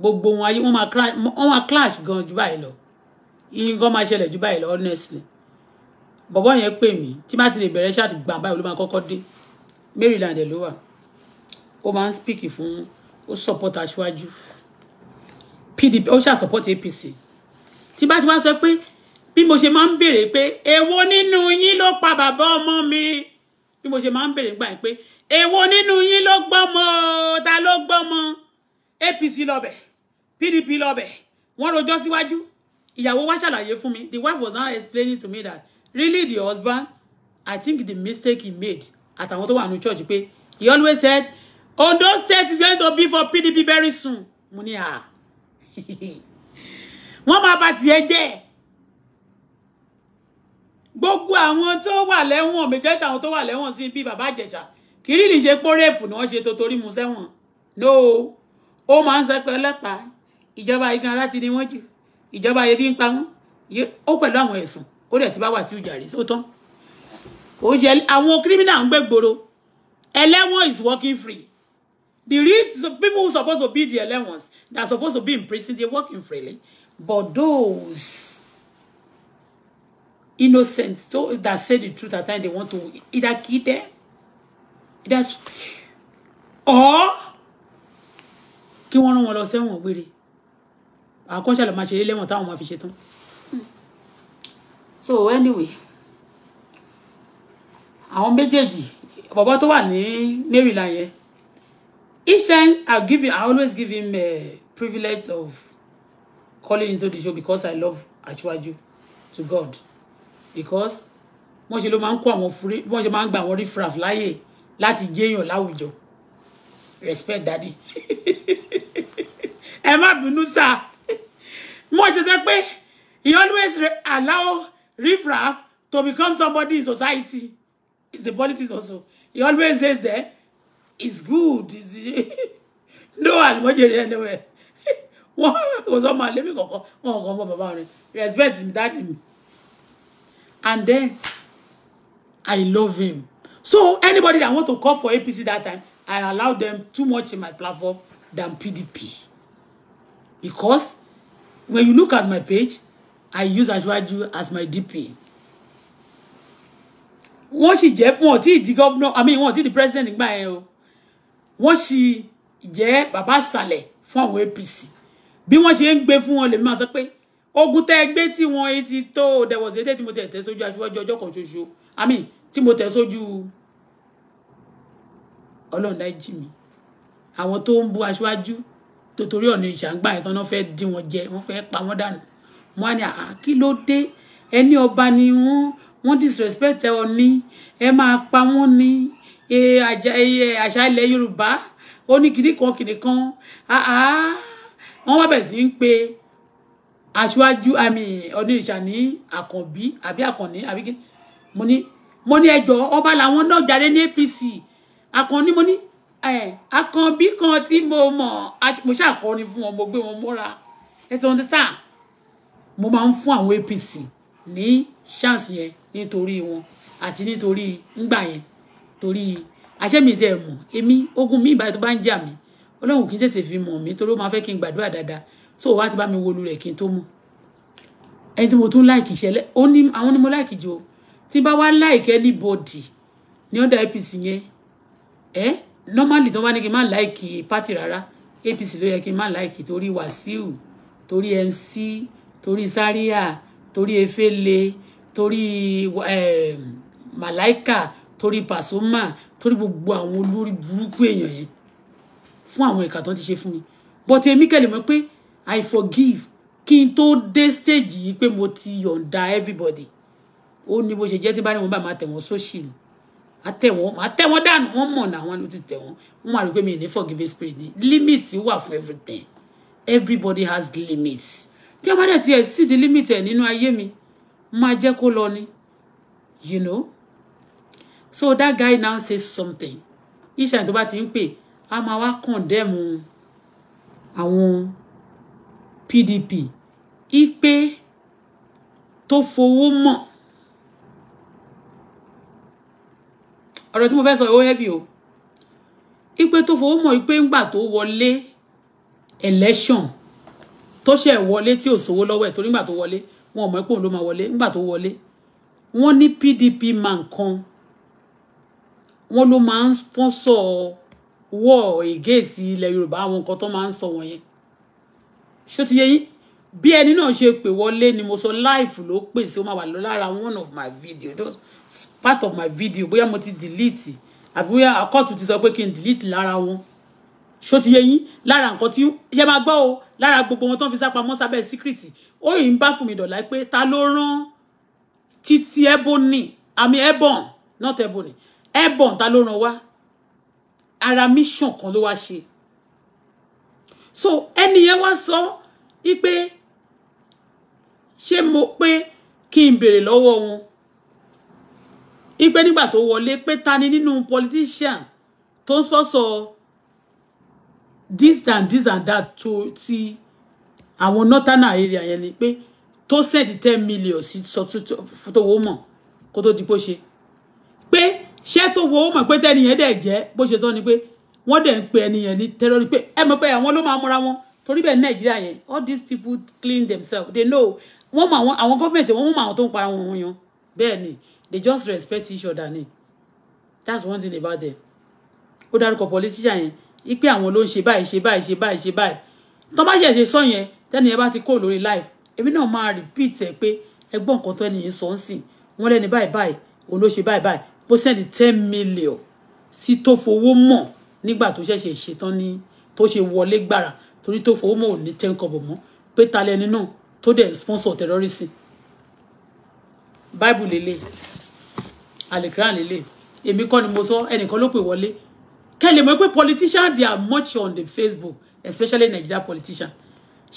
gbogbo wọn ayé wọn máa clash wọn máa clash gan ju báyìí lọ iye nǹkan máa ṣẹlẹ̀ ju báyìí lọ honestly bọ̀bọ̀ yẹn pè mí tí bá ti lè bẹ̀rẹ̀ ṣáà ti gbà báyìí ló máa kọ́kọ́ dé Maryland ló wà ó máa ń speak fún ó support aṣáájú PDP ó ṣáà support APC tí bá ti wá sọ pé bí mo ṣe máa ń béèrè pé èwo nínú yín ló pa bàbá ọmọ mi bí mo ṣe máa ń béèrè nígbà yẹn pé èwo nínú yín ló gbọ́mọ ta ló gbọ́mọ APC lọ́bẹ̀ẹ́ PDP lọ́bẹ̀ wọ́n rojọ́ síwájú ìyàwó wa ṣàlàyé fún mi the wife was now explaining to me that really the husband I think the mistake he made àtàwọn tó wà ní church pé he always said those states is going to be for PDP very soon Munia. ní à <laughs> wọ́n máa bà tiẹ̀ jẹ́ gbogbo àwọn tó wà lẹ́wọ̀n méjèèjì àwọn tó wà lẹ́wọ̀n sí bí bàbá àjẹsà kìrìlì ṣe pórèpù ni wọ́n ṣe tó torí mu sẹ́wọ̀n no ó máa ń sẹ́pẹ́ ọlọ́pàá ìjọba igan aláti ni wọ́n jù ìjọba ebi ń pa wọ́n ó pẹ̀lú àwọn ẹ̀sùn ó dẹ̀ ti bá wà tí ó jàre ó tán kò ṣe àwọn criminal ń gbẹ́gboro ẹlẹ́wọ̀n is working free the real people who suppose to be the ẹlẹ́wọ̀ns that suppose to be in prison dey working freely but those innocent so that say the truth at times they want to either kill them either or kí wọ́n rán wọn lọ sẹ́wọ̀n gbére àkọ́ṣà ló máa ṣeré lẹ́wọ̀n táwọn máa fi ṣe tán. so anyway àwọn méjèèjì bàbá tó wà ní Maryland yẹn each time I give him I always give him a eh, privilege of calling into the show because I love Aṣíwájú to God because wọ́n ṣe ló máa ń kó àwọn fúri wọ́n ṣe máa ń gba àwọn rifraf láàyè láti jẹ́yàn láwùjọ respect daddy <laughs> ẹ má bínú sáà mo ṣe tẹ pé he always allow riffraff to become somebody in society it's the politics also he always says there it's good it's <laughs> no àlùmọ́jèrè anywhere <laughs> wọn kò sọ ọmọ àlẹ́mí kankan wọn kàn mọ bàbá rẹ respect him daddy mi and then I love him so anybody that want to call for APC that time I allow them too much in my platform than PDP because When you look at my page, I use Aṣíwájú as my DP. Once sì jẹ́ wọ́n ti the governor, I mean wọ́n ti the president nígbà yẹn o. Wọ́n sì jẹ́ bàbá ìsàlẹ̀ fún APC. Be wọ́n ṣe ń gbé fún wọn lèmi Oh, sọ pé Betty, tẹ́ gbé tí there was a dẹ̀wọ̀ sí ètè tí mo tẹ̀ tẹ́ sójú Aṣíwájú ọjọ́ kan I mean tí mo tẹ̀ sójú Ọlọ́run dá jí mi. Àwọn tó ń bu Aṣíwájú tòtòrí ọ̀nà ìṣàǹgbà yẹn tán náà fẹ́ẹ́ dín wọn jẹ wọ́n fẹ́ẹ́ pa wọ́n dànù wọ́n á ní àá kí ló dé ẹni ọba ni wọ́n wọ́n disrespect ọ ní ẹ máa pa wọ́n ní àṣà ilẹ̀ Yorùbá ó ní kìnnì kan kìnnì kan wọ́n wá bẹ̀rẹ̀ sí ń pe aṣáájú àmì onírìṣà ní àkànbí àbí àkànní àbí kí mo ní mo ní ẹjọ́ ọba làwọn náà jáde ní APC àkànní mo ní akànbí kan tí mo mọ̀ mo ṣàkọrin fún wọn mo gbé wọn mọ́ra ẹ ti understand mo máa ń fún àwọn APC ní chance yẹn nítorí wọn àti nítorí ngbà yẹn torí àṣẹ mi ti ẹ̀ èmi ogun mi ìbáyìí tó bá ń jà mí ọlọ́run kì í tètè fi mọ̀ mí torí ó máa fẹ́ kí n gbàdúrà dáadáa so wá ti bá mi wọlú rẹ̀ kí n tó mọ̀ ẹni tí mo tún láìkì ṣẹlẹ̀ ó ní àwọn ni mo láìkì jù ó tí bá wá láìkì anybody ní ọ̀dà APC yẹn ẹ́ normally tó bá ní kí n má láìkì pátì rárá APC ló yẹ kí n má láìkì torí Wàsíù torí MC torí Zaria torí Efele torí um, Malaika torí Pasuma torí gbogbo àwọn olórí burúkú èèyàn yẹn fún àwọn ìka tó ti ṣe fún mi but èmi kẹ́lẹ̀ mọ̀ pé I forgive kí n tó dé stage yìí pé mo ti yọ̀ǹda everybody ó ní bó ṣe jẹ́ tí bá ní wọn bá máa tẹ̀wọ̀n sóṣì a tẹ̀ wọ́n a tẹ̀ wọ́n dànù wọ́n mọ̀ náà wọ́n ló ti tẹ̀ wọ́n wọ́n máa rí pé mi ní forgiving spirit ni limit wà fún everything everybody has limits tí wọ́n bá dẹ̀ tiẹ̀ sí di limit ẹ̀ nínú ayé mi máa jẹ́ kó lọ ni you know so that guy now says something iṣẹ́ tó bá ti ń pè á máa wá condemn àwọn PDP ipe tó fowó mọ̀ ọ̀rọ̀ tí mo fẹ́ sọ ó heavy o ipe tó fowó mọ̀ ipe ńgbà tó wọlé election tó ṣe wọlé tí ò sówó lọ́wọ́ ẹ̀ torí ńgbà tó wọlé wọn ò mọ̀ pé òun ló máa wọlé ńgbà tó wọlé wọ́n ní PDP man kan wọ́n ló máa ń sponsor war against ilẹ̀ Yorùbá àwọn nǹkan tó máa ń sọ wọ̀nyẹn ṣó ti yé yín bí ẹni náà ṣe pè wọlé ni mo sọ láìfù ló pèsè ó máa wà lára one of my videos part of my video bóyá mo ti delete àbí bóyá akọ́tù ti sọ pé kí n delete Lara wọn ṣó ti yẹ yín lára nǹkan tí ṣe máa gbọ́ o lára gbogbo wọn tó ń fi sápamọ́ sábẹ́ síkírìtì ó yìí ń bá fún mi dọ̀la pé ta ló rán títí Ebony àmì Ebon not Ebony Ebon ta ló rán wá ara mission kan ló wa ṣe so ẹni yẹn wá sọ wípé mo pé kí n béèrè lọ́wọ́ wọn ipe nígbà tó wọlé pé ta ni nínú politician tó ń sọ́sọ this and this and that to ti àwọn northern area yẹn ni pé tó send ten million sí Sotowó mọ̀ kó tó di bó ṣe pé ṣé tó wo mọ̀ pé tẹ́ni yẹn dẹ̀ jẹ́ bó ṣe tán ni pé wọ́n dẹ̀ ń pe ẹni yẹn ní terror pé ẹ mọ̀ pé àwọn ló máa múra wọn torí bẹ́ẹ̀ nàìjíríà yẹn all these people clean themselves they know wọ́n mọ̀ àwọn gọ́ọ̀mẹ̀ntì wọ́n mọ̀ àwọn tó ń para wọn wọn yan bẹ́ẹ̀ ni they just respect each other ni that's one thing about them ó dárúkọ politician yẹn ipe àwọn ló ń ṣe báyìí ṣe báyìí ṣe báyìí ṣe báyìí tọ́ bá ṣẹ̀ṣẹ̀ sọ yẹn tẹ́niyẹn bá ti kó lórí life èmi náà máa repeat ẹ̀ pé ẹgbọ́n nǹkan tó ẹnìyẹn sọ ń sìn wọ́n lẹ́ni báyìí báyìí òun ló ṣe báyìí báyìí bó sẹ́ni ten million sí tó fowó mọ̀ nígbà tó ṣẹ̀ṣẹ̀ ṣetán ní tó ṣe wọlé gbàrà torí tó fowó mọ̀ ò ní ten kobo. mọ́ pé ta lẹni náà tó dẹ̀ sponsor terrorism bible lele alikran lélẹ̀ èmi kọ́ ni mo sọ ẹnìkan ló pè wọlé kẹ́lẹ̀ mọ̀ pé politician they are much on the Facebook especially Nigeria politician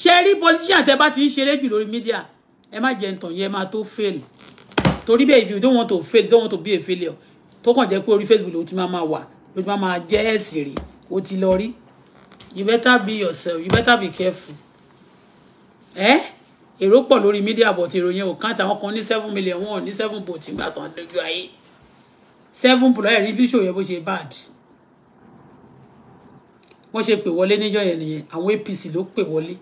ṣe rí politician tẹ́ bá ti ń ṣeré jù media ẹ má jẹ ntàn yẹn ẹ má tó fail torí bẹ́ẹ̀ if you don't want to fail don't want to be a failure tó kàn jẹ́ pé orí Facebook ló ti máa máa wà ló ti máa máa jẹ́ ẹ̀sìn rè ó ti lọ rí you better be yourself you better be careful ẹ èrò pọ̀ lórí media but èrò yẹn ò kàn táwọn kan ní seven million wọn ò ní seven vote ìgbà kan lójú ayé seven plus review show. yẹn bó ṣe bad wọ́n ṣe pè wọlé níjọ́ yẹn nìyẹn àwọn APC ló pè wọlé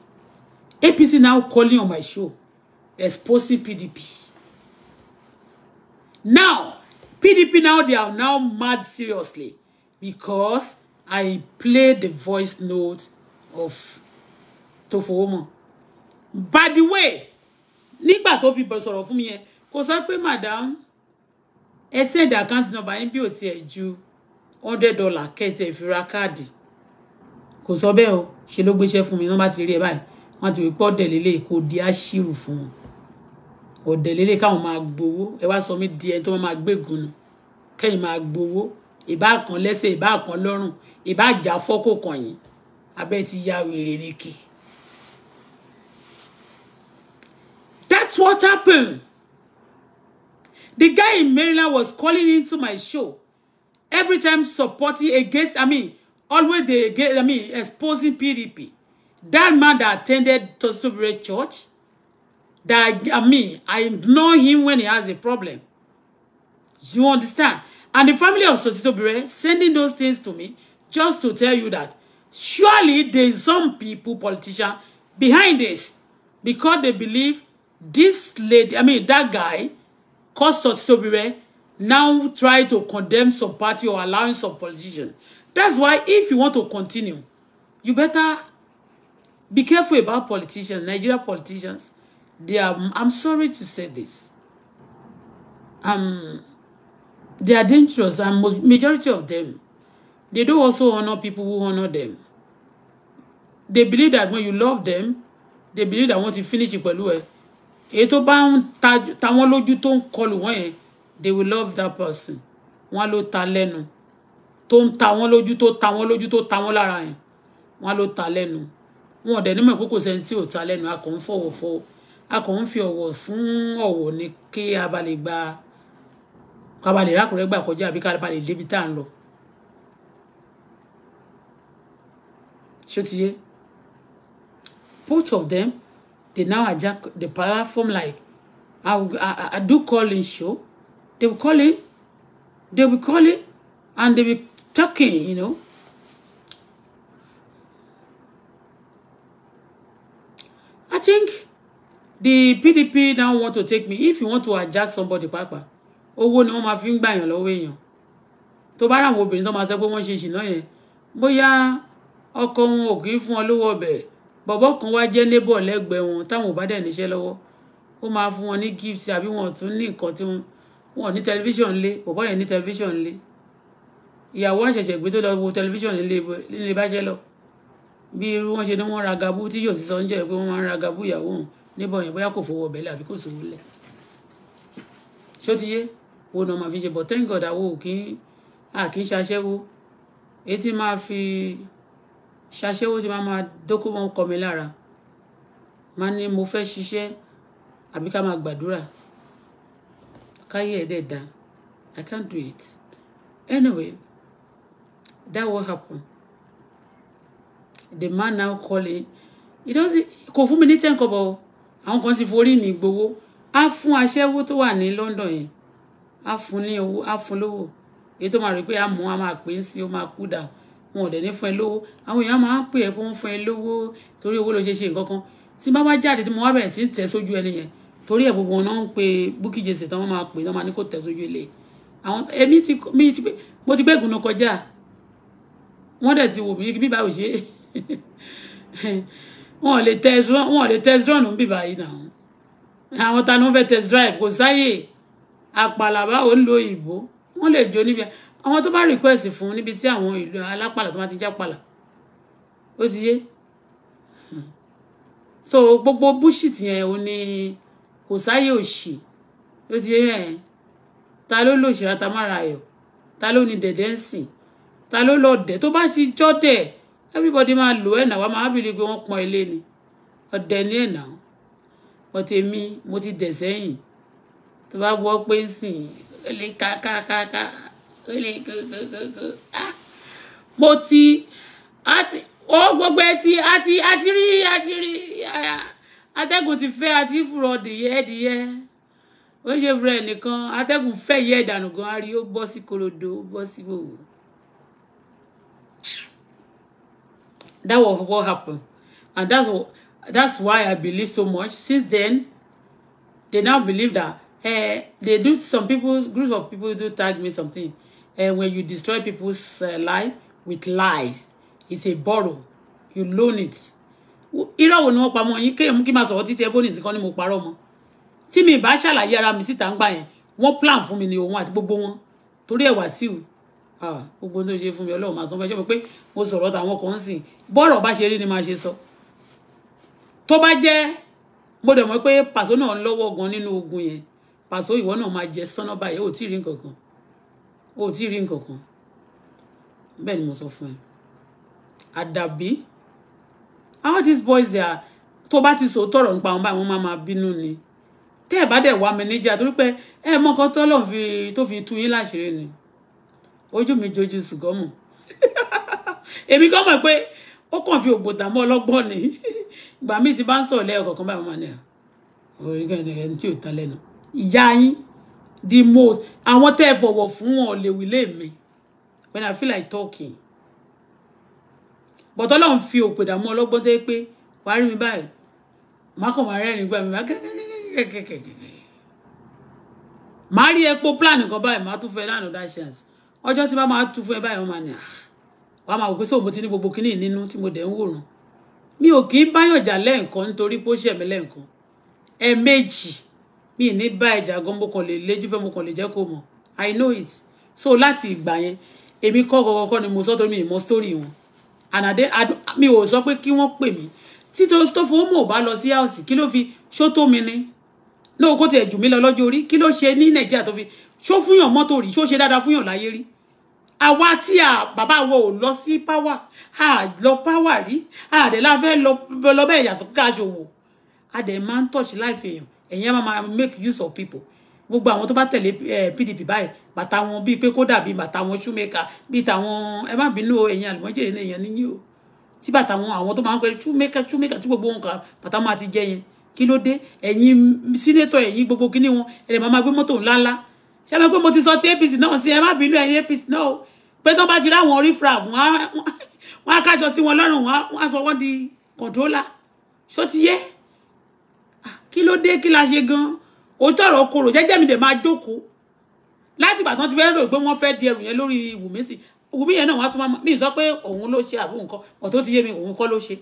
APC now calling on my show exposing PDP now PDP now they are now mad seriously because I play the voice note of Tofowomo by the way nígbà tó fi sọ̀rọ̀ fún mi yẹn kò sọ pé madam ẹ send account number bí ò tiẹ̀ ju hundred dollar kẹ́tì ẹ̀ káàdì kò sọ bẹ́ẹ̀ o ṣe ló gbéṣẹ́ fún mi nọ́mbà ti rí ẹ báyìí wọ́n ti wí pé ọ̀dẹ̀ lélẹ̀ kò di àṣírù fún wọn ọ̀dẹ̀ lélẹ̀ káwọn máa gbowó ẹ wá sọ mí di ẹni tó máa gbégun nu kẹ́yìn máa gbowó ìbá kan lẹ́sẹ̀ ìbá kan lọ́rùn ìbá jà fọ́kò kàn abẹ́ ti ya wèrè nìkì. That's what happened. The guy in Maryland was calling into my show every time supporting against, I mean, always they against, I mean, exposing PDP. That man that attended Tosubire Church, that I mean, I know him when he has a problem. You understand? And the family of Sotitobire sending those things to me just to tell you that surely there's some people, politicians, behind this because they believe this lady, I mean, that guy Costas Sobire now try to condemn some party or allowing some politicians. That's why if you want to continue, you better be careful about politicians, Nigeria politicians. They are, I'm sorry to say this. Um, they are dangerous and most majority of them, they don't also honor people who honor them. They believe that when you love them, they believe that once you finish it, èyí tó bá ń ta wọn lójú tó ń kọlù wọn yẹn they will love that person wọn ló ta lẹ́nu tó ń ta wọn lójú tó ta wọn lójú tó ta wọn lára yẹn wọn ló ta lẹ́nu wọn ò dẹ̀ nímọ̀ pé kò sẹ́ni tí ò ta lẹ́nu a kò ń fọ̀wọ̀ fọ a kò ń fi ọ̀wọ̀ fún ọ̀wọ̀ ni kí a bá lè gba ká bá lè rákùnrin gbà kọjá àbí ká bá lè débi tá à ń lọ. ṣó ti yé both of them they now adjust the platform like I, I, I do calling show. They will call in. They will call in. And they will talking, you know. I think the PDP now want to take me. If you want to adjust somebody, Papa, Oh, ni wọ́n máa fi your gbà yàn lọ́wọ́ èèyàn. Tó no matter obìnrin tó máa sọ pé wọ́n ṣe ìṣìná yẹn, bóyá ọkọ wọn bọ̀bọ́ kan wá jẹ́ labour lẹ́gbẹ̀ẹ́ wọn táwọn ò bá dẹ̀ níṣẹ́ lọ́wọ́ ó máa fún wọn ní gift àbí wọn tún ní nǹkan tí wọn wọn ní tẹlifíṣàn lé bọ̀bọ́ yẹn ní tẹlifíṣàn lé ìyàwó àṣẹ̀ṣẹ̀ gbé tó lọ wo tẹlifíṣàn nílé bachelor bí irú wọn ṣe ní wọn ra gabu tí yóò ti sọ oúnjẹ pé wọn máa ń ra gabu ìyàwó òun níbọ̀ yẹn bóyá kò fowó ọbẹ̀ lẹ̀ àbí kò sówó lẹ̀ ṣó ti yé wo ni ọmọ fi ṣe but thank God àwọn òkín àkínṣaṣẹ́wó etí máa fi ṣàṣewó ti máa máa dókòmọ́ kọ mi lára máa ní mo fẹ́ ṣiṣẹ́ àbí ká máa gbàdúrà káyé ẹ̀ dẹ̀ da I can't do it anyway that will happen the man now calling he doesn't kò fún mi ní ten kọ́bọ̀ o àwọn kan ti forí mi gbowó á fún aṣẹ́wó tó wà ní London yẹn á fún ní owó á fún lówó èyí tó máa rí pé á mú á máa pè sí ó máa kú dà wọn ò dẹ̀ ní fún ẹ lówó àwọn èèyàn máa ń pè ẹ́ pé wọ́n fún ẹ lówó torí owó ló ṣe ṣe nǹkan kan tí bá wá jáde tí mo wá bẹ̀rẹ̀ sí tẹ̀ sójú ẹni yẹn torí ẹ̀ gbogbo náà ń pe Bukky Jesse tí wọ́n máa pè náà máa ní kó tẹ̀ sójú ilé àwọn èmi ti mi ti pé mo ti gbẹ́gùn náà kọjá wọ́n dẹ̀ ti wò mí bíbá <laughs> ò ṣe wọn lè test run wọn lè test run ń bíbá náà àwọn ta ni wọ́n fẹ́ test drive kò sáyè àpàlà báwo ń lo òyìnbó wọ́n lè jó níbi àwọn tó bá request fún níbi tí àwọn ìlú alápàlà tó bá ti jápàlà ó ti yé so gbogbo bullshit yẹn ò ní kò sáyé òṣì ó ti yé yẹn ta ló lò ṣe rata mára ayọ̀ ta ló ní dẹ̀dẹ̀ ń sìn ta ló lọ dẹ̀ tó bá sì jọ́ dẹ̀ everybody máa lò ẹ̀ náà wá máa bìlì pé wọ́n pọn ilé ni ọ̀dẹ̀ ní ẹ̀ náà ọ̀tẹ̀mí mo ti dẹ̀ sẹ́yìn tó bá gbọ́ pé ń sìn ẹ̀ lè ká ká ká ká kele gẹgẹgẹgẹ ah mo ti àti ó gbogbo ẹtì àti àti rí àti rí atẹ́gùn ti fẹ́ àti fúrọ̀ dìyẹ dìyẹ ó ṣe fúrọ̀ ẹnìkan atẹ́gùn fẹ́ yẹ ìdànù gan ari ó bọ́ sí korodo ó bọ́ sí gbòòwò. that was what happened and that's what that's why I believe so much since then they now believe that eh, they do some people groups of people do tag me something uh, when you destroy people's uh, life with lies it's a borrow you loan it irọ́ wo ni wọ́n pa mọ́ yín kéèyàn mú kí n máa sọ̀rọ̀ títí ẹbí oníṣìí kan ni mo parọ́ mọ́ tí mi bá ṣàlàyé ara mi síta ń gbà yẹn wọ́n plan fún mi ni òun àti gbogbo wọn torí ẹ̀wà sí o gbogbo tó ṣe fún mi ọlọ́run máa sọ fẹ́ pé mo sọ̀rọ̀ tàwọn kan sìn bọ́rọ̀ bá ṣe rí ni máa ṣe sọ tó bá jẹ́ mo dẹ̀ mọ̀ pé pàṣọ náà lọ́wọ́ gan nínú ogun yẹn pàṣọ ìwọ náà máa jẹ sọ́nà báyìí ó tí rí nǹkan kan o ò tí ì rí nǹkan kan bẹ́ẹ̀ ni mo sọ fún ẹ àdàbí all these boys they are tó bá ti sọ tọrọ nípa àwọn báyìí wọn máa máa bínú ni tẹ ẹ bá dẹ wá mi níjà torí pé ẹ mọ nǹkan tó lọ́n fi tó fi tú yín láṣìírí ni ojú mi jojú sùgọ́mù <laughs> èmi kàn mọ̀ pé ó kàn fi ògbòtà mọ́ ọlọ́gbọ́n ni <laughs> ìgbà míì ti bá ń sọ̀rọ̀ lẹ́yọ̀ kọ̀ọ̀kan báyìí máa ní à orí kẹ́ni ẹni tí ò tán lẹ́nu ìyá yín the most àwọn tẹ́ ẹ fọ̀wọ̀ fún wọn lè wí when i feel like talking but ọlọ́run fi òpèdà mú ọlọ́gbọ́n tẹ́ pé wàá rí mi báyìí má ma, máa rẹ́rìn gbà mí má kẹ́kẹ́kẹ́kẹ́kẹ́kẹ́kẹ́ má rí epo plan nǹkan báyìí má tún fẹ́ lánà that chance ọjọ́ tí bá máa tún fún ẹ báyìí wọ́n máa ní ah, wàá máa wò pé sóòmù ti ní gbogbo kínní nínú tí mo dẹ̀ ń wòran mi ò kì í báyọ̀jà lẹ́ẹ̀kan nítorí pé ó ṣẹ̀mí lẹ́ẹ̀kan ẹ̀ẹ̀mejì mi ní bá ìjà gan mo kàn lè léjú fẹ́ mo kàn lè jẹ́ kó mọ̀ i know it so láti ìgbà yẹn èmi kọ́ kọ́kọ́ ni mo sọ tó mi ìmọ̀ story wọn ànàdé mi ò sọ pé kí wọ́n pè mí títí tó fowó mò bá lọ sí house kí ló fi ṣó tó mi ni lóò kó tiẹ̀ jù mí lọ lọ́jọ́ orí kí ló ṣe ní nàìjíríà tó fi ṣó fúnyàn mọ́tò rí ṣó ṣe dáadáa fúnyàn láyé rí àwa tí a bàbá wo ò lọ sí power a lọ power rí a dẹ̀ la fẹ́ lọ bẹ́ẹ̀ yàtọ̀ káṣòwò a dẹ̀ máa ń touch life èèyàn ẹ̀yin máa make use of people gbogbo àwọn tó bá tẹ̀lé pdp báyìí bàtà wọn bíi pé kódà bíi bàtà wọn shoemaker bíi tàwọn ẹ má bínú ẹ̀yin àlùmọ́jèrè ní èèyàn níyì o tí bàtà wọn àwọn tó máa ń pẹ́ shoemaker shoemaker tí gbogbo wọn kà bàtà wọn àti jẹ yẹn kí ló dé ẹ̀yin sínétọ̀ ẹ̀yin gbogbo kíní wọn ẹ̀ lè máa máa gbé mọ́tò ńláńlá ṣé ẹ pé mo ti sọ ti apc náà sí ẹ má di kọ̀ńtólà ṣó kí ló dé kí la ṣe gan òótọ́ ọ̀rọ̀ korò jẹ́jẹ́ mi dẹ̀ máa jókòó láti ìgbà tán ti fẹ́ rò pé wọ́n fẹ́ di ẹrù yẹn lórí wùmí sí wùmí yẹn náà wọ́n á tún máa mí sọ pé òun ló ṣe àbúrò nǹkan ọ̀tọ́ ti yé mi òun kọ́ ló ṣe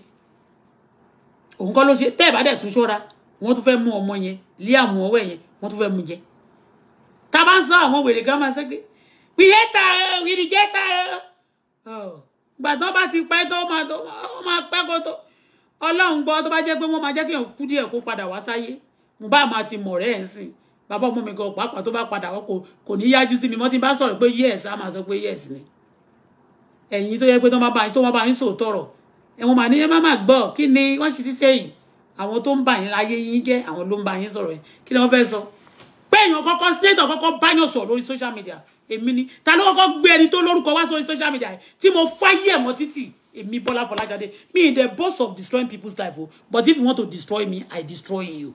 òun kọ́ ló ṣe tẹ́ ẹ̀ bá dẹ̀ tún ṣọ́ra wọ́n tún fẹ́ mú ọmọ yẹn lé àwọn ọwọ́ yẹn wọ́n tún fẹ́ mú jẹ tá bá ń sọ àwọn wèrè gan máa sẹ́gbẹ́ wìyẹ́ta wìrìjẹ́ta gbàdán bá ti pẹ́ tó máa pẹ́ kó tó ọlọ́run gbọ́ tó bá jẹ́ pé wọ́n máa jẹ́ kí èèyàn kú díẹ̀ kó padà wá sáyé mo bá máa ti mọ̀ rẹ́ ẹ̀ sìn bàbá ọmọ mi gan pàápàá tó bá padà wọ́n kò ní yájú sí mi mọ́ tí n bá sọ̀rọ̀ pé yes á máa sọ pé yes ni ẹ̀yin tó yẹ pé tó máa bá yín tó máa bá yín sòótọ́rọ̀ ẹ̀wọ̀n màá ní ẹ má má gbọ́ kí ni wọ́n ṣe ti sẹ́yìn àwọn tó ń bà yín láyé yín jẹ́ àwọn ló ń bá yín sọ̀rọ̀ kí ni wọ́n fẹ́ sọ pé èèyàn kọ́kọ́ sínétọ̀ kọ́kọ́ bá yàn sọ̀rọ̀ lórí social media èmi ni ta ló kọ́kọ́ gbé ẹni tó lórúkọ wá sórí social media tí mo fáyé ẹ̀ mọ́ títì èmi Bọ́lá Fọláṣadé mi Me, dẹ̀ boss of destroying people's life o but if you want to destroy me I destroy you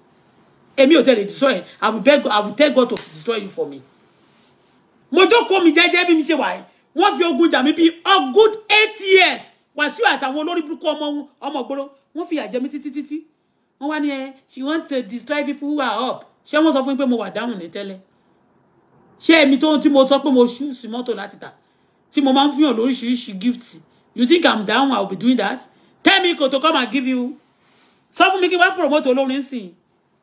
èmi ò tẹ̀lé destroy I will beg I will tell God to destroy you for me. Mojo jókòó me jẹ́jẹ́ bí mi ṣe wà yìí wọ́n fi ogun jà mí a good eight years you Wàsíù àtàwọn olórí burúkú ọmọ ọmọ gbòòrò wọ́n fi àjẹmí títí títí wọ́n wá one eh, ẹ she wants to destroy people who are up ṣé wọ́n sọ fún mi pé mo wà dáhùn ní tẹ́lẹ̀ ṣé èmi tó tí mo shoes, pé mo ṣú sí mọ́tò láti tà tí mo máa ń fihàn lóríṣiríṣi gift you think i'm down i'll be doing that tell me kò tó come and give you So fún mi kí n wá promote olórin sìn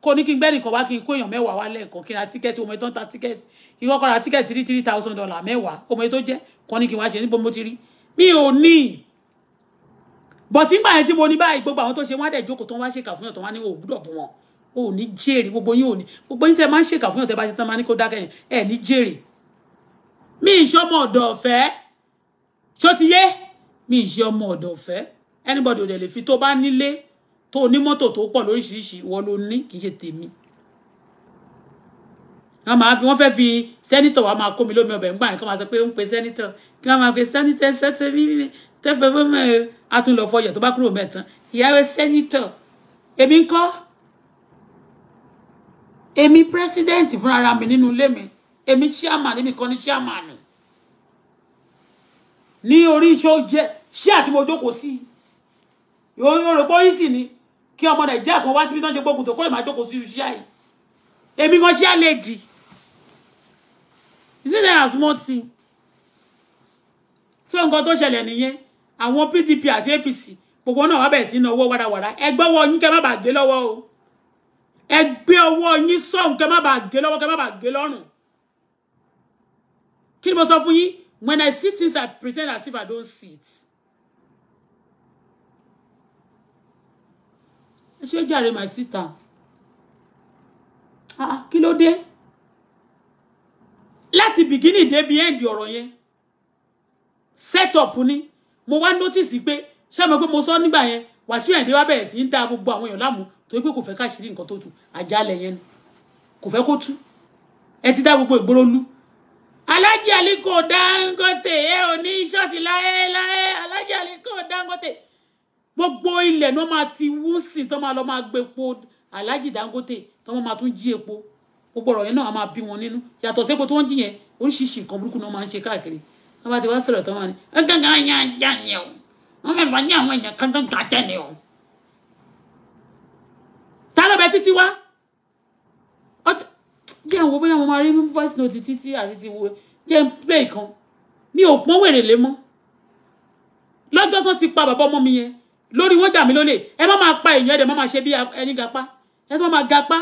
kò ní kí n gbẹ́ni kan wá kí n kó èèyàn mẹ́wàá wá lẹ́ẹ̀kan kí n ra tíkẹ́ẹ̀tì ọmọ ètò ta tíkẹ́ẹ̀tì kí n ra tíkẹ́ẹ̀tì three three thousand dollar mẹ́wàá ọmọ ètò jẹ́ kan ní kí n wá ṣe níbo mo ti rí mi ò ní bọ̀tí nígbà yẹn tí mo ní báyìí gbogbo àwọn tó ṣe wọ́n á dẹ̀ jókòó tó ń wá ṣèkà fún yàn tó wá ní òwúrọ̀ bù wọn ò ní jèrè gbogbo yín ò ní gbogbo yín tẹ máa ń ṣèkà fún yàn tẹ bá ṣe tán máa ní kó dákẹ́ yẹn ẹ̀ ní jèrè mi ìṣọmọ ọ̀dọ̀ ọ̀fẹ́ ṣó ti yé mi ì ṣe ọmọ ọ̀dọ̀ ọ̀fẹ́ anybody ò dẹ̀ lè fi tó bá nílé tó ní mọ́tò tó pọ̀ lóríṣiríṣi ìwọ ló ní kì í ṣe tèmi wọn máa fi wọn fẹ́ fi sẹ́nitọ̀ wa máa kó mi lómi ọbẹ̀ ńgbà yẹn kí wọ́n máa sọ pé ó ń pe sẹ́nitọ̀ kí wọ́n máa pe sẹ́nitọ̀ sẹ́tẹ̀ mímí tẹ́fẹ̀ fún atúnlọ̀ fọyọ̀ tó bá kúrò mẹ́tàn ìyáwó sẹ́nitọ̀ èmi ń kọ́ èmi president fúnra mi nínú ilé mi èmi chairman èmi kan ní chairman ní orí iṣẹ́ ó jẹ́ ṣé àti mo jókòó sí i òròpó yìí sì ni kí ọmọ nàìjíríà kan wá síbi tó ń ṣe gbógun tó kọ́ ìmọ̀ àjókòó sí ṣíà yìí èmi kan ṣíà lè dì you see there small things so nǹkan tó ṣẹlẹ̀ nìyẹn àwọn PDP àti APC gbogbo náà wá bẹ̀rẹ̀ sí ní owó wàràwàrà ẹ gbọ́wọ́ yín kẹ́ má bàa gé lọ́wọ́ o ẹ gbé ọwọ́ yín sọ̀hún kẹ́ má bàa gé lọ́wọ́ kẹ́ má bàa gé lọ́rùn kí ni mo sọ fún yín when I see things I pretend as if I don't see it. ẹ ṣe jàre my sister ah, ah kí ló dé láti bìgínì débi ẹ́ǹdì ọ̀rọ̀ yẹn set up ni mo wá notice pé ṣé mo pé mo sọ nígbà yẹn Wàsíù Àyìndé wá bẹ̀rẹ̀ sí ń dá gbogbo àwọn èèyàn láàmú torí pé kò fẹ́ káṣírí nǹkan tó tú àjálẹ̀ yẹn kò fẹ́ kó tú ẹ ti dá gbogbo ìgboro lú Alhaji Aliko Dangote ẹ ò ní ṣọ́ọ̀ṣì láéláé Alhaji Aliko Dangote gbogbo ilẹ̀ náà máa ti wú sìn tó máa lọ máa gbé epo Alhaji Dangote tó máa máa tún jí epo gbogbo ọ̀rọ̀ yẹn náà máa bí wọn nínú yàtọ̀ sí epo tó ń jí yẹn oríṣiríṣi nǹkan burúkú náà máa ń ṣe káàkiri wọn bá ti wá sọ̀rọ̀ tó máa ní ẹgbẹ́gbẹ́ ayé ajá ni o wọn mẹ́fà ní àwọn èèyàn kan tó ń gàjẹ́ ni o. ta ló bẹ títí wá jẹ́ àwọn bóyá mo máa rí voice note títí àti ti wo jẹ́ play kan mi ò pọ́n wèrè lé mọ́ lọ́jọ́ tó ti pa bàbá ọmọ mi yẹn lórí wọn jà mí lólè ẹ má máa pa èèyàn ẹdẹ má máa ṣe bí ẹni gapá ẹ tó máa gapá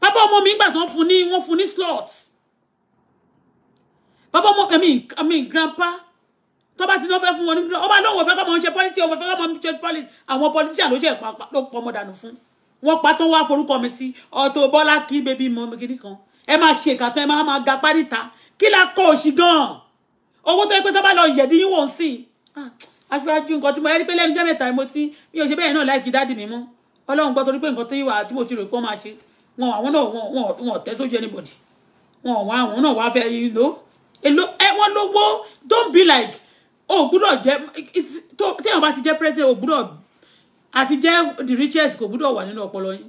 bàbá ọmọ mi nígbà tí wọ́n fún ní wọ́n fún ní slot bàbá ọmọ ẹmí ẹmí grandpa tó bá ti ní wọ́n fẹ́ fún wọn ní ọba náà wọ́n fẹ́ kọ́ ọmọ ṣe politics wọ́n fẹ́ kọ́ ọmọ ṣe politics àwọn politician ló ṣe ìpapà ló pọ̀ ọmọ dànù fún wọn pa tó wá forúkọ mi sí Auto Bọ́lá kí bébí mọ kíní kan ẹ máa ṣe ìkà tán ẹ máa máa gapá níta kí la kọ òṣì gan owó tó yẹ pé tó bá lọ yẹ̀dí yín wọ̀n sí i aṣáájú nǹkan tí mo rí pé lẹ́nu jẹ́ mẹ́ta mo ti mi ò ṣe bẹ́ẹ̀ náà láìkí dáàdì mi mọ́ ọlọ́run gbọ́ torí pé nǹkan tí wà tí mo ti rò pé wọ́n máa ṣe wọn àwọn náà wọn wọn tẹ́ sójú anybody wọn àwọn àwọn náà wá fẹ́ lò èlò ẹ wọ́n lówó don't be like o gbúdọ̀ jẹ́ téèyàn bá ti jẹ́ president o gbúdọ̀ àti jẹ́ the richest kò gbúdọ̀ wà nínú ọpọlọ yín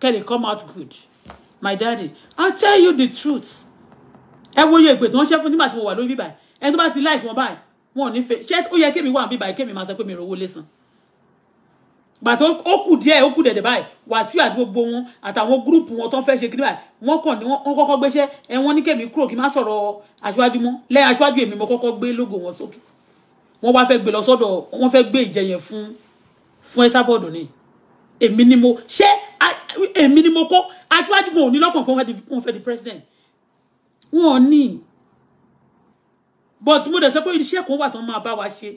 kẹ́lẹ̀ come out good my daddy i tell you the truth ẹ wo iye ìpè tó ń ṣe fún nígbà tí mo wà lórí bíbá ẹ tó bá ti like wọn báyìí wọn ò ní fẹ́ ṣé kemi yẹ bi wà kemi báyìí kémi máa sọ pé mi rówó o gbàtó ó kù díẹ̀ ó kù dẹ̀dẹ̀ báyìí wàsíù àti gbogbo wọn àtàwọn gúrùpù wọn tó ń fẹ́ ṣe kí ni báyìí wọn kàn ní wọn kọ́kọ́ gbéṣẹ́ ẹ wọn ní kémi kúrò kí n má sọ̀rọ̀ aṣáájú mọ́ lẹ́yìn aṣáájú èmi mo kọ́kọ́ gbé lógo wọn sókè wọn wá fẹ́ gbé lọ sọ́dọ̀ wọn fẹ́ gbé ìjẹyẹ fún fún ẹ sábọ̀dù ni èmi ni mo ṣé èmi ni mo ko aṣáájú mo ò ní lọ́kàn pé di president wọn ni but mo dẹ̀ sọ pé iṣẹ́ kan wà tán máa bá wa ṣe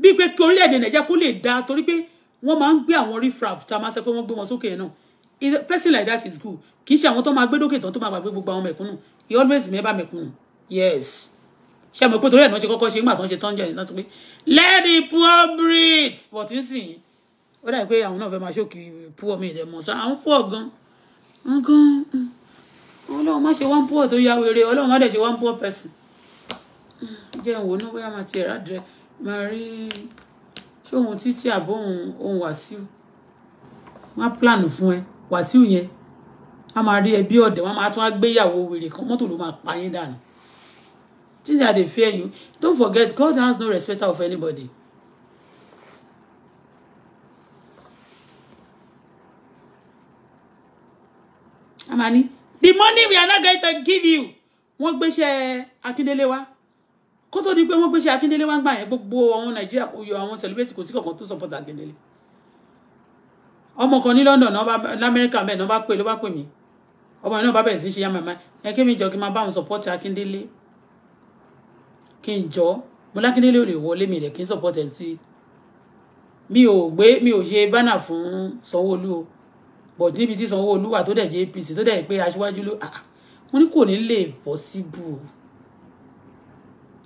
bíi pé kí orílẹ̀-èdè nàìjíríà kó lè dáa torí pé wọ́n máa ń gbé àwọn refraf tá a máa sọ pé wọ́n gbé wọn sókè náà person like that is good kì í ṣe àwọn tó máa gbé dókè tán tó máa gbàgbé gbogbo àwọn mẹ̀kúnnù he always remember mẹ̀kúnnù yes ṣé àmọ́ pé torí ẹ̀ náà ṣe kọ́kọ́ ṣe nígbà tó ń ṣe tán jẹ́ ẹ̀ náà sọ pé let the poor breathe but n sìn ó dàbí pé àwọn náà fẹ́ máa ṣókì poor mi ìdẹ̀mọ̀ sá àwọn poor gan gan mm. ọlọ́run má ṣe one poor tó yá wèrè ọlọ́run má dẹ̀ ṣe one poor person jẹ́ ń wò bóyá máa ti ẹ̀rá dẹ máa rí ṣé òun títí àbó òun òun wàsíù wọ́n plan fún ẹ wàsíù yẹn wọ́n máa rí ẹbí ọ̀dẹ̀ wọ́n máa tún gbéyàwó wèrè kan mọ́tò ló máa pa yín dànù things that dey fear don't forget God has no respect of anybody. amani the money we are not going to give you wọ́n gbéṣẹ́ Akíndélé wá kó tó di pé wọ́n gbéṣẹ́ akíndélé wá ń gbà yẹn gbogbo àwọn nàìjíríà oyè àwọn celebrate kò sí kankan tó support akíndélé ọmọ kan ní london lamẹ́ríkà bẹ́ẹ̀ náà bá pè ló bá pè mí ọmọ náà bá bẹ̀rẹ̀ sí ṣe yàmàmá ẹ kí mi jọ kí n máa bá àwọn support akíndélé kí n jọ mo lákíndélé ò lè wọlé mi rẹ̀ kí n support ẹ̀ tí mi ò gbé mi ò ṣe bánà fún sanwó o but níbi tí sanwó-olú wà tó dẹ̀ jẹ́ apc tó dẹ̀ pé aṣíwájú ló mo ní kò ní lè possible o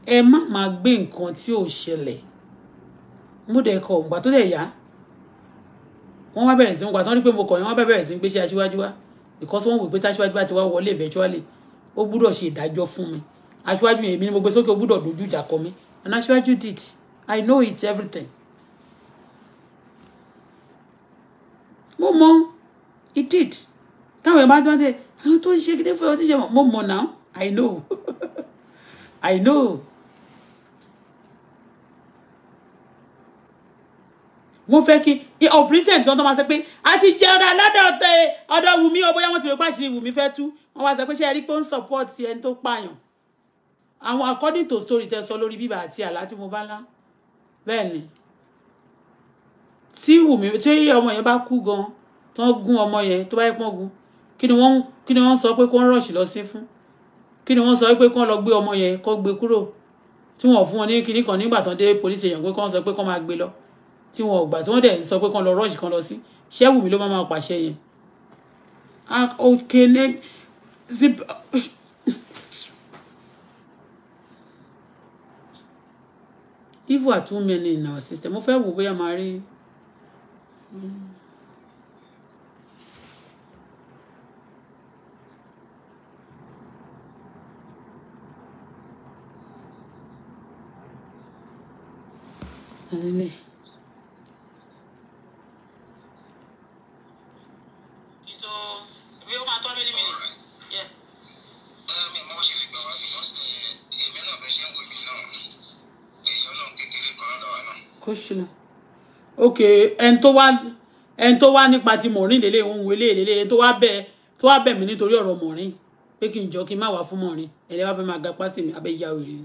ẹ má máa gbé nǹkan tí ò ṣẹlẹ̀ mo dẹ̀ kọ̀ ìgbà tó dẹ̀ yá wọ́n wá bẹ̀rẹ̀ sí gbà tó ń rí pé mo kọ̀ yẹn wọ́n bẹ̀rẹ̀ sí ń gbéṣẹ́ aṣíwájú wá because wọ́n wò pé táṣíwájú bá ti wá wọlé eventually ó gbúdọ̀ ṣe ìdájọ́ fún mi aṣíwájú yẹn èmi ni mo gbé sókè ó gbúdọ̀ dojú ìjà kọ mi and aṣíwájú did I know it's everything. mo mọ it did táwọn ẹ̀ bá tó ń tẹ àwọn tó ń ṣe kíní fún ẹ tó ṣe mọ̀ mo mọ̀ now I know <laughs> I know. wọ́n fẹ́ kí of recent gan tó máa sọ pé a ti jẹ ọ̀dà lọ́dọ̀ tẹ ọ̀dọ̀ Wùmí o bóyá wọ́n ti rò pé àṣírí Wùmí fẹ́ tú wọ́n wá sọ pé ṣe rí pé ó ń support ẹni tó pààyàn àwọn according to story tẹ sọ lórí bíbà àti àlá tí mo bá lá bẹ́ẹ̀ ni tí Wùmí tí ọmọ yẹn bá kú gan tó ń gún ọmọ yẹn tó bá yẹ pọ́n gun kí ni wọ́n kí ni wọ́n sọ pé kó ń rọ̀ṣì lọ sí fún kí ni wọ́n sọ pé kó ń lọ gbé ọmọ yẹn kó gbé kúrò tí wọ́n fún wọn ní kinní kan nígbà tó dé police èèyàn pé kó ń sọ pé kó máa gbé lọ tí wọn ò gbà tí wọ́n dẹ̀ sọ pé kán lọ rush kan lọ sí ṣẹ́wù mi ló máa máa pàṣẹ yẹn. okay ne zip. evil are too many in our system mo fẹ́ wò bóyá máa rí. Amen. to bí ó máa tó twenty minutes. mi mo ṣe lè gbà wá sí mọ́sí èmi náà bẹ ṣe ń wò mí náà èèyàn náà kékeré kan lọ́dọ̀ wa náà. kóṣùnà ok ẹni tó wá ẹni tó wá nípa ti mọ̀rín lélẹ̀ òun wọlé lélẹ̀ ẹni tó wá bẹ̀ tó wá bẹ̀ mí nítorí ọ̀rọ̀ mọ̀rín pé kí n jọ kí n má wá fún mọ̀rín ẹ̀lẹ́wà fẹ́ máa ga pásì mi abẹ́ ìyá òrìrì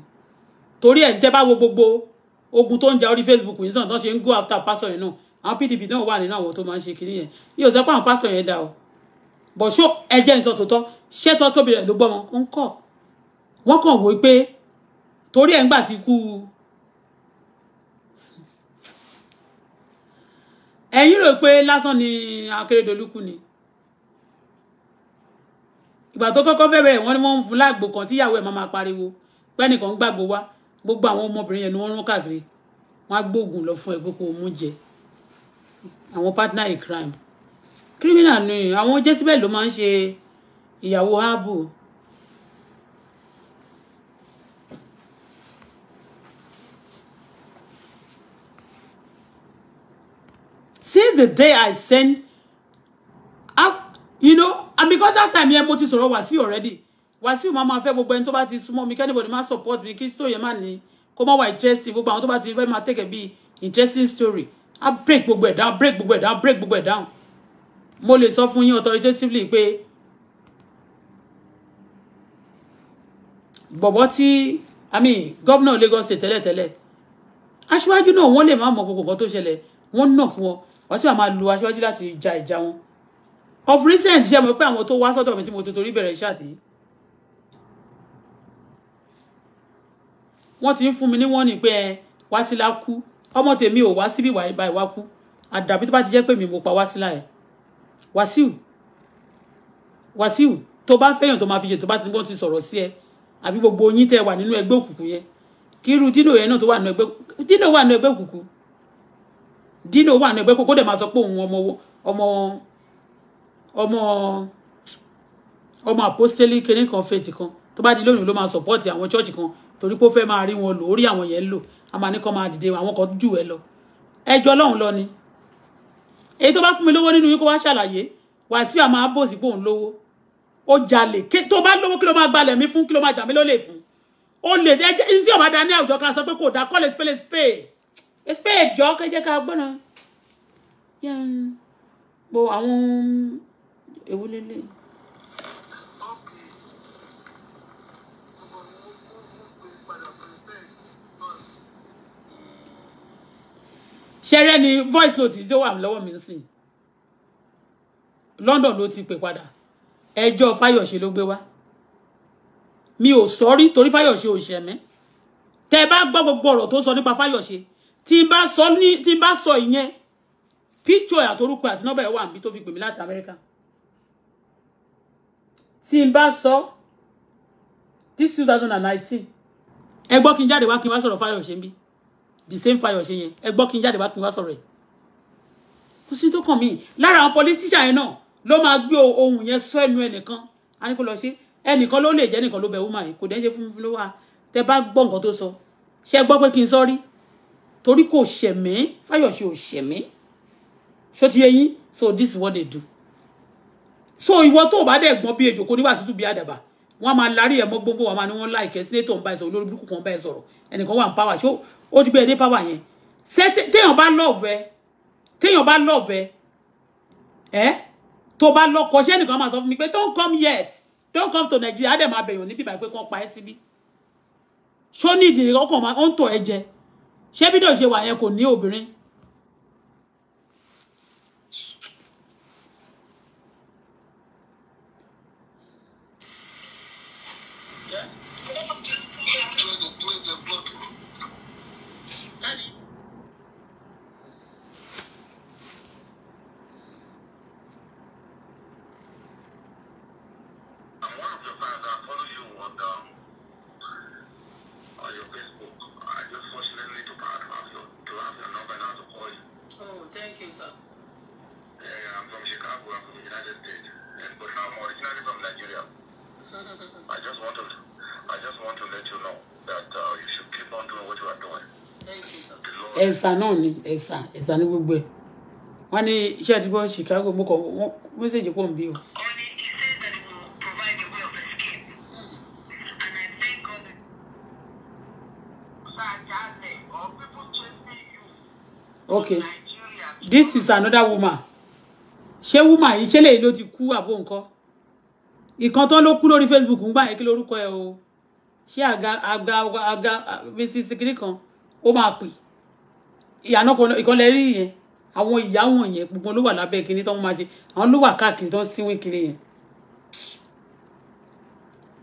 torí ẹ̀ ń tẹ́ wo gbogbo ogun tó ń jà Facebook yìí sàn tó ṣe ń go after pásọ̀ yẹn náà àwọn PDP náà wà nínú àwọn tó máa ń ṣe kiri yẹn yóò sọ pé àwọn pásọ̀ yẹn dá o but ṣó ẹjẹ́ ń sọ tòótọ́ ṣé tó tóbi rẹ̀ ló gbọ́ wọn ń kọ̀ wọ́n kàn wò pé torí ẹ̀ ń gbà tí kú ẹ̀yin rò pé lásán ni Akérédolú kú ni ìgbà tó kọ́kọ́ fẹ́ bẹ̀rẹ̀ wọ́n ní wọ́n ń fún láàgbò kan tíyàwó ẹ̀ máa máa pariwo pẹ́nìkan gbàgbó wá gbogbo àwọn ọmọbìnrin yẹn ni wọ́n rán káàkiri wọ́n á gbóògùn lọ fún ẹ pé kó o mú jẹ àwọn partner in crime kírímìnà ni àwọn jésìbẹ̀ ló máa ń ṣe ìyàwó áàbù. since the day i send up you know and because that time yẹn mo ti sọ̀rọ̀ Wàsíù already Wàsíù máa máa fẹ́ gbogbo ẹni tó bá ti súnmọ́ mi kẹ́nìbọ̀dì máa support mi kristo yẹn máa ní kó má wà interesting gbogbo àwọn tó bá ti fẹ́ máa tẹ̀kẹ̀ bí interesting story i break gbogbo ẹ̀ down break gbogbo ẹ̀ down break gbogbo ẹ̀ down mo lè sọ fún yín authoritatively pé bọ̀bọ̀ tí i mean gómìnà Lagos state tẹ́lẹ̀tẹ́lẹ̀ aṣíwájú náà wọ́n lè má mọ gbogbo nǹkan tó ṣẹlẹ̀ wọ́n nà kí wọn wọ́n sì máa lu aṣíwájú láti ja ìjà wọn of recent ṣe mọ̀ pé àwọn tó wá sọ́dọ̀ mi tí mo tó torí bẹ̀rẹ̀ iṣẹ́ àti wọ́n ti ń fún mi ní wọ́n ní pé Wásílà kú ọmọ tèmi ò wá síbí ìwà ìwà kú àdàbí tó bá ti jẹ́ pé mi mo pa Wásílà ẹ̀ Wàsíù Wàsíù tó bá fẹ́yàn tó máa fi ṣe tó bá ti bọ́ ti sọ̀rọ̀ sí ẹ àbí gbogbo yín tẹ́ wà nínú ẹgbẹ́ òkùnkùn yẹn kí irú dino yẹn náà tó wà nínú ẹgbẹ́ dino wà nínú ẹgbẹ́ òkùnkùn dino wà nínú ẹgbẹ́ kókó dẹ̀ máa sọ pé òun ọmọ ọmọ ọmọ ọmọ kéré kan fètì kan tó bá di lóyún ló máa sọ̀pọ́ọ̀tì àwọn chọ́ọ̀chì kan torí pé ó fẹ́ máa rí wọn lò ó rí àwọn yẹn lò a máa máa dìde àwọn kan jù ẹ lọ ẹjọ́ lọ́hùn lọ ni èyí tó bá fún mi lówó nínú yín kó wá ṣàlàyé Wàsíù àmọ́ abòsí pò ń lówó ó jalè tó bá lówó kí ló máa gbalẹ̀ mí fún kí ló máa jà mí lólè fún ó lè ẹjẹ ní ọba dání àwùjọ ká sọ pé kò dá kọ́lé spele spade spade jọ kẹjẹ ká gbọ́nà bo àwọn èwo ṣẹrẹ ni voice note tí ó wà lọ́wọ́ mi sìn London ló ti pè padà ẹjọ́ Fáyọ̀ṣe ló gbé wá mi ò sọrí torí Fáyọ̀ṣe ò ṣẹ̀mí tẹ́ bá gbọ́ gbogbo ọ̀rọ̀ tó sọ nípa Fáyọ̀ṣe tí n bá sọ ní tí n bá sọ ìyẹn picture àtorúkọ àti nọ́bà ẹ̀ wà níbi tó fi pè mí láti Amẹ́ríkà tí n bá sọ this 2019 ẹ gbọ́ kí n jáde wá kí n wá sọ̀rọ̀ Fáyọ̀ṣe ń bí the same Fayose yẹn ẹ gbọ́ kí n jáde wá kí n wá sọ̀rọ̀ ẹ̀ kò sí tó kàn mí lára àwọn politician yẹn náà ló máa gbé ohun yẹn sọ ẹnu ẹnìkan a ní kó lọ ṣe ẹnìkan ló lè jẹ́ ẹnìkan ló bẹ̀ wúmà yìí kò dẹ́ ṣe fún mi ló wà tẹ bá gbọ́ nǹkan tó sọ ṣe gbọ́ pé kí n sọ rí torí kò ṣẹ̀mí Fayose ò ṣẹ̀mí ṣó ti yẹ so this is what they do so ìwọ tó o bá dẹ̀ gbọ́n bí ejò kò níwà tútù bí àdàbà wọ́n máa lárí ẹ̀ mọ́ gbogbo wa máa ní wọ́n láìkẹ́ sínétọ̀ ń bá ẹ sọ̀rọ̀ olórí burúkú kan bá ẹ sọ̀rọ̀ ẹnìkan wà ń pàwà ṣó ó ti gbé ẹ dé pàwà yẹn téèyàn bá lọ́ọ̀fẹ́ téèyàn bá lọ́ọ̀fẹ́ ẹ tó bá lọ́kọ ṣé ẹnìkan máa sọ fún mi pé don't come yet don't come to Nigeria á dẹ̀ máa bẹ̀yàn níbi ìbàgbé kan pa ẹ́ síbí ṣó ní ìdìrí ọkàn máa ń tọ̀ ẹ jẹ ṣé bí dò ṣe wà yẹn kò ní obìnrin ẹ̀sà náà ni ẹ̀sà ẹ̀sà ní gbogbo ẹ̀ wọ́n ní iṣẹ́ àti Chicago mo kọ̀ wọ́n pọ̀ ń o. okay this is another woman ṣé woman yìí ṣé lèyí ló ti kú àbó nǹkan ìkan tó ló kú lórí Facebook ń gbà yín kí lórúkọ ẹ o ṣé àga àga àga mrs kiri kan ó máa pè ìyànà ìkànnì rí yẹn àwọn ìyá wọn yẹn gbogbo ló wà lábẹ́ kinní tó ń máa ṣe àwọn ló wà káàkiri tó ń síwìn kiri yẹn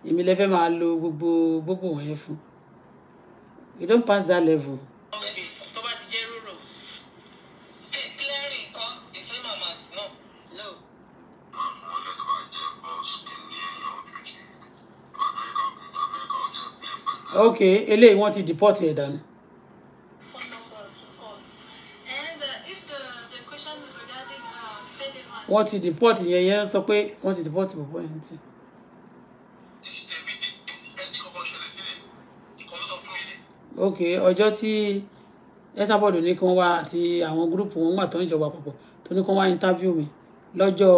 èmi lè fẹ́ máa lo gbogbo gbogbo wọ̀nyẹn fún you don pass that level. ok eléyìí wọ́n ti deport ẹ̀ dànù. wọ́n ti deport yẹn yẹn sọ pé wọ́n ti deport bọ̀bọ̀ yẹn ti. ok ọjọ́ tí ẹsàbọ̀dù ní kí wọ́n wá àti àwọn gúrùpù wọn wà tó ń jọba papọ̀ tó ní kí wọ́n wá interview mi lọ́jọ́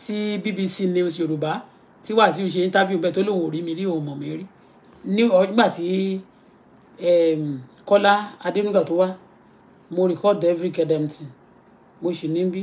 sí BBC News Yorùbá tí Wàsíù ṣe interview bẹ́ẹ̀ tó lóun ò rí mi rí òun mọ̀ mi rí nígbà tí Kọ́lá Adénúgà tó wá mo record every kedemti mo sì níbí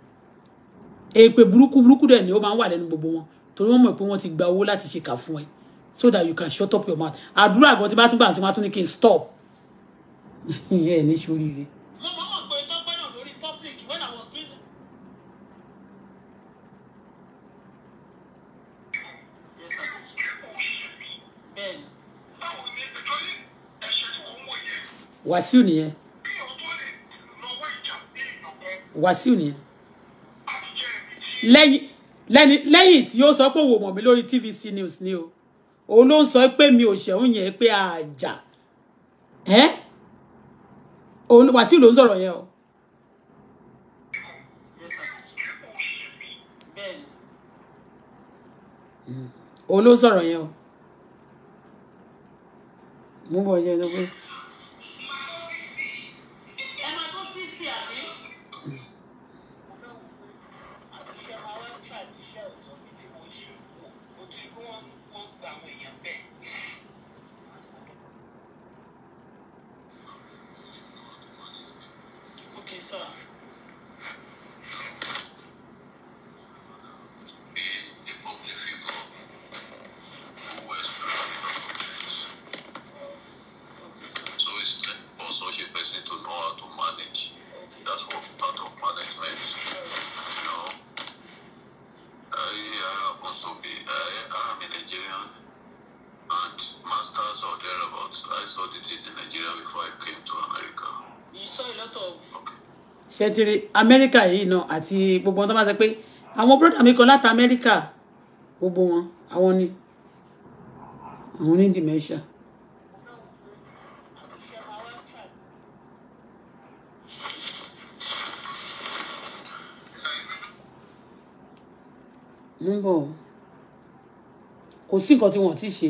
èpè burúkú burúkú dẹ̀ ni ó máa ń wà lẹ́nu gbogbo wọn torí wọ́n mọ̀ pé wọ́n ti gba owó láti ṣe kà fún ẹ so that you can shut up your mouth àdúrà àgbọn tí bá tún gbà tí wọ́n tún ní kí n stop <laughs> ẹ ní ṣoríire. mo mọ̀ was doing. bẹ́ẹ̀ni. Wàsíù nìyẹn. Wàsíù nìyẹn lẹ́yìn tí ó sọ pé òwò mọ̀ mí lórí TVC news ni o òun ló ń sọ pé mi ò ṣẹ̀hún yẹn pé àjà òun Wàsíù ló ń sọ̀rọ̀ yẹn o. òun ló ń sọ̀rọ̀ yẹn o. mo ń bọ̀ yẹn lọ́wọ́. ṣẹ́tìrì amẹ́ríkà yìí náà àti gbogbo wọn tó bá ṣe pé àwọn bróda mi kan láti amẹ́ríkà gbogbo wọn àwọn ni àwọn ní dementia. mo ń bọ̀ kò sí nǹkan tí wọ́n ti ṣe.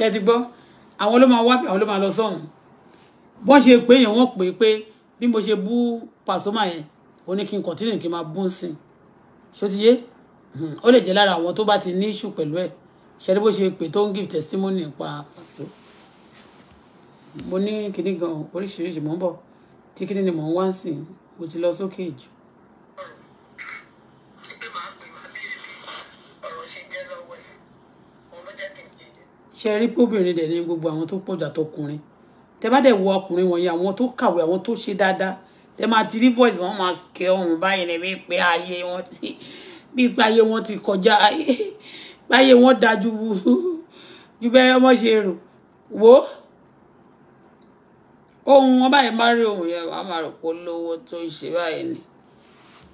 ṣe ti gbọ́ àwọn ló máa wá àwọn ló máa lọ sọ́hùn bọ́n ṣe pé yẹn wọ́n pè é pé bí mo ṣe bú Pasuma yẹn ó ní kí n kọ̀tínú kí n máa bú sí i ṣó ti yé hmm, ó lè jẹ́ lára àwọn tó bá ti ní ìṣù pẹ̀lú ẹ̀ ṣe ni bó ṣe pè tó ń give testimony pa Paso mo ní kíní gan oríṣiríṣi mò ń bọ̀ tí kíní ni mò ń wá sí i mo ti lọ sókè jù ṣe rí bóbìnrin dẹ̀ ní gbogbo àwọn tó pọ̀jà tọkùnrin tẹ bá dẹ̀ wo ọkùnrin wọ̀nyí àwọn tó kàwé àwọn tó ṣe dáadáa tẹ máa ti rí voice wọn máa kẹ ọ̀hún báyìí ní bí pé ayé wọn ti bí pé ayé wọn ti kọjá báyé <laughs> wọn dájú ju bẹ́ẹ̀ ọmọ ṣe rò wò ó ohun wọn báyìí máa rí ohun yẹn wàá máa rò pé olówó tó ń ṣe báyìí ni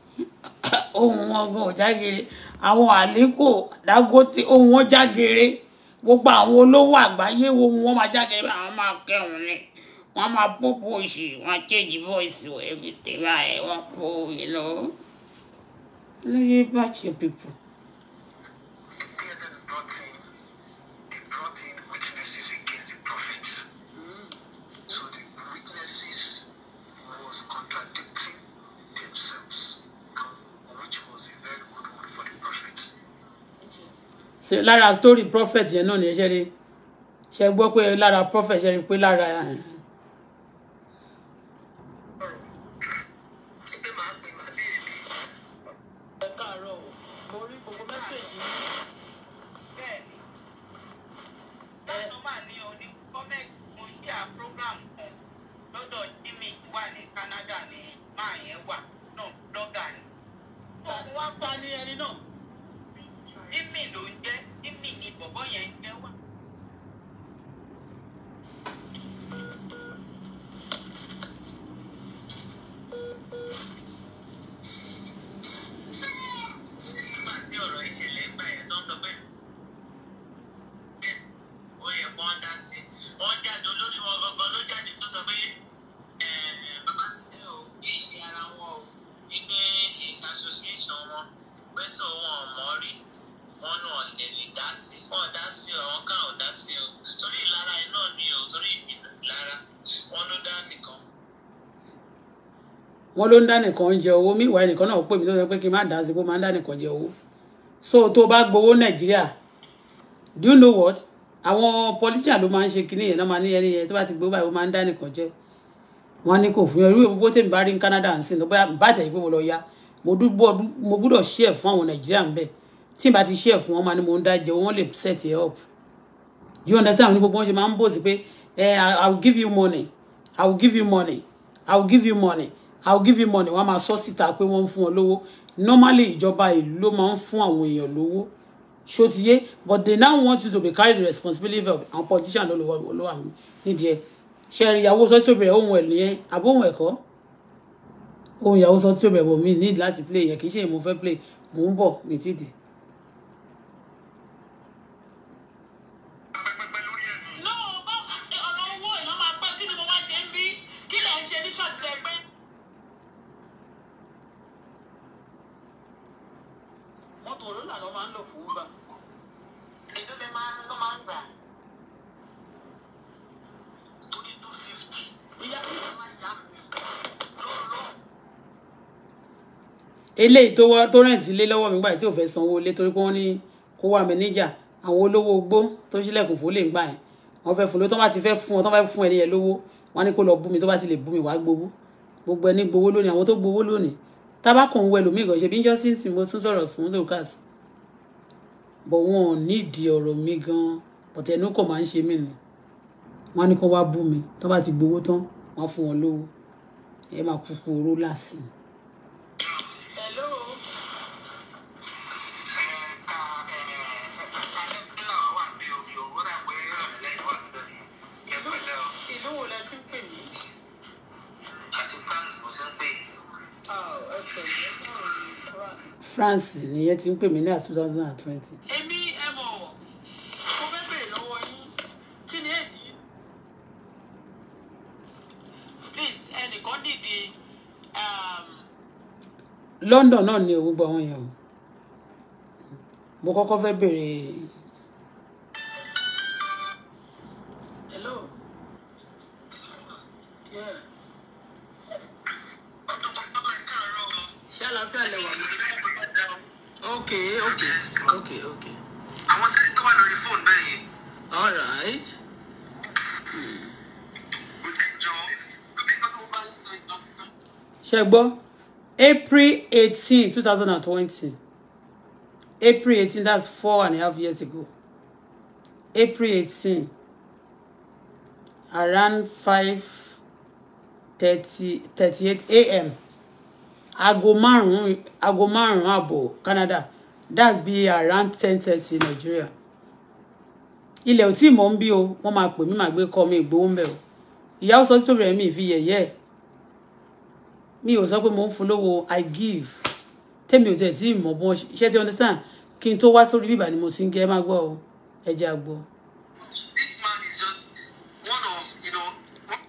<laughs> ohun wọn gan ò jágere àwọn àlékò Dangote ohun wọn jágere gbogbo àwọn olówó àgbáyé wo wọn máa jáde bá máa kẹrùn ni wọn máa pòpò òṣì wọn change voice everything báyìí wọn pò ìlú. lóye bá ṣe people. ṣe lára story prophet yẹn náà ni ẹ ṣe rí ṣe gbọ́ pé lára prophet ṣe rí pé lára ló ń dá nìkan owó míwá ẹnìkan náà pè mí tó sọ pé kí n má dá sí máa ń dá jẹ owó so tó o bá gbowó nàìjíríà do you know what àwọn politician ló máa ń ṣe kinní yẹn náà máa ní ẹni yẹn tó bá ti gbowó báyìí ó máa ń dá jẹ wọn ní kò fún yẹn irú bó tèmi bá rí ní Canada ń sìn lọ́bàá bàtà yìí pé mo lọ ya mo gbúdọ̀ share fún àwọn nàìjíríà ń bẹ̀ tí n bá ti share fún wọn máa ní mo ń dá do you understand àwọn gbogbo wọn ṣe máa ń bò sí pé eh, I will give you money I will give you money I will I'll give you money wọ́n máa sọ síta pé wọ́n ń fún normally ìjọba ìlú ló máa ń fún àwọn èèyàn lówó but they now want you to be carry the responsibility of àwọn politician lọ́wọ́ àwọn nídìí ẹ̀ ṣe rí ìyàwó sọ tí obìnrin ohun ẹ̀lú yẹn àbóhun ẹ̀kọ́ ohun ìyàwó sọ tí obìnrin bò mí need láti play yẹn kì í ṣe mo fẹ́ play mò ń bọ̀ nítìdí. eléyìí tó wá tó rẹ̀ǹtì lé lọ́wọ́ mi gbà tí ò fẹ́ sanwó lé torí pé wọ́n ní kó wà mẹ́nẹ́jà àwọn olówó gbó tó ṣílẹ̀kùn fún lè ń gbà yẹn wọ́n fẹ́ fún ló tó bá ti fẹ́ fún ọ tó bá fún ẹni yẹn lówó wọ́n ní kó lọ bú mi tó bá ti lè bú mi wàá gbowó gbogbo ẹni gbowó lónìí àwọn tó gbowó lónìí tábàkùn ń wẹ lómi ìgàn ṣe bí jọ́sìn sì mo tún sọ̀rọ̀ fún Lucas bọ̀ wọn ò nídìí ọ̀rọ̀ mi gan bọ̀tẹ̀ inú kò máa ń ṣe mí ni wọ́n ní kó wá bú mi tó bá ti gbowó tán wọ́n fún wọn lówó ẹ máa kúkú oró lásìí France nìyẹn ti ń pè mí ní two thousand and twenty. èmi ẹ mọ̀ mo fẹ́ bèrè lọ́wọ́ yín kí ni èdè please ẹnìkan dìde. Um, London náà ni òwúgbọ wọn yẹn o mo kọ́kọ́ fẹ́ bèrè. Bèrè... ṣe gbọ́ April eighteen two thousand and twenty April eighteen that's four and a half years ago April eighteen around five thirty thirty eight a.m. aago márùn-ún aago márùn-ún àbọ̀ Canada that's be around ten thirty Nigeria ilẹ̀ ò tí mò ń bí o wọ́n máa pè mí màá gbé kọ́ mi ìgbówó ń bẹ̀ o ìyá ó sọ títóbi rẹ̀ mi fi yẹ̀yẹ́ ẹ̀ mi ò sọ pé mo ń fún lówó i give tẹ́mi ò tẹ̀ sí ìmọ̀ bọ́n ṣe ti understand kí n tó wá sórí bíbà ni mo ti ń gẹ́ má gbọ́ o ẹ jẹ́ àgbọ̀.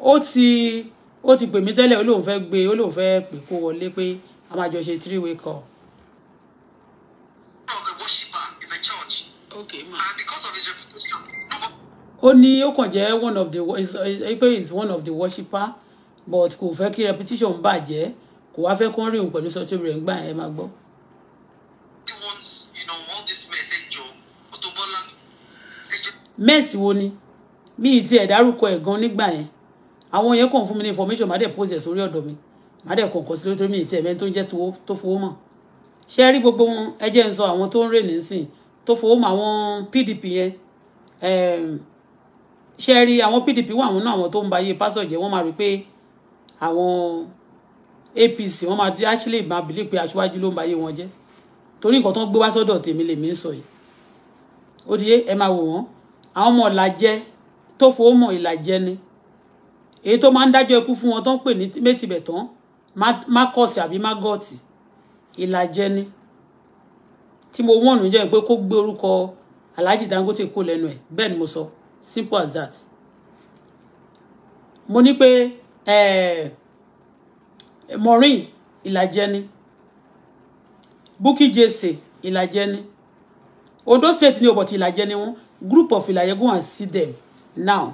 ó ti ó ti pè mí tẹ́lẹ̀ ó lóun fẹ́ gbé ó lóun fẹ́ pè kó wọlé pé a máa jọ ṣe three way call. okay ma. ó ní ó kàn jẹ́ one of the worshipper but kò fẹ́ kí repetition bàjẹ́ kò wá fẹ́ kán rí òun pẹ̀lú sọtí rẹ̀ ń gbà ẹ máa gbọ́. mẹ́ẹ̀sì wo ni mi ì tiẹ̀ dárúkọ ẹ̀ gan nígbà yẹn àwọn yẹn kàn fún mi ní information màá dẹ̀ post ẹ̀ sórí ọ̀dọ̀ mi màá dẹ̀ kàn kọ́ sí lórí mi ì tiẹ̀ mẹ́ni tó ń jẹ́ tó fowó mọ̀ ṣé ẹ rí gbogbo wọn ẹ jẹ́ ń sọ àwọn tó ń rè nísìn tó fowó mọ̀ àwọn PDP yẹn ṣe rí àwọn PDP wà àwọn náà àwọn tó ń ba iye pásọ̀ jẹ́ máa rí pé àwọn APC wọ́n máa actually máa bìlí pé aṣíwájú ló ń bayé wọn jẹ́ torí nǹkan tó ń gbé wá sọ́dọ̀ tèmi lèmi ń sọ yìí ó ti yé ẹ máa wò wọ́n àwọn ọmọ ìlàjẹ tó fowó mọ̀ ìlàjẹ ni èyí tó máa ń dájọ́ ikú fún wọn tó ń pè ní méjìbẹ̀ tán mákọ̀sì àbí mágọ́ọ̀tì ìlàjẹ ni tí mo wọ́n nù jẹ́ pé kó gbé orúkọ Alhaji Dangote kó lẹ́nu ẹ̀ bẹ́ẹ̀ ni mo sọ simple as that mo ní pé Eh, Maureen ìlàjẹ ni Bukky Jesse ìlàjẹ ni Odo state ni òbọ̀tì ìlàjẹ ni wọ́n group of ìlàjẹ go and see them now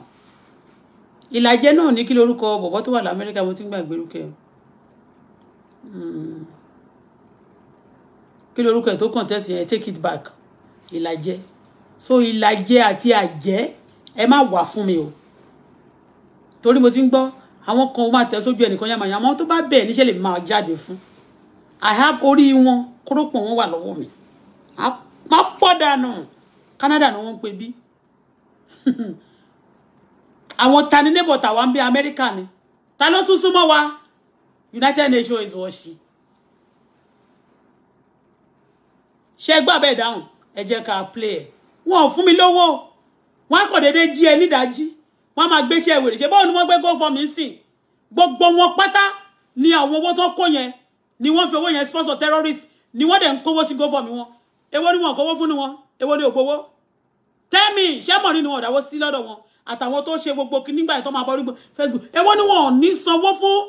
ìlàjẹ náà ní kí lorúkọ bọ̀bọ̀ tó wà lamẹ́ríkà mo ti ń gbàgbé rúkẹ́ hmm. kí lorúkọ ẹ̀ tó kàn tẹ́sí yẹn take it back ìlàjẹ so ìlàjẹ àti àjẹ́ ẹ má wà fún mi o torí mo ti ń gbọ́ àwọn kan ó máa tẹ̀ sójú ẹnìkan yá máa yá àwọn tó bá bẹ̀ níṣẹ́ lè máa jáde fún i have orí wọn kórópọ̀ wọn wà lọ́wọ́ mi má fọ́dà nù Canada ni wọ́n ń pè bí <laughs> àwọn tani neighbor tàwa ń bí Amẹ́ríkà ni ta ló tún súnmọ́ wa United Nations is wọ́ọ̀ṣì ṣe gbà bẹ́ẹ̀ dáhùn ẹ jẹ́ ká play ẹ̀ wọn ò fún mi lówó wọn á kàn déédéé jí ẹ nídàájí wọ́n máa gbéṣẹ́ ìwèrè ṣe báwo ni wọ́n gbé GoFundMe sí gbogbo wọn pátá ni àwọn owó tó kó yẹn ni wọ́n fi owó yẹn sponsor terrorist ni wọ́n dẹ̀ ń kówó sí GoFundMe wọn èwo ni wọn kówó fún ni wọn èwo ni ògbówó tẹ́mì ṣẹ́mọ̀rí ni wọn ọ̀dáwó sí lọ́dọ̀ wọn àtàwọn tó ṣe gbogbo kí nígbà tó máa bọ́ rí Facebook èwo ni wọn ò ní sanwó fún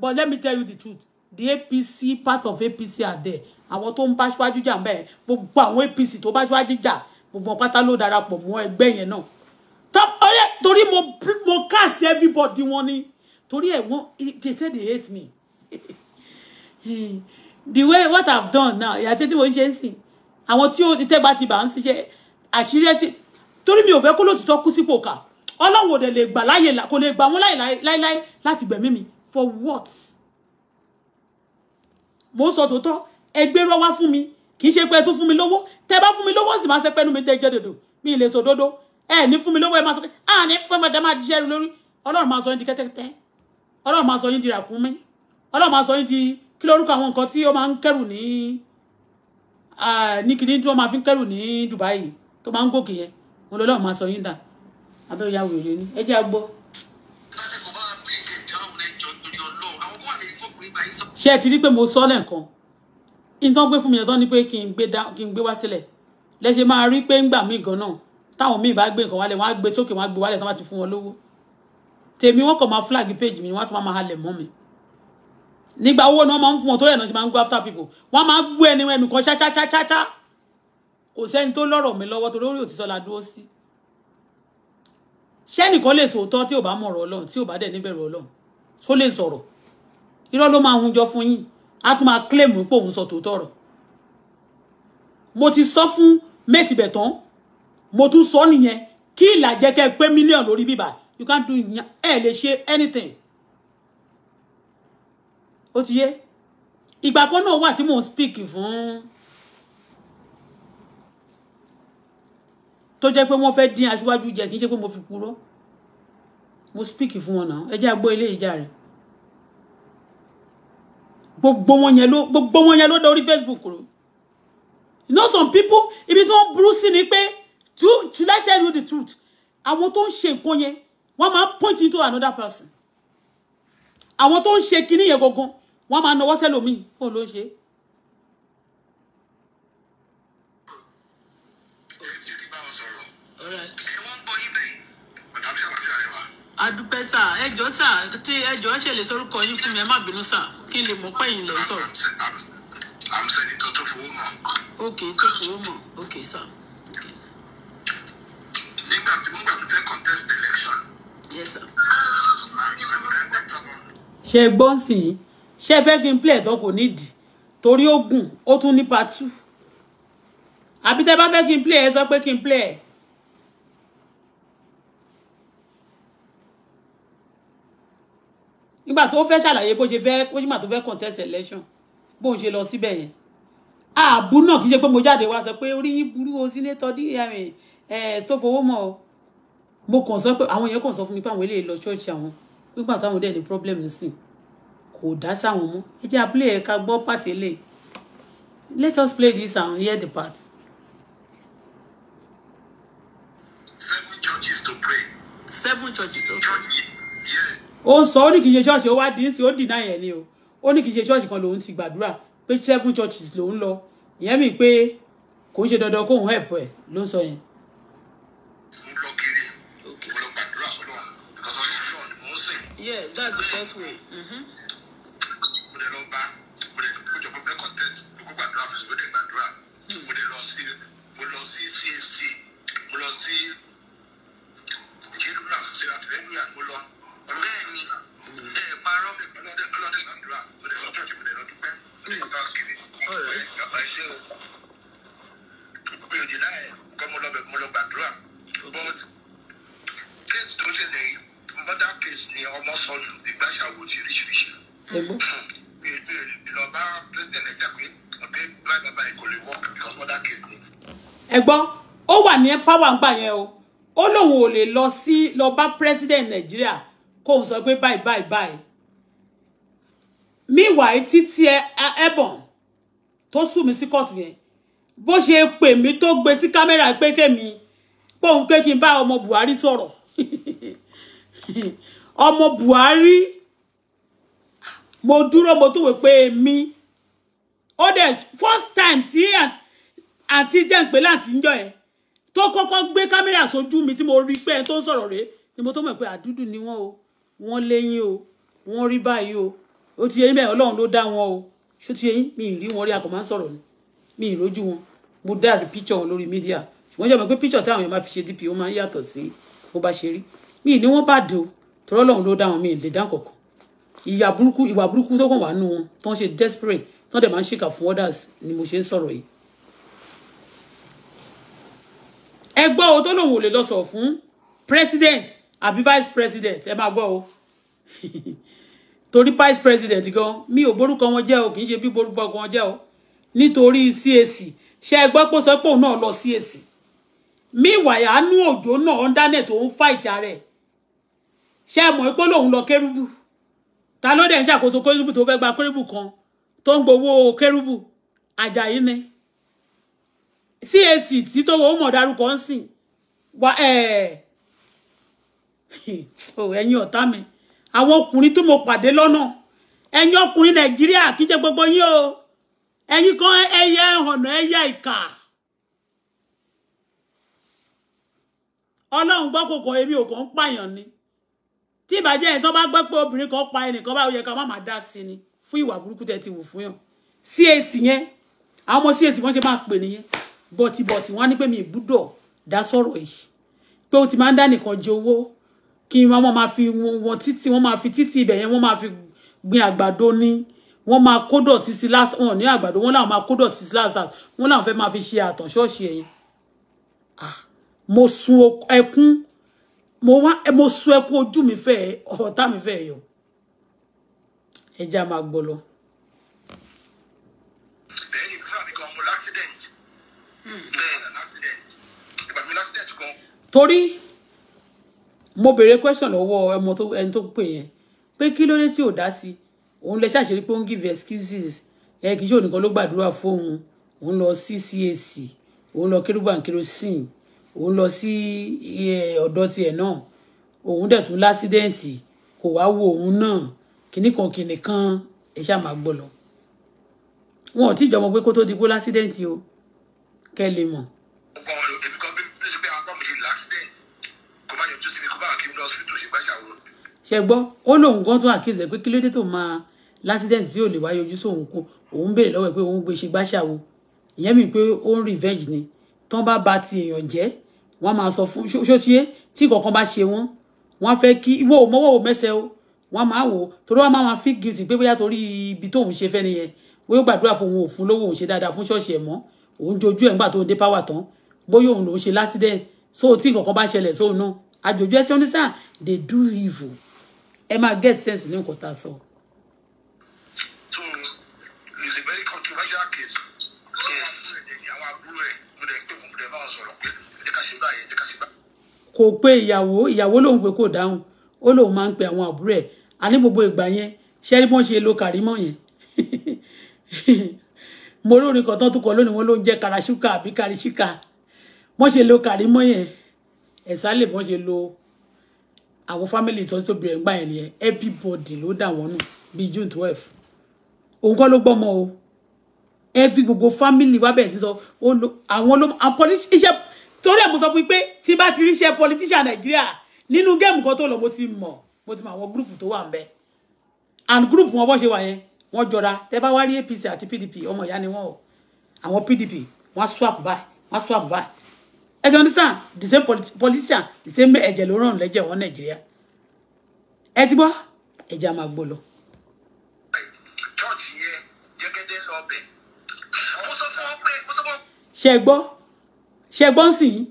but let me tell you the truth the APC part of APC are there àwọn tó ń bá ṣíwájú jà ń bẹ́ẹ̀ gbogbo àwọn APC tó bá ṣíwájú jà gbogbo pátá ló darapọ̀ mọ́ ẹgbẹ́ yẹn náà Oh torí mo mo curse everybody wọn ni torí ẹ wọn they said they hate me <laughs> the way what I've done now you are telling ń ṣe I want àwọn tí ó tẹ́gbà ti bà ń ṣiṣẹ́ àṣírí ẹtì torí mi ò fẹ́ kó lóòtítọ́ kú sípò kà ọlọ́run ò dẹ̀ lè gbà láyè kò lè gbà wọ́n láìláì láti gbẹ̀mí mi for what mo sọ tòótọ́ ẹgbẹ́ rọ́ wá fún mi kì í ṣe pé ẹ tún fún mi lówó tẹ́ bá fún mi lówó sì máa ṣe pẹ́nu mi tẹ́ jẹ́ dòdò mi ì lè sọ e eh, ni fun mi lówó ẹ máa sọ pé ma ah, ní fún ẹmọ lori máa ma rí lórí ọlọ́run máa sọ yín di kẹ́tẹ́kẹ́tẹ́ ọlọ́run ma sọ yín di ràkúnmí ọlọ́run máa di tí o ma ń n'i ní ní kìíní tí wọ́n fi ń ni Dubai to ma ni ti rí pé mo sọ lẹ́ǹkan ìtàn gbé fún mi yẹn ni n gbé wá gan táwọn míì bá gbé nǹkan wálẹ̀ wọ́n á gbé sókè wọ́n á gbé wálẹ̀ tó bá ti fún wọn lówó tèmi wọ́n kàn máa flag page mi wọ́n tún máa halẹ̀ mọ́ mi nígbà owó ni wọ́n máa ń fún wọn tó rẹ̀ náà ṣe máa ń go after people wọ́n máa ń gbé ẹni ẹnu kan ṣáṣáṣáṣá kò sẹ́ni tó lọ́rọ̀ mi lọ́wọ́ torí orí òtítọ́ la dúró sí ṣẹ́nìkan lè sòótọ́ tí ò bá mọ̀rọ̀ ọlọ́run tí ò bá dẹ̀ níbẹ̀rù ọlọ́run tó lè sọ̀rọ̀ irọ́ ló máa hunjọ fún yín a tún máa claim pé òun sọ tòótọ́ rọ̀ mo ti sọ fún mẹ́tìbẹ̀ tán mo tún sọ nìyẹn kí ìlàjẹ kẹ pé mílíọ̀nù lórí bíbà you can't do ẹ lè ṣe anything ó ti yé ìgbà kan náà wà tí mò ń speak fún tó jẹ́ pé wọ́n fẹ́ dín aṣíwájú jẹ kì í ṣe pé mo fi purọ́ mo speak fún wọn náà ẹ jẹ́ agbó ilé ìjà rẹ̀ gbogbo wọn yẹn ló gbogbo wọn yẹn ló dá Facebook rò you know some people ibi tí wọ́n burú sí ni pé. To, should I tell you the truth àwọn tó ń ṣe nǹkan yẹn wọ́n máa point into another person àwọn tó ń ṣe kinní yẹn gangan wọ́n máa nawọ́ sẹ́lòmíì òun ló ń ṣe. adúpẹ́ sà ẹjọ́ sà tí ẹjọ́ ṣe lè yín fún mi ẹ má bínú sà kí n lè mọ̀ pẹ́yìn lọ sọ̀rọ̀. ok tó fowó mọ̀ ok sà. So nígbà tí mo gbà tó fẹ́ election. Yes sir. ṣe gbọ́ sí i ṣe fẹ́ kí n play ẹ̀tọ́ kò nídìí torí ó gùn ó tún ní part two àbí tẹ́ bá fẹ́ kí n play ẹ sọ pé kí n play nígbà tó fẹ́ ṣàlàyé bó ṣe fẹ́ bó tó fẹ́ contest election bó ń ṣe lọ síbẹ̀ yẹn ààbù náà kì í ṣe pé mo jáde wá sọ pé orí yín burú o sínétọ́ dí tó fowó mọ́ o mo kàn sọ pé àwọn èèyàn kàn sọ fún mi pé àwọn eléyìí lọ ṣọ́ọ̀ṣì àwọn nígbà táwọn dẹ̀ ní problem nísìn kò dá sáwọn mú ẹ jẹ́ abúlé ẹ̀ka gbọ́ pàtí lè let us play this and hear the part. seven churches to pray. seven churches to pray. ó ń sọ ó ní kì í ṣe ṣọ́ọ̀ṣì ó wá dín sí ó dìnnà yẹn ni o ó ní kì í ṣe ṣọ́ọ̀ṣì kan lòun ti gbàdúrà pé seven churches lòun lọ ìyẹn mi pé kò ń ṣe dandan kóun help ẹ ló ń sọ yẹn. Yeah, that's the best way. Mm-hmm. ẹ̀gbọ́n ó wà ní power yẹn o ó lóun ò lè lọ sí lọ bá president nàìjíríà kóun sọ pé báyìí báyìí báyìí meanwhile títí ẹbọn tó sùn mí sí kóòtù yẹn bó ṣe pè mí tó gbé sí kámẹ́rà pé kémi póun pé kí n bá ọmọ buhari sọ̀rọ̀ <laughs> ọmọ buhari mo dúró mo tó wò pé mi ó dẹ̀ first time tí àti jẹ́ǹpé láti ń jọ ẹ̀ tó kọ́kọ́ gbé kámẹ́rà sójú mi tí mo rí pé ẹ tó ń sọ̀rọ̀ rèé ni mo tó mọ̀ pé àdúdù ni wọ́n o wọ́n léyìn o wọ́n rí báyìí o ó ti yẹyìn bẹ́ẹ̀ ọlọ́run ló dá wọn o ṣó ti yẹyìn mi ì rí wọn rí akọ̀ máa ń sọ̀rọ̀ ni mi ì rójú wọn mo dáàrí píchọ̀ wọn lórí mídíà ṣùgbọ́n jẹ́ mọ̀ pé píchọ̀ táwọn èèyàn máa fi ṣe dp ó máa ń yàtọ̀ sí bó bá ṣe rí mi ì ní wọ́n bá dò tọ́rọ́ ọlọ́run ló dá wọn mi lè dá kọ̀ọ̀kan ìyà burúkú ìwà burúkú tó kàn wá nù wọn tó ń ṣe desperate tó ń dẹ̀ máa ń ṣèkà fún others ni mo ṣe ń sọ̀rọ̀ yìí ẹ gbọ́ o tó lòun ò lè lọ sọ fún president àbí vice president ẹ máa gbọ́ o <laughs> torí vice president gan mi ò borúkọ wọn jẹ́ o kì í ṣe bí borúkọ wọn jẹ́ o nítorí CAC ṣe ẹ gbọ́ pé sọ pé òun náà lọ CAC mi wàyà nú òjò náà undernet òun fight ara ẹ̀ ṣe ẹ mọ̀ pé lòun lọ kérúbù ta ló dẹ̀ ń ṣàkóso kérúbù tó fẹ́ gba kérúbù kan tó ń gbowó kérúbù Àjàyí ni. CAC tí tó wo mọ̀ dárúkọ ń sìn wá ẹ̀yin ọ̀tá mi àwọn ọkùnrin tó mo pàdé lọ́nà ẹ̀yin ọkùnrin Nàìjíríà kì í ṣe gbogbo yín o ẹ̀yin kan ẹ̀yà ọ̀nà ẹ̀yà ìkà Ọlọ́run gbọ́ kòkò èmi ò kàn ń pààyàn ni tí ìbàjẹ́ yẹn tó bá gbọ́ pé obìnrin kan pa ẹnìkan báwo yẹ ká má má dá sí ni fún ìwà burúkú tẹ́ ti wù fún yàn CAC yẹn àwọn CAC wọ́n ṣe máa pè nìyẹn bọ̀tìbọ̀tì wọ́n á pé mi ìbúdọ̀ dá sọ̀rọ̀ yìí pé ó ti máa ń dá nìkan jẹ owó kí wọ́n máa fi wọn títí wọ́n máa fi títí ibẹ̀ yẹn wọ́n máa fi gbin àgbàdo ní wọ́n máa kó dọ̀tí sí last wọn ní àgbàdo wọ́n làwọn máa kó dọ̀tí sí last house wọ́n làwọn fẹ́ máa fi ṣe àtàn ṣọ́ọ̀ṣì ẹ̀yìn ah, mo sun ẹkún mo wá mo sun ẹkún ojú mi fẹ́ ọ̀tá mi fẹ́ yọ ẹja máa gbọ́ lọ. torí mo béèrè question lọ́wọ́ ọmọ tó ẹni tó pè yẹn pé kí ló dé tí ò dá sí òun lè ṣàṣírí pé ó ń give excuses ẹ kì í ṣe ònìkan ló gbàdúrà fóun òun lọ sí CAC òun lọ kérúbà kerosene òun lọ sí ọ̀dọ̀ tiẹ̀ náà òun dẹ̀ tún lásídẹ́ǹtì kò wá wo òun náà kìnnìkan kìnnìkan ẹ ṣáà máa gbọ́ lọ wọn ò tí ì jọmọ pé kó tó di pé lásídẹ́ǹtì o kẹ́ lè mọ̀ ṣe gbọ́ ó lóun gan tó àkíyèsí pé kí ló dé tó máa lásìdẹ́ǹtì tí ò lè wáyé ojú sóhun kó òun béèrè lọ́wọ́ ẹ̀ pé òun gbé ṣe gbáṣàwo ìyẹn mi pé ó ń revenge ni tán bá ba ti èèyàn jẹ́ wọ́n máa sọ fún ṣóṣíyé tí kọ̀ọ̀kan bá ṣe wọ́n wọ́n fẹ́ kí wo mọ́wọ́ wo mẹ́sẹ̀ o wọ́n máa wò ó torí wọ́n máa máa fi guilty pé bóyá torí ibi tóun ṣe fẹ́ nìyẹn bóyá ó gbàdúrà fún òun òfun lówó òun ṣe dáadáa fún ṣọ́ọ̀ṣì ẹ̀ mọ́ òun jojú ẹ̀ ńgbà tó ń dé power tán bóyá òun lòún ṣe lásìdẹ́ǹtì so tí kọ̀ọ̀kan bá ṣẹlẹ̀ sóun náà àjòjú ẹ̀ sí ọ́nísà they do evil ẹ máa get sense ní nǹkan sọ. so it's a very controversial case. yes. àwọn àbúrò ẹ̀ mo dẹ̀ pé mo dẹ̀ kò pé ìyàwó ìyàwó lòun pé kò dáhùn ó lòun máa ń pe àwọn àbúrò ẹ̀ àní gbogbo ìgbà yẹn ṣé bí wọ́n ṣe lo kàrímọ̀ yẹn mo lórí kan tán tún kọ lónìí wọn ló ń jẹ́ karasúkà àbí karisíkà wọ́n ṣe lo kàrímọ̀ yẹn ẹ̀sà lè bọ́n ṣe lo àwọn family tó tó bẹ̀rẹ̀ ńgbà yẹn nìyẹn everybody ló dà wọ́n nù bíi june twelve òun kọ́ ló gbọ́mọ o every gbogbo family wa bẹ̀rẹ̀ sí sọ àwọn ló iṣẹ́ torí ẹ̀ mo sọ fún yín pé tí bá ti ríṣẹ́ politician nàìjíríà nínú géèmù kan tó lọ mo ti mọ̀ mo ti mọ̀ àwọn gúrùpù tó wà ń bẹ and group wọn bọ́ ṣe wà yẹn wọ́n jọra tẹ́ bá wá rí APC àti PDP ọmọ ìyá ni wọ́n o àwọn PDP wọ́n swap báyìí wọ́n swap báyìí ẹ ti understand the same politician the same ẹ̀jẹ̀ ló rọrùn lẹ́jẹ̀ wọn nàìjíríà ẹ ti gbọ́ ẹ̀jẹ̀ a máa gbó lọ. ṣe gbọ́ ṣe gbọ́ sí i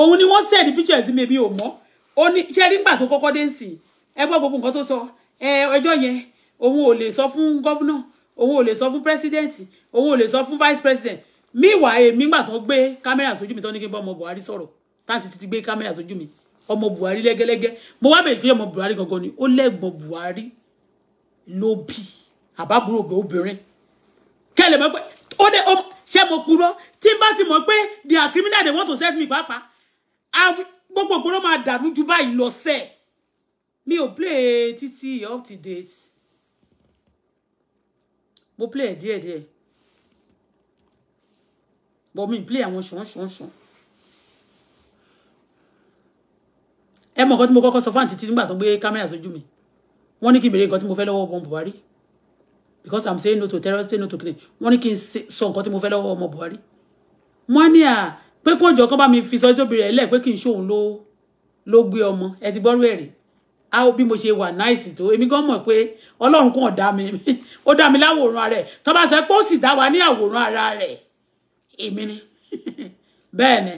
òun ni wọ́n send pictures mi èmi ò mọ̀ ó ní ṣe rí nígbà tó kọ́kọ́ dé sí i ẹ gbọ́ gbogbo nǹkan tó sọ ẹ ẹjọ́ yẹn òun ò lè sọ fún gọ́vnà òun ò lè sọ fún pírẹsidẹ́ǹtì òun ò lè sọ fún vice president meanwhile èmi gbà tó gbé kámẹ́rà sójú mi tó ní kí n bá ọmọ Buhari sọ̀rọ̀ táǹtì ti ti gbé kámẹ́rà sójú mi ọmọ Buhari lẹ́gẹ́lẹ́gẹ́ mo wá bẹ̀rẹ̀ pé ọmọ Buhari gangan ni ó lẹ́gbọ̀n Buhari ló bí àbábúrò obìnrin kẹ́lẹ̀ mọ́ pé ó dé ṣé mo purọ́ tí n bá ti mọ̀ pé they criminal they want to serve me pàápàá gbogbo ògbóró máa dàrú ju báyìí lọ sẹ́ẹ̀ mi ò play titi up to date mo play díẹ̀díẹ̀ but mi play àwọn ṣan ṣan ṣan ẹ mọ̀ nǹkan tí mo kọ́kọ́ sọ fún àǹtí nígbà tó gbé kámẹ́rà sójú mi wọ́n ní kí n béèrè nǹkan tí mo fẹ́ lọ́wọ́ ọmọ Buhari because i'm saying no to terrorist say no to killing wọ́n ní kí n sọ nǹkan tí mo fẹ́ lọ́wọ́ ọmọ Buhari wọ́n ní à pé kó jọ kán bá mi fi sọ tóbi rẹ̀ lẹ̀ pé kì í ṣòun ló ló gbé ọmọ ẹ ti gbọ́rú ẹ̀rì a ó bí mo ṣe wà náìsì tó èmi gan mọ̀ pé ọlọ́run kàn dá mi <laughs> ó dá mi láwòrán ara rẹ̀ tó bá sọ pé ó sì wa ní àwòrán ara rẹ̀ èmi ni <laughs> bẹ́ẹ̀ ni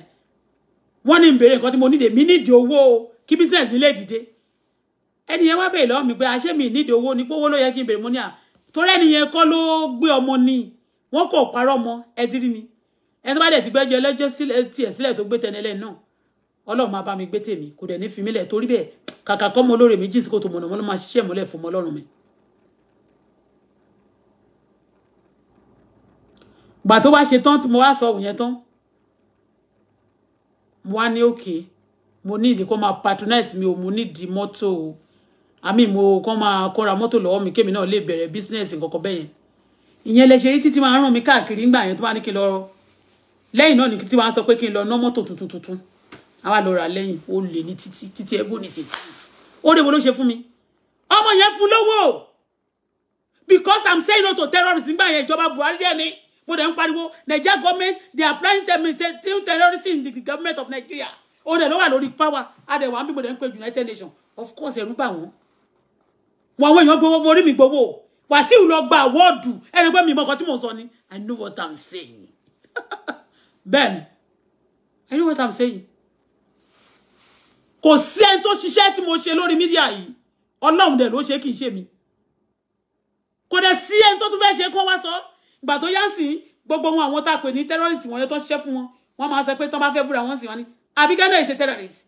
wọ́n ní ìbéèrè nǹkan tí mo nídìí mi nídìí owó kí business mi lè dìde ẹnìyẹn wá bèèrè lọ́wọ́ mi pé àṣé mi nídìí owó ni pówó ló yẹ kí n bèèrè mo ní à torí ẹnìyẹn kọ́ ló gbé ọmọ ni wọ́n kò parọ́ ọmọ ẹ ti rí ni ẹni tó bá dẹ̀ ti gbẹ́jọ ẹlẹ́jọ́ tiẹ̀ sílẹ̀ tó gbé tẹnilẹ̀ náà ọlọ́run máa bá mi gbé tèmi kò dẹ̀ ní fi mílẹ̀ torí bẹ́ẹ̀ kàkà kọ́ mọ olóore mi jíǹsì kò tó mọ̀nà mọ́ ló máa ṣiṣẹ́ mọ́lẹ̀ fún ọmọ ọlọ́run mi. gbà tó bá ṣe tán tí mo wá sọ òun yẹn tán mo wá ní òkè mo ní ìdí kó máa patronize mi ò mo ní ìdí mọ́tò o àmì mo kàn máa kóra mọ́tò lọ́wọ́ mi kémi náà lè bẹ̀rẹ̀ bísínẹ́sì nǹkan kan bẹ́yẹn ìyẹn lè ṣe rí títí máa ń ràn mí káàkiri ńgbà yẹn tó bá ní kí n lọ lẹ́yìn náà ní títí wàá sọ pé kí n lọ ná mọ́tò tuntun tuntun àwa lọ rà lẹ́yìn ó lè ní títí títí ẹgbó ní sèkú ó dèbò ló ṣe fún mi ọmọ yẹn fún lówó because i'm saying no to terrorism gbà yẹn ìjọba Buhari dẹ́ni mo dẹ̀ ń pariwo Nigeria government they are planning terrorism in the government of Nigeria òun dẹ̀ ló wà lórí power adẹ̀wà ń bí mo dẹ̀ ń pe United Nations of course ẹ̀rú bà wọ́n wọn àwọn èèyàn gbowó orí mi gbowó Wàsíù lọ gba àwọ́ọ̀dù ẹni pé mi mọ nǹkan tí mò ń sọ ni I know what I'm saying <laughs> Ben. I know what I'm saying kò sí ẹni tó ṣiṣẹ́ tí mo ṣe lórí mídíà yìí ọlọ́run dẹ̀ ló ṣe kì í ṣe mi kò dẹ̀ sí ẹni tó tún fẹ́ ṣe kó wá sọ ọ́ gbà tó yá sí gbogbo wọn àwọn tá a pè ní terrorist wọ̀nyẹn tó ń ṣiṣẹ́ fún wọn wọ́n máa sọ pé tó bá fẹ́ búra wọn sì wọn ni Abíkẹ́ náà ṣe terrorist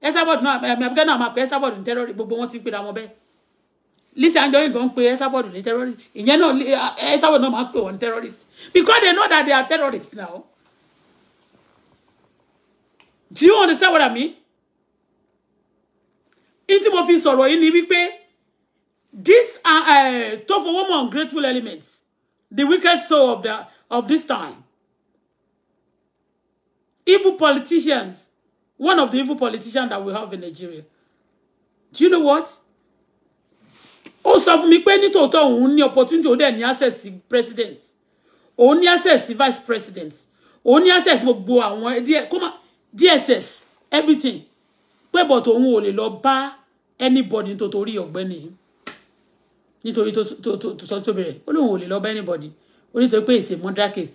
Esabod náà Abíkẹ́ náà máa pè Esabod ní terrorist gbogbo wọn ti ń pera wọn bẹ́ẹ̀ Lizzy Anjorin gan pè Esabod ní terrorist ìyẹn náà Esabod náà máa pè wọn ní terrorist because they know that they are terrorists now do you understand what I mean? in tí mo fi sọ̀rọ̀ yìí ni wípé this uh, eh, uh, tó fowó mọ̀ ungrateful elements the wicked soul of, the, of this time. Evil politicians, one of the evil politicians that we have in Nigeria. Do you know what? Ó sọ fún mi pé nítòótọ́ òun ní opportunity ó dẹ̀ ní access sí president. Òun ní access sí vice president. Òun ní access gbogbo àwọn DSS everything. Pé bọ̀ tòun ò lè lọ bá anybody nítorí ọ̀gbẹ́ni yìí nítorí tó sọ tó bẹ̀rẹ̀ ó lóun ò lè lọ bá anybody ó ní torí pé èsè murder case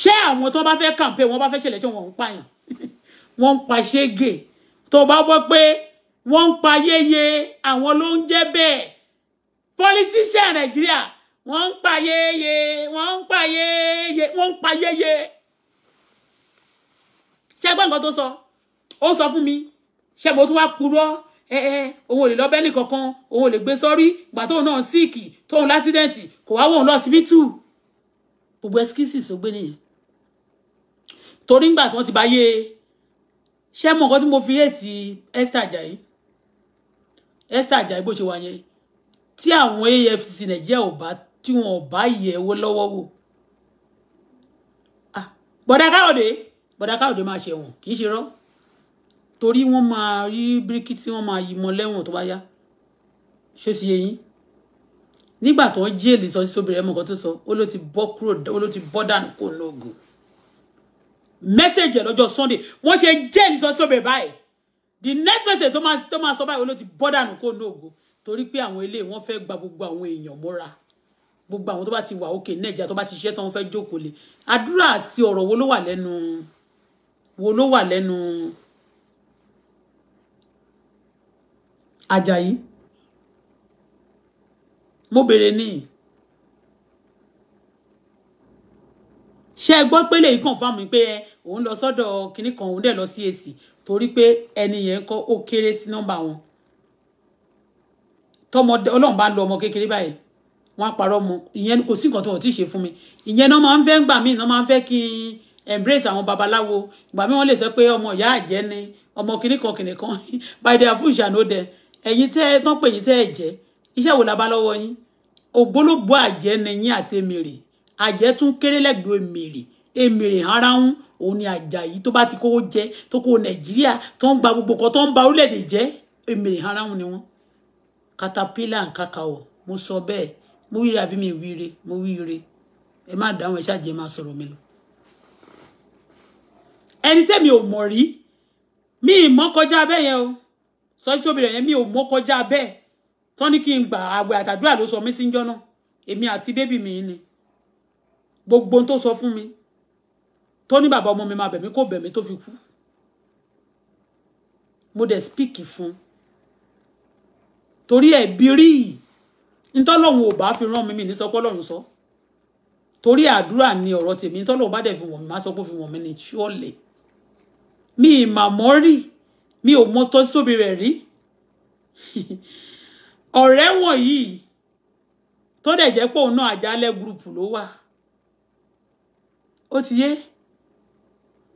ṣé àwọn tó bá fẹ́ campaign wọ́n bá fẹ́ ṣẹlẹ̀ tí wọ́n ń pààyàn <laughs> wọ́n ń pa ṣége tó bá gbọ́ pé wọ́n ń pa yéye àwọn ló ń jẹ́ bẹ́ẹ̀ politician nàìjíríà wọ́n ń pa yéye wọ́n ń pa yéye wọ́n ń pa yéye ṣé gbọ́ nǹkan tó sọ ó sọ fún mi ṣé mo tún wá purọ́ ẹ eh, ẹ eh, òun ò lè lọ bẹ́ẹ̀lì kankan òun ò lè gbé sọ́rí ìgbà tóun náà síìkì tóun lásídẹ̀ǹtì kò wá wòun lọ síbítù gbogbo ẹskísì tó gbé nìyẹn torí ńgbà tí wọ́n ti bá yé e, ṣé mọ̀ nǹkan tí mo fi hẹ́ẹ̀tì Esther Ajayi Esther Ajayi bó ṣe wà yẹn tí àwọn AFCC Nàìjíríà ò bá tí wọn ò bá yẹ̀ owó lọ́wọ́ wò ah, bọ̀dà káyọ̀dé bọ̀dà káyọ̀dé máa ṣẹ̀wọ̀n kì í ṣe rọ́ọ́ torí wọ́n máa rí bíríkì tí wọ́n máa yí mọ́ lẹ́wọ̀n tó bá yá ṣó ti yé yín nígbà tó ń jẹ́ẹ̀lì sọ sísóbìrì ẹ̀mọ́ kan tó sọ ó ló ti bọ́ kúrò ó ló ti bọ́ dànù kó lóògùn mẹ́sẹ̀jì ẹ̀ lọ́jọ́ sunday wọ́n ṣe jẹ́ẹ̀lì sọ sísóbìrì báyìí the next message tó máa tó máa sọ báyìí ó ló ti bọ́ dànù kó lóògùn torí pé àwọn ilé wọn fẹ́ gba gbogbo àwọn èèyàn mọ́ra gbogbo àwọn tó bá ti wà òkè nàìjíríà tó bá ti ṣiṣẹ́ tó wọn fẹ́ jókòó lé àdúrà àti ọ̀rọ̀ wo ló wà lẹ́nu wo ló wà lẹ́nu Ajayi mo béèrè ní ṣé ẹ gbọ́ pé lè confirm mi pé òun lọ sọ́dọ̀ kinní kan òun dẹ̀ lọ sí èsì torí pé ẹni yẹn kọ́ ó kéré sí nọ́mbà wọn tọmọ ọlọ́run bá lọ ọmọ kékeré báyìí wọ́n á parọ́ mọ́ ìyẹn kò sí nǹkan tó wọ́n ti ṣe fún mi ìyẹn náà máa ń fẹ́ gbà mí náà máa ń fẹ́ kí n embrace àwọn babaláwo ìgbà mi wọ́n lè sọ pé ọmọ ìyá àjẹ́ ni ọmọ kìnnìkan kìnnìkan <laughs> by their food shall know them ẹ̀yin tẹ́ tán pè yín tẹ́ ẹ̀ jẹ́ iṣẹ́ wo la bá lọ́wọ́ yín ògbólógbò àjẹ́ nẹ̀yìn àti èmèrè àjẹ́ tún kéré lẹ́gbẹ̀ẹ́ èmèrè èmèrè ara ń òun ni Àjàyí tó bá ti kówó jẹ tó kó Nàìjíríà tó ń gba gbogbo kan tó ń ba orílẹ̀-èdè jẹ́ ara ń ni wọ́n katapila and kakao mo sọ bẹ́ẹ̀ mo wíire àbí mi wíire mo wíire ẹ má dáhùn ẹ ṣáàjì má sọ̀rọ̀ mi lọ ẹni tẹ́mi ò mọ̀ rí mi ì mọ́ kọjá bẹ́yẹn o sọ́jí tó bèrè ẹ̀mí ò mọ́ kọjá bẹ́ẹ̀ tán ní kí n gbà àwẹ̀ àtàdúrà ló sọ mí sí jọ́nà èmi àti bébì mi ni gbogbo tó sọ fún mi tó ní bàbá ọmọ mi máa bẹ̀ mí kó bẹ̀ mí tó fi kú mo dẹ̀ spíkì fún torí ẹ̀bí rí ntọ́lọ́hun ò bá fi rán mi mi ní sọpọ́ lọ́run sọ torí àdúrà ni ọ̀rọ̀ tèmi ntọ́lọ́hun ba de fi wọ̀n mi má sọ pé ó fi wọ̀n mi ní ṣọ́ọ̀lẹ̀ mi ìmàmọ́ rí mi ò mọ tó tóbi rẹ̀ rí <laughs> ọ̀rẹ́ wọ̀nyí tó dẹ̀ jẹ́ pé òun náà àjálẹ̀ gúrùpù ló wà ó ti yé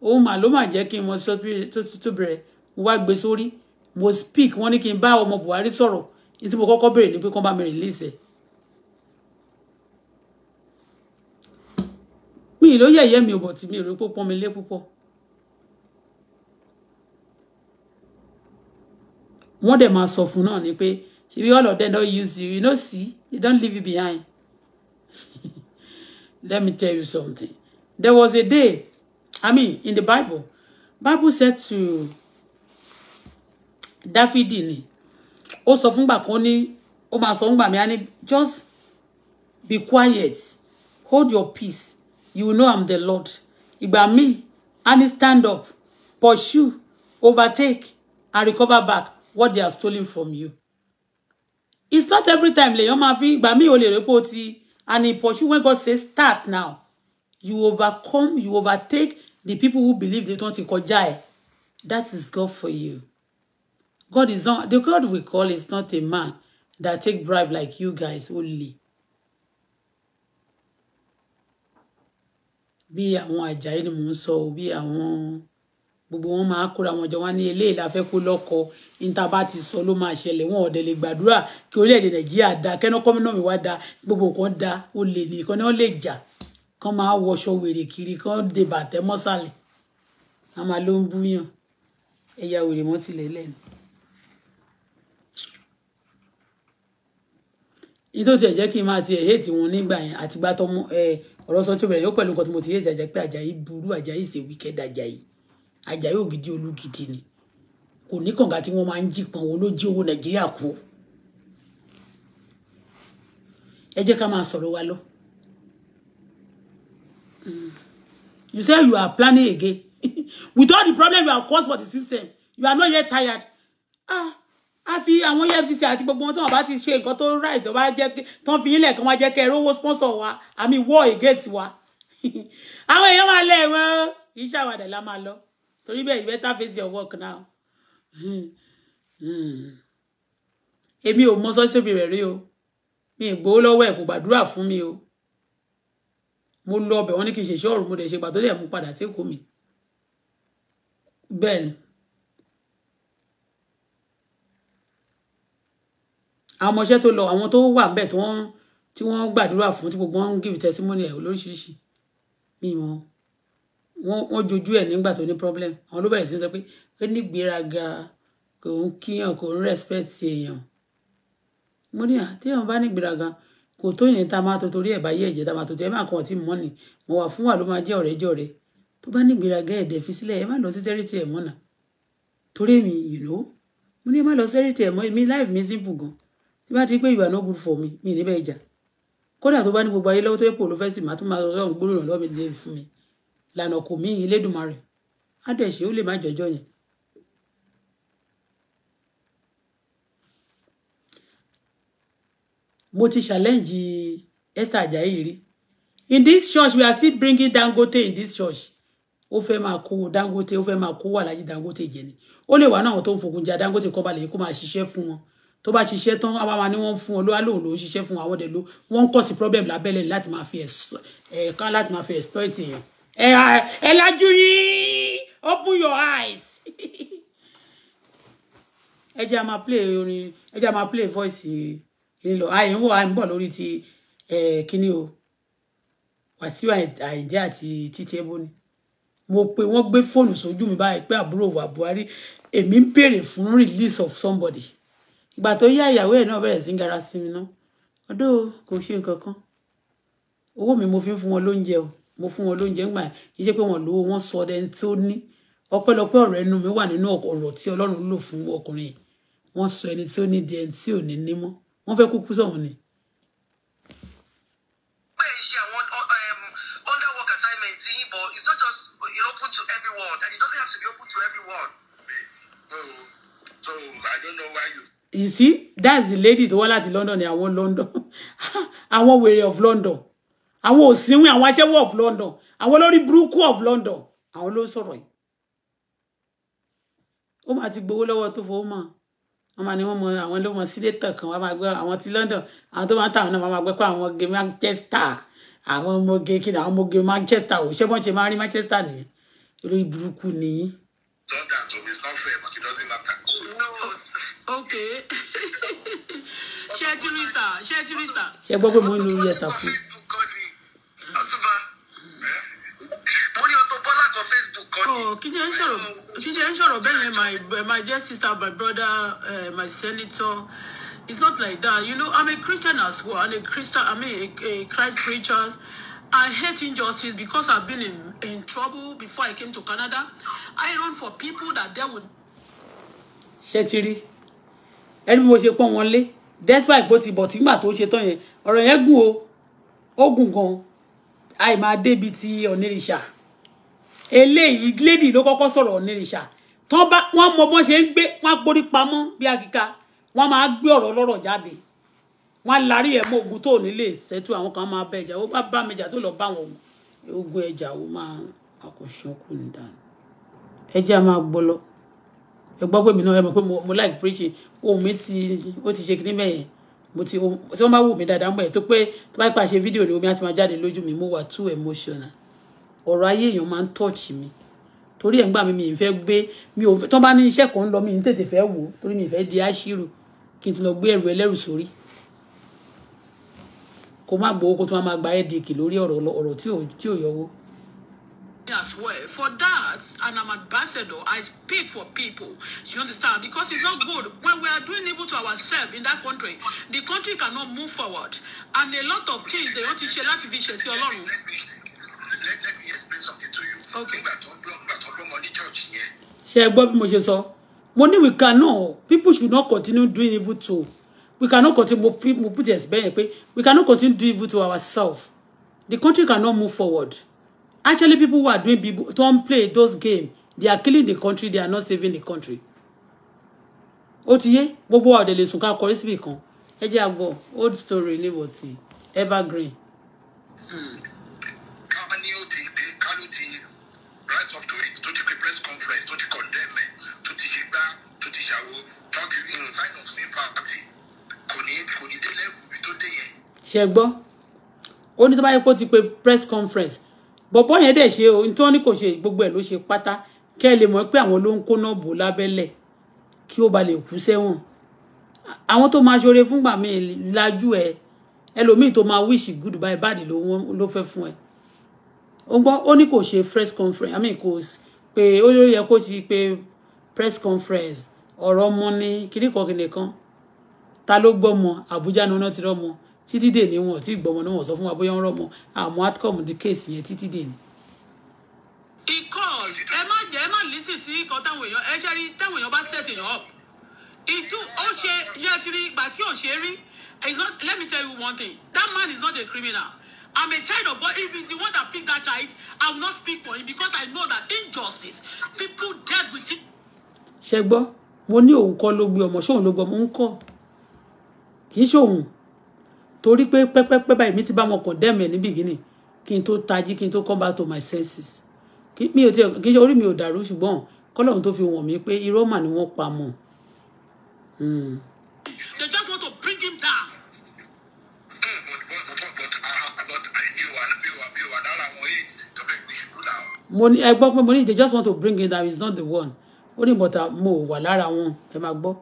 òun mà ló mà jẹ́ kí n mọ tó bẹ̀rẹ̀ mo wá gbé sórí mo speak wọ́n ní kí n bá ọmọ Buhari sọ̀rọ̀ ní tí mo kọ́kọ́ béèrè ní pé kán bá mi release ẹ̀ mi ló yẹ̀yẹ́ mi ò bọ̀ tí mi ò rí pọ́n mi lé púpọ̀ wọ́n dẹ̀ máa sọ fún náà ni pé ṣebí all of them don use you you know see they don leave you behind <laughs> let me tell you something there was a day i mean in the bible bible said to dáfídì ni ó sọ fúngbà kan ní ó máa sọ fúngbà mi á ní just be quiet hold your peace you will know i'm the lord ìgbà mi á ní stand up pursue overtake and recover back what they are stealing from you. It's not every time lèèyàn máa fi gbà mí ò and in pursue when God says start now you overcome you overtake the people who believe they don't kọjá ẹ̀ that is God for you. God is not the God we call is not a man that take bribe like you guys only. Bí a àjàyí ni mò ń sọ bí àwọn gbogbo wọn máa kóra wọn jọ wọn ní eléyìí la fẹ́ kó lọ́kọ níta bá ti sọ ló máa ṣẹlẹ̀ wọn ọ̀dẹ̀ lè gbàdúrà kí orílẹ̀-èdè nàìjíríà da kẹ́nà kọ́mínà mi wá da gbogbo nǹkan da ó lè nìkan ni wọ́n lè jà kán máa wọṣọ wèrè kiri kán dè bàtẹ́ mọ́sàlẹ̀ a máa ló ń búyàn ẹ̀yà wèrè mọ́ tilẹ̀ lẹ́nu. ní tó tiẹ̀ jẹ́ kí n máa tiẹ̀ hate wọn nígbà yẹn àtìgbà tọmọ ọ̀rọ̀ sọ tí ó bẹ̀rẹ̀ yóò pẹ̀lú nǹkan tí mo ti hate àjẹ́ pé Àjàyí burú Àjàyí ṣe wicked Àjàyí Àjàyí Ògìdì olùgidi ni kò ní kànga tí wọ́n máa ń jí kan olójú owó Nàìjíríà kú ẹ jẹ́ ká máa sọ̀rọ̀ wa lọ. Hmm. You say you are planning again <laughs> with all the problems you have caused for the system you are not yet tired. Ah a fi àwọn efcc àti gbogbo wọn tí wọn bá ti ṣe nǹkan tó right tó bá jẹ tán fi ilẹ̀ kan wá jẹ́ kẹ́ rówó sponsor wa mean, war against wa <laughs> àwọn èèyàn máa lẹ̀ wọ́n iṣẹ́ àwàdà la máa lọ torí bẹ́ẹ̀ you better face your work now hmm. Hmm. èmi ò mọ sọ́sọ́bì rẹ̀ rí o mi ì gbowó lọ́wọ́ ẹ̀ kò gbàdúrà fún mi o mo lọ ọbẹ̀ wọn ní kí n ṣe ṣọ́ọ̀rù mo dẹ̀ ṣe gbà tó dẹ̀ mú padà sékòó mi bẹ́ẹ̀ ni àwọn ọmọọṣẹ́ tó lọ àwọn tó wà níbẹ̀ tí wọ́n gbàdúrà fún tí gbogbo wọn ń give testimony ẹ̀ lóríṣiríṣi mi wọn wọ́n jojú ẹ̀ nígbà tó ní problem àwọn ló bẹ̀rẹ̀ sí sọ pé ó ní gbéraga kò ń kíyàn kò ń respect èèyàn mo ní à téèyàn bá ní gbéraga kò tó yẹn tá a máa tó torí ẹ̀ báyé ẹ̀jẹ̀ tá a máa tó torí ẹ̀ máa kàn ọtí mọ́ ni mo wà fún wa ló máa jẹ́ ọ̀rẹ́ jọ̀rẹ́ tó bá ní gbéraga ẹ̀dẹ̀ fi sílẹ̀ ẹ má lọ sí tẹ́rìtì ẹ̀ mọ́nà torí mi you know mo ní ẹ má lọ sí tẹ́rìtì ẹ̀ mọ́ mi life mi simple gan tí bá ti pé you are no good for me mi ní bẹ́ẹ̀ jà kódà tó bá ní gbogbo ayé lọ́wọ́ tó yẹ kó ló fẹ́ sì má tó máa lọ́wọ́ gbólóhùn lọ́wọ́ mi dé fún mi lànà kò mí Elédùmarè á dẹ̀ ṣe ó lè má jọjọ́ yẹn. mo ti challenge Esther Ajayi rí in this church we are still bringing Dangote in this church ó fẹ́ máa kó Dangote ó fẹ́ máa kó Alhaji Dangote jẹ ni ó lè wà náà àwọn tó ń fogun ja Dangote kọ́ balẹ̀ kó máa ṣiṣẹ́ fún wọn tó bá ṣiṣẹ́ tán àwọn máa ní wọ́n fún olówó lòun ló ń ṣiṣẹ́ fún àwọn ọdẹ ló wọ́n ń kọ̀ sí problem lábẹ́lẹ̀ láti máa fi ẹ̀ẹ̀kan eh, láti máa fi exploit èèyàn ẹ lajú yín open your eyes <laughs> ẹ jẹ́ a máa play orin ẹ jẹ́ a máa play voice kìíní lọ àyìn wò àyìn bọ̀ lórí ti kìíní o Wàsíù Àyìndé àti Títí Ebóni mo pe wọ́n gbé fóònù sójú mi báyìí pé àbúrò wa Buhari èmi ń béèrè fún release of somebody ìgbà tó yá ìyàwó ẹ̀ náà bẹ̀rẹ̀ sí ń gara sí mi ná ọdún kò ṣe nǹkan kan owó mi mo fi ń fún wọn lóúnjẹ o mo fún wọn lóúnjẹ ńgbà kì í ṣe pé wọn lówó wọn sọ ọdẹni tó ní ọpẹ́lọpẹ́ ọ̀rọ̀ ẹnu mi wà nínú ọ̀rọ̀ tí Ọlọ́run lò fún ọkùnrin yìí wọn sọ ẹni tí ó ní di ẹni tí ò ní ní mọ́ wọn fẹ́ kúkú sọhún ni. Um, you see, that's the lady tó wá láti London ni àwọn London <laughs> àwọn wèrè of London àwọn òsínwìn àwọn aṣẹ́wó of London àwọn olórí burúkú of London àwọn ló ń sọ̀rọ̀ yìí ó máa ti gbowó lọ́wọ́ tó fowó mọ́ wọn máa ní wọn mọ àwọn ló mọ sínétọ̀ kan wọn máa gbé àwọn ti London àwọn tó máa ń ta àwọn náà wọn máa gbé pé àwọn ge Manchester àwọn ọmọge kí ni àwọn ọmọge Manchester ò ṣé wọ́n ṣe máa rí Manchester nìyẹn olórí burúkú nìyí. <laughs> ṣé gbọ́ pé mo ń lo yẹsà fún un. kọ́ kí jẹ́ ń sọ̀rọ̀ kí jẹ́ ń bẹ́ẹ̀ yẹn my my dear sister my brother uh, my senator it's not like that you know i'm a christian as well and a christian I mean, a, a christ preacher i hate injustice because i've been in in trouble before i came to canada i run for people that they would. ṣé ti rí ẹni mo ṣe pọ́n wọn lé despite bó ti bọ̀ tí gbà tó ṣe tán yẹn ọ̀rọ̀ yẹn gùn o ó gùn gan-an àì máa débi ti ọ̀nìrìṣà eléyìí lady ló kọ́kọ́ sọ̀rọ̀ onírìṣà tán bá wọ́n mọ bọ́n ṣe ń gbé wọ́n gborí pamọ́ bí akíka wọ́n máa gbé ọ̀rọ̀ lọ́rọ̀ jáde wọ́n larí ẹ̀ mọ́ ogun tó ní lè ṣẹ́tù àwọn kan máa bẹ ìjà ó bá bá mi jà tó lọ bá àwọn ogun ẹja ó máa àkọsọ́kù ní dànù ẹjẹ́ a máa gbọ́ ẹ gbọ́ pé mi náà ẹ mọ̀ pé mo like preaching ohun mi ti ó ti ṣe kíní mẹ́yẹn mo ti tí wọ́n bá wù mí dáadáa mọ̀ ẹ̀ tó pé tó bá pàṣẹ fídíò ni omi á máa jáde lójú mi mo wà too emotional ọ̀rọ̀ ayé èèyàn máa ń touch mi torí ẹ̀ ń gbà mí mi ì fẹ́ gbé mi ò tán bá ní iṣẹ́ kan ń lọ mi ì tètè fẹ́ wò torí mi ì fẹ́ di àṣírù kí n tún lọ gbé ẹrù ẹlẹ́rù sórí kó má gbowó kó tún máa gba headache lórí ọ̀rọ̀ tí ò yọwó. as well. For that, and I'm ambassador, I speak for people. You understand? Because it's not good when we are doing evil to ourselves in that country. The country cannot move forward, and a lot of things they want to share. Let me, let me, let me something to you. nígbà tó ń gbọ́ ṣe é gbọ́ bí mo ṣe sọ mo ní we cannot people should not continue doing evil to we cannot continue mo put it bẹ́ẹ̀ pé we cannot continue doing evil to ourselves the country cannot move forward actually people who are doing people don play those games they are killing the country they are not saving the country ó ti yé gbogbo ọ̀dẹ̀ lè sùn ká kọrí síbì kan ẹ jẹ́ àgbọ̀ old story níbo ti evergreen. Hmm. ṣe gbọ́ ó ní tó bá yẹ kó ti pe press conference bọ̀bọ́ yẹn dẹ̀ ṣe ohun tó ní kò ṣe gbogbo ẹ̀ ló ṣe pátá kẹ́ ẹ lè mọ̀ pé àwọn ló ń kóná bò lábẹ́lẹ̀ kí ó ba lè kú sẹ́wọ̀n àwọn tó máa ṣoore fúngbà míì lajú ẹ ẹlòmíì tó máa wish goodbye bad ló fẹ́ fún ẹ ó gbọ́ ó ní kò ṣe press conference i mean kò pé ó yẹ kó ti pé press conference ọ̀rọ̀ ọmọ ní kìnnìkan kìnnìkan ta ló gbọ́ mọ Àbújá ni wọ́n ti rọ́ mọ́ títí dè ní wọn ò tí gbọmọ náà wọn sọ fún wa bóyá ń rọmọ àmọ́ atcom di kéèsì yẹn títí dè ní. ikọ́ ẹ má jẹ́ ẹ má lísì sí ikọ̀ táwọn èèyàn ẹ ṣe rí táwọn èèyàn bá set èèyàn up ìtú ó ṣe yẹ ti rí ìgbà tí ò ṣe rí let me tell you one thing that man is not a criminal I'm a child of God if he's the one that pick that child I will not speak for him because I know that injustice people dead with it. ṣe gbọ́ mo ní òun kọ́ ló gbé ọmọ ṣóun ló gbọ́ mo ń kọ́ kì í ṣóun torí pé pẹ́pẹ́pẹ́ báyìí mi ti bá wọn condemn ẹ̀ ní beginning kí n tó tají kí n tó come back to my senses mi ò tiẹ̀ kí n ṣe orí mi ò dàrú ṣùgbọ́n kọ́lọ́run tó fi wọ̀n mí pé irọ́ mà ni wọ́n pa mọ́. Hmm. they just want to bring him down. mo ní ẹ gbọ́ pé mo ní they just want to bring him down he is not the one ó ní bọ̀tà ah, mo wà lára wọn ẹ máa gbọ́.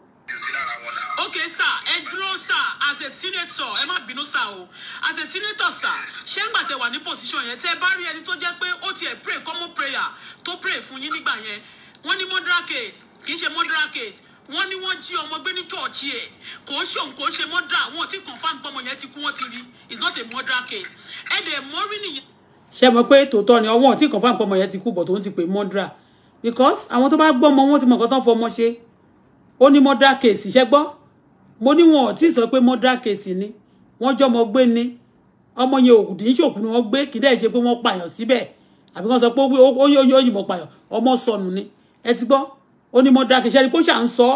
senator ẹ má bínú sá o as a senator sá ṣé ńgbà tẹ wà ní position yẹn tẹ bá rí ẹni tó jẹ́ pé ó tiẹ̀ pray common prayer tó pray fún yín nígbà yẹn wọ́n ní murder case kì í ṣe murder case wọ́n ní wọ́n jí ọmọ gbé ní church yẹ kò ń ṣòun kò ń ṣe murder àwọn ò tí confam pọ́mọ yẹn ti kú wọ́n ti rí it's not a murder case ẹ dẹ̀ mọ́rí nìyẹn. ṣé mo pé tòótọ́ ni ọwọ́n ò tí confam pọ́mọ yẹn ti kú bọ̀ tó ń ti pè murder because àwọn tó bá gbọ́ ọmọ wọn ti mọ̀ nǹkan tán fọmọ ṣe ó ní murder case ṣẹ́ gbọ́ mo ní wọn ò tí ì sọ pé murder case ni wọ́n jọmọ gbé ni ọmọ yẹn òkùdí ń ṣòkú ni wọ́n gbé kí dẹ́ ṣe pé wọ́n pààyàn síbẹ̀ àbí wọ́n sọ pé ó yóò yìnbọn pààyàn ọmọ sọnù ni ẹ ti gbọ́ ó ní murder case ṣe ni kó ṣà ń sọ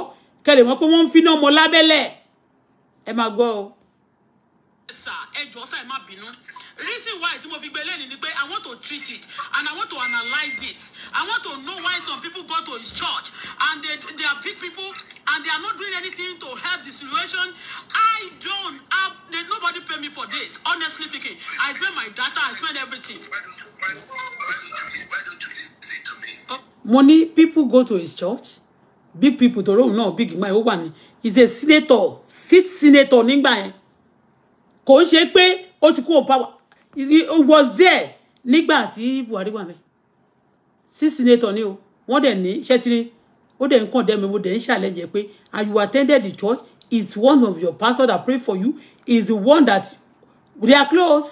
kẹlẹ̀ mọ́ pé wọ́n ń finá ọmọ lábẹ́lẹ̀ ẹ máa gbọ́ o. ẹ jọ̀ọ́ sáì má bínú reason why tí mo fi gbé lẹ́nu ni pé I want to treat it and I want to analyse it I want to know why some people go to his church and they, they are big people and they are not doing anything to help the situation. I don't have, nobody pay me for this, honestly speaking. I spend my data, I spend everything. Oh. Money, people go to his church. Big people to rohùn No big my woman he's a senator seat senator nígbà yẹn kò ń power he was there nigba ti buari wà mẹ́ sí senator ni o wọ́n dẹ̀ ní ṣẹ́tìrín ó dẹ̀ ń kàn dẹ́mi mo dẹ̀ ń ṣàlẹ́jẹ̀ pé and you attended the church it's one of your pastor that pray for you is the one that they are close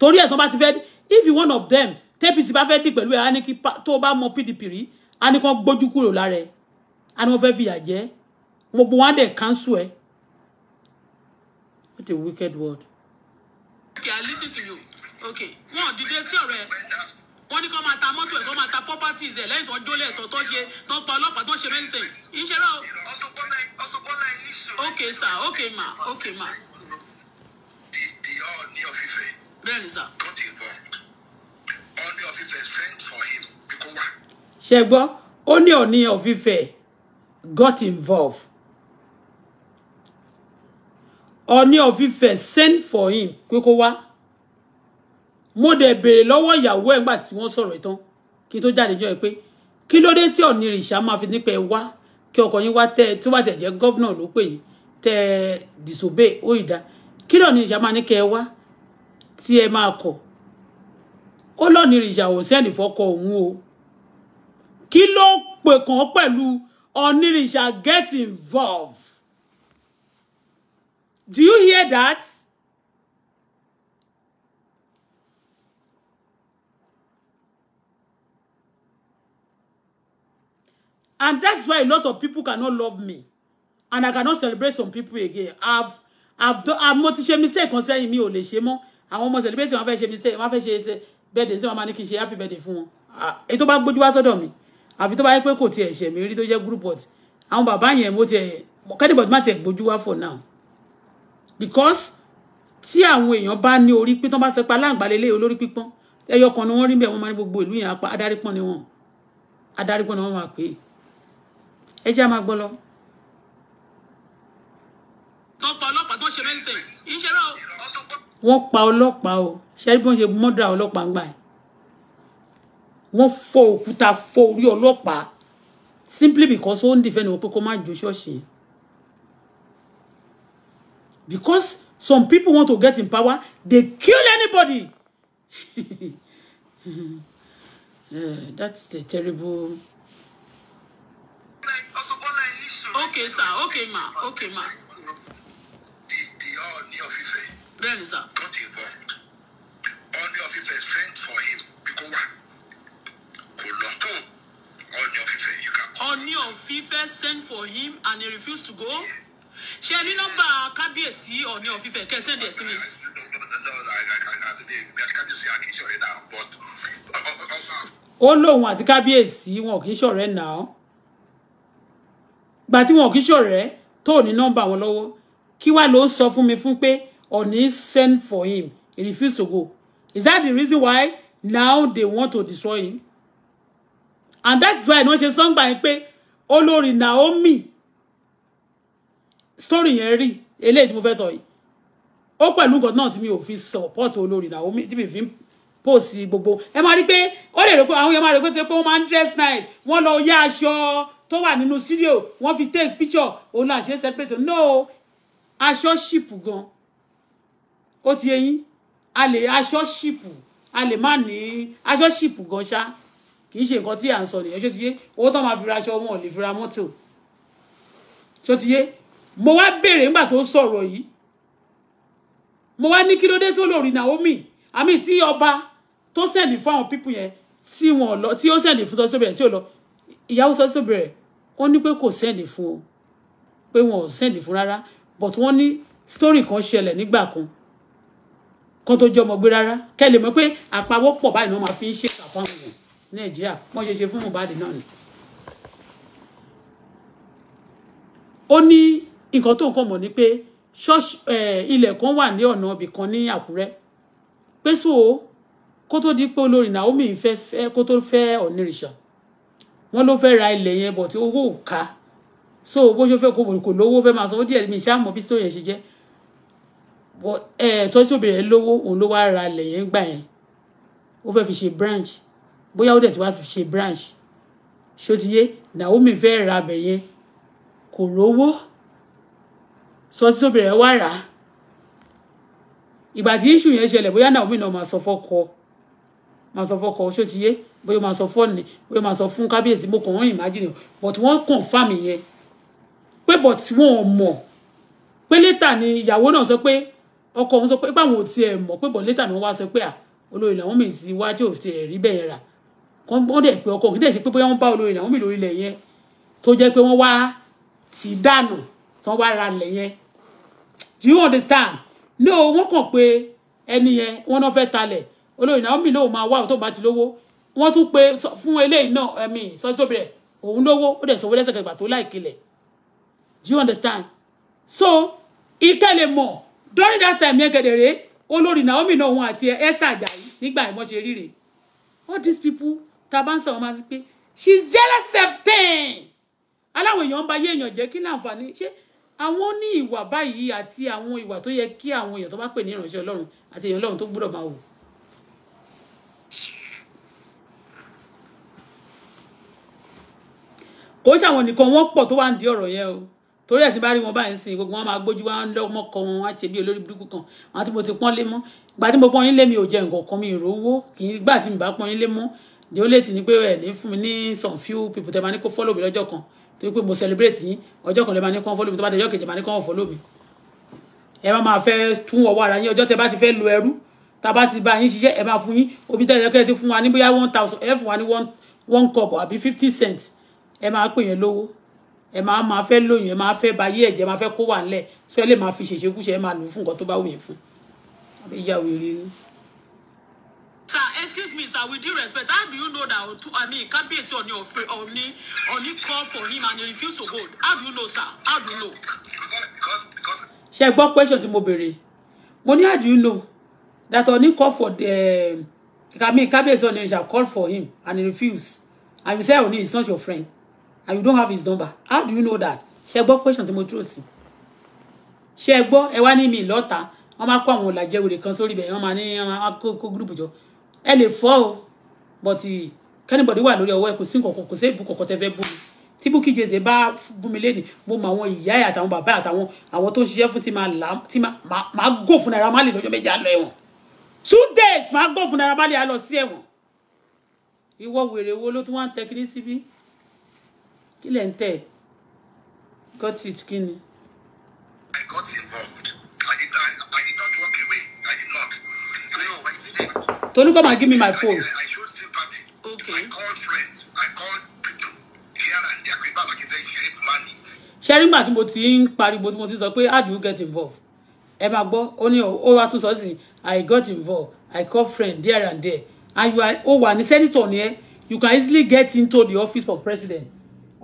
torí ẹ̀ tó bá ti fẹ́ if you one of them tpc bá fẹ́ dì pẹ̀lú ẹ̀ á ní kí tó bá mọ pdp rí á ní kí wọ́n gbójú kúrò lára ẹ̀ á ní wọ́n fẹ́ fìyà jẹ gbogbo wọn á dẹ̀ kánṣu ẹ̀ what a wicked word. okay i lis ten to you okay wọn ò dìde sí ọ̀rẹ́ wọ́n ní kó máa ta mọ́tò ẹ̀ kó máa ta properties ẹ̀ lẹ́yìn tó ń jólè ẹ̀tọ́ tó ṣe tó ń pa ọlọ́pàá tó ń ṣe many ìṣe náà. ok sir ok ma ok ma. bẹ́ẹ̀ni sir. ṣe gbọ́ ó ní Ọọ̀ni of Ifẹ̀ got involved Ọọ̀ni of send for him pé kó wá mo dẹ̀ béèrè lọ́wọ́ ìyàwó ẹ̀ ńgbà tí wọ́n sọ̀rọ̀ ìtàn kí tó jáde jọ ẹ pé kí ló dé tí ọ̀nìrìṣà máa fi nípa ẹ wá kí ọkọ yín wá tẹ tó bá tẹ̀ jẹ́ gọ́vnà ló pè yín tẹ disobey ó ìdá kí lọ́nìrìṣà máa ní kẹ wá tí ẹ máa kọ̀ ó lọ́nìrìṣà ò sẹ́ni fọkọ òun o kí ló pè kàn pẹ̀lú ọ̀nìrìṣà get involved do you hear that? And that's why a lot of people cannot love me. And I cannot celebrate some people again. I've I've done I've mo ti ṣe mistake kan sẹ́yìn mi ò lè ṣe mọ́. Àwọn celebrate wọn fẹ́ ṣe mistake wọn fẹ́ ṣe ṣe birthday sí wọn máa ní kí n happy birthday fún wọn. Èyí tó bá gbójú wá sọ́dọ̀ mi àfi tó bá yẹ pé kò tiẹ̀ ṣẹ̀ mí rí group but àwọn bàbá yẹn mo tiẹ̀ kẹ́nìbọ̀dì má tiẹ̀ gbójú wá for now. Because tí àwọn èèyàn bá ní orí pín tán bá sọ pé aláǹgbálélé olórí pípọ́n ẹyọ kan ni wọ́n rí bẹ́ẹ̀ wọ́n máa ní gbogbo ìlú yẹn adarí pọ́n ni wọ́n adarí pọ́n ni wọ́n máa pè ẹ jẹ́ máa gbọ́ lọ. wọ́n pa ọlọ́pàá tó ṣe mẹ́tẹ̀ ìṣe náà. wọ́n pa ọlọ́pàá o ṣẹ́rí bí wọ́n ṣe mọ́dà ọlọ́pàá ń gbà ẹ̀. wọ́n fọ́ òkúta fọ́ orí ọlọ́pàá simply because ó ń defend wọn pé kó má jó ṣọ́ọ̀ṣì because some people want to get in power they kill anybody. uh, <laughs> that's the terrible okay sir okay ma okay ma. the the all ní ọfíìsì. bẹ́ẹ̀ni sir. got involved all ní ọfíìsì sent for him kó wá kó lọ tó all ní ọfíìsì yìí ká. all ní ọfíìsì sent for him and he refused to go. ṣé ní nọ́mbà kábíyèsí ọ̀ní ọ̀fíìsì kẹ́ ẹ̀ send it to me. ó lóun àti kábíyèsí wọn kì í ṣọ̀rẹ́ náà gbà tí wọn kì í ṣọ̀rẹ́ tó ní nọ́mbà wọn lọ́wọ́ kí wàá ló ń sọ mi fún pé Ọ̀ní send for him he refused to go is that the reason why now they want to destroy him and that's why wọ́n ṣe sọ́ngbà yẹn pé Olori Naomi story yẹn rí eléyìí tí mo fẹ́ sọ yìí ó pẹ̀lú nǹkan náà tí mi ò fi support Olori Naomi tí mi fi ń post gbogbo ẹ máa rí pé ó lè rò pé àwọn yẹn máa rò pé wọ́n máa ń dress night wọ́n lọ yá aṣọ tó wà nínú studio wọ́n fi take picture òun náà ṣe ń separate no aṣọ ṣìpù gan ó ti eyín a lè aṣọ ṣìpù a lè má ní aṣọ ṣìpù gan ṣá kì í ṣe nǹkan tí à ń sọ nìyẹn ṣó ti yé owó tó máa fi ra aṣọ wọn ò lè fi ra mọ́tò ṣó ti yé mo wá béèrè nígbà tó sọ̀rọ̀ yìí mo wá ní kí ló dé tó lórí Naomi àmì tí ọba tó sẹ̀lì fún àwọn pípù yẹn tí wọn lọ tí ó sẹ̀lì fún tọ́sọ́bẹ̀rẹ̀ tí ò lọ ìyá Haúsá tó bẹ̀rẹ̀ wọ́n ní pé kò sẹ́ẹ̀dì fún o pé wọn ò sẹ́ẹ̀dì fún rárá but wọ́n ní story kan ṣẹlẹ̀ nígbà kan kan tó jẹ́ ọmọ gbé rárá kẹ́ lè mọ̀ pé àpawọ́pọ̀ báyìí ni wọ́n máa fi ń ṣe àfáwọn èèyàn ní Nàìjíríà wọ́n ṣe ṣe fún Mohbad náà ni. ó ní nǹkan tó nǹkan mọ̀ ni pé ilẹ̀ kan wà ní ọ̀nà ibì kan ní Àkúrẹ́ pé kó tó di pé olórí Naomi fẹ́ kó tó fẹ́ Ọ̀nìrìṣà wọ́n ló fẹ́ ra ilẹ̀ yẹn but owó ò ká so bó ṣe fẹ́ kò lówó fẹ́ máa sanwó díẹ̀ mi ṣáà mọ̀ bí sító yẹn ṣe jẹ́ tọ́jú obìnrin lówó òun ló wá ra ilẹ̀ yẹn gbà yẹn ó fẹ́ fi ṣe branch bóyá ó dẹ̀ ti wá fi ṣe branch ṣòtiyé Naomi fẹ́ ra abẹ yẹn kò rówó sọtí tóbìnrin wá rà á ìgbà tí issue yẹn ṣẹlẹ̀ bóyá Naomi náà máa sọ fọ́kọ máa sọ fọ́kọ ṣòtiyé bóyá máa sọ fọ́ọ̀nì bóyá máa sọ fún kábíyèsí mo kàn wọ́n imagine but wọ́n confirm yẹn pé but wọn ò mọ̀ pé létà ni ìyàwó náà sọ pé ọkọ òun sọ pé báwọn ò tiẹ̀ mọ̀ pé but létà ni wọ́n wá sọ pé à olórí làwọn mi sì wá tí ò tiẹ̀ rí bẹ́ẹ̀ rà wọ́n dẹ̀ pé ọkọ òun kì í dẹ̀ ṣe pé bóyá wọ́n bá olórí làwọn mi lórí ilẹ̀ yẹn tó jẹ́ pé wọ́n wá ti dànù tí wọ́n wá ra ilẹ̀ yẹn do you understand no wọ́n kàn pé ẹni yẹn wọ́n náà fẹ́ talẹ̀ olórí làwọn mi lóò máa wá òtó bá ti lówó wọ́n tún pe fún eléyìí náà ẹ̀mí sọ́jọ́bìrẹ̀ òun lówó ó dẹ̀ sanwó lẹ́sẹ̀kẹgbà tó láìkilẹ̀ do you understand so ìkẹlẹ̀ mọ̀ during that time yẹn kẹ̀dẹ̀rẹ́ olórí Naomi náà òun àti Esther Ajayi nígbà ìmọ̀ ṣe ríre all these people ta bá ń sọ̀rọ̀ máa ń pé she is jealous of ten aláwọ̀ èèyàn ń ba yé èèyàn jẹ́ kí ní àǹfààní ṣé àwọn ní ìwà báyìí àti àwọn ìwà tó yẹ kí àwọn èèyàn tó bá pè ní ìránṣẹ́ Ọlọ́run àti èèyàn Ọlọ́run tó gbọ́dọ̀ máa wò kò ṣe àwọn nìkan wọ́n pọ̀ tó wà ń di ọ̀rọ̀ yẹn o torí ẹ̀ tí bá rí wọn báyìí sìn gbogbo wọn máa gbójú wá lọ́mọ kọ wọn wá ṣe bí olórí burúkú kan àwọn tí mo ti pọ́n lé mọ́ ìgbà tí mo pọ́n yín lé mi ò jẹ nǹkan kan mi ìrówó kì í gbà tí mi bá pọ́n yín lé mọ́ di ó létí ni pé ẹ̀ ní fún mi ní some few people tẹ́ máa ní kó follow mi lọ́jọ́ kan tó yẹ pé mo celebrate yín ọjọ́ kan lẹ́ máa ní kó follow mi tó bá tẹ̀jọ́ kejì máa ní kó follow mi. ẹ má máa fẹ́ tún ọwọ́ ara yín ọjọ́ tẹ́ bá ti fẹ́ lo ẹrú tá a bá ti bá yín ṣiṣẹ́ ẹ máa fún yín obi tẹ́ ẹ ti fún wa ní bóyá one thousand ẹ fún wa ní one cup àbí fifty cents ẹ máa pè yẹn lówó ẹ máa máa fẹ́ lóyún ẹ máa fẹ́ ba yé ẹ̀jẹ̀ máa fẹ́ kó wà nílẹ̀ tí lè máa fi ṣèṣekúṣe ẹ máa lò fún nǹkan tó bá wù yín fún àbí ìyá wèrè ni. sir excuse me sir with due respect how do you know that otu i mean kábíyèsí ọ̀ni ọ̀fẹ́ ọ̀ni ọ̀ni call for him and he refuse to hold how do you know sir how do you know. ṣe gbọ́ question tí mo béèrè mo ní how do you know that ọ̀ni call for the eh, i mean kábíyèsí ọ̀ni shall call for him and he refuse and you say ọ̀ni is not your friend and you don't have his number how do you know that She gbọ́ question tí mo dúró sí ṣe gbọ́ ẹ wá ní mi lọ́ta wọ́n máa kó àwọn ọ̀làjẹ́ wèrè kan sórí ibẹ̀ wọ́n máa ní kó but eh, kẹ́nìbọ̀dì wà lórí ọwọ́ ẹ kò sí nǹkan kò sí èbú kọ̀ọ̀kan tẹ́ fẹ́ bú mi tí Bukky Jesse bá bú mi lẹ́nu mo mọ àwọn ìyá ẹ̀ àtàwọn bàbá ẹ̀ àtàwọn àwọn tó ń ṣiṣẹ́ fún ti máa gò fún Naira Marley two days máa gò fún Naira Marley á lọ sí ẹ̀wọ̀n ìwọ wèrè wo ló tún wá kí lẹ̀ ń tẹ̀ got it kí ni. I got involved. I did, I, I did not walk away. I did not. No, I didn't. Tolu, come and give me my phone. I, Okay. Sharing gbà tí mo ti ń pariwo tí mo ti sọ pé how do you get involved? Ẹ máa gbọ́, ó ní ó wá tún sọ sí I got involved. I called friend there and there. And you are, ó wà ní senator ni ẹ. You can easily get into the office of president.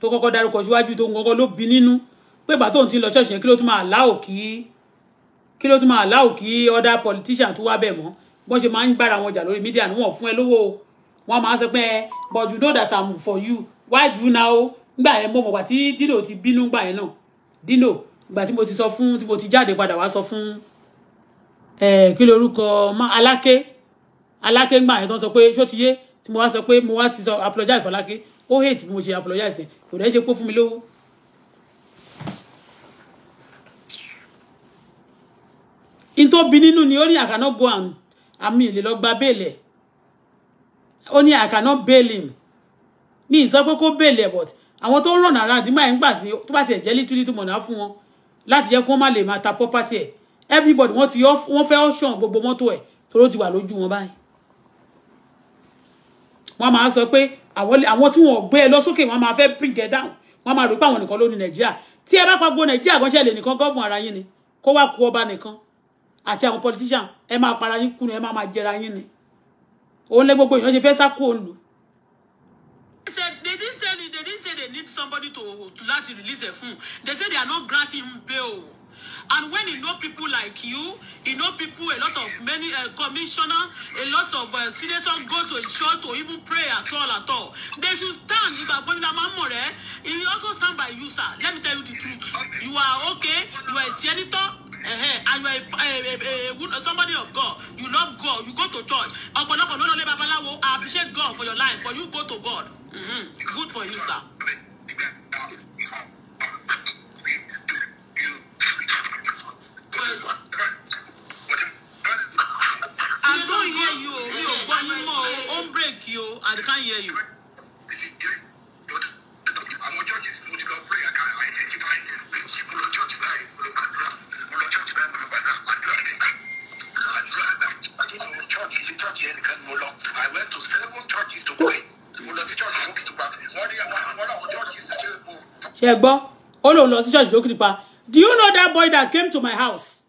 tó kọ́kọ́ dárúkọ síwájú tó ń kọ́kọ́ ló nínú pé ìgbà tóun ti lọ ṣọ́ọ̀ṣì yẹn kí ló tún máa láò kí kí ló tún máa láò kí other politician tó wá bẹ̀ mọ́ bọ́n ṣe máa ń gbára wọn jà lórí mídíà níwọ̀n fún ẹ wọn máa ń sọ pé but you know that I'm for you why do you now Dino ti bínú yẹn náà Dino tí mo ti sọ fún tí mo ti jáde padà wá sọ fún kí lorúkọ yẹn tó ń sọ pé ṣó ti yé tí mo ó hate bí mo ṣe apologize kò dẹ́ ṣe pé fún mi lówó. in tó bi nínú ni ó ní I cannot go and àmì ìlè lọ gba béèlè ó ní I cannot bail him ní ìsọpẹ́ kó béèlè but àwọn tó ràn ara àdìmọ́ ẹ̀ ń gbà tó bá tiẹ̀ jẹ́ lítúlí tó mọ̀nà fún wọn láti jẹ́ kó má lè máa ta property ẹ̀ everybody wọ́n ti wọ́n fẹ́ auction gbogbo mọ́tò ẹ̀ tó ló ti wà lójú wọn báyìí wọ́n máa sọ pé àwọn tí wọn gbé ẹ lọ sókè wọn máa fẹ́ bring ẹ down wọn máa rò pé àwọn nìkan ló ní nàìjíríà tí ẹ bá pa gbogbo nàìjíríà gan ṣẹlẹ̀ nìkan gán ara yín ni kó wá kú ọba nìkan àti àwọn politician ẹ máa para yín kùnà ẹ máa máa jẹra yín ni òun lé gbogbo èèyàn ṣe fẹ́ sá kú òun lò. they didn't tell you they didn't say they need somebody to láti release a fún they say they are not granting bail. And when you know people like you, you know people, a lot of many uh, commissioner, a lot of uh, senators go to church to even pray at all, at all. They should stand. If I'm going Mamore, he also stand by you, sir. Let me tell you the truth. You are okay. You are a senator. Uh-huh. And you are a, a, a, a, somebody of God. You love God. You go to church. Ọ̀pọ̀lọpọ̀ ló lọ́lé babaláwo. I appreciate God for your life. But you go to God. Mm-hmm. Good for you, sir. I don't hear you o oh. mi ò gbọ́ yín oh. break o oh. I can't hear you. ṣe gbọ́ ó lòun lọ sí ṣọ́ọ̀ṣì lókìtìpa Do you know that boy that came to my house?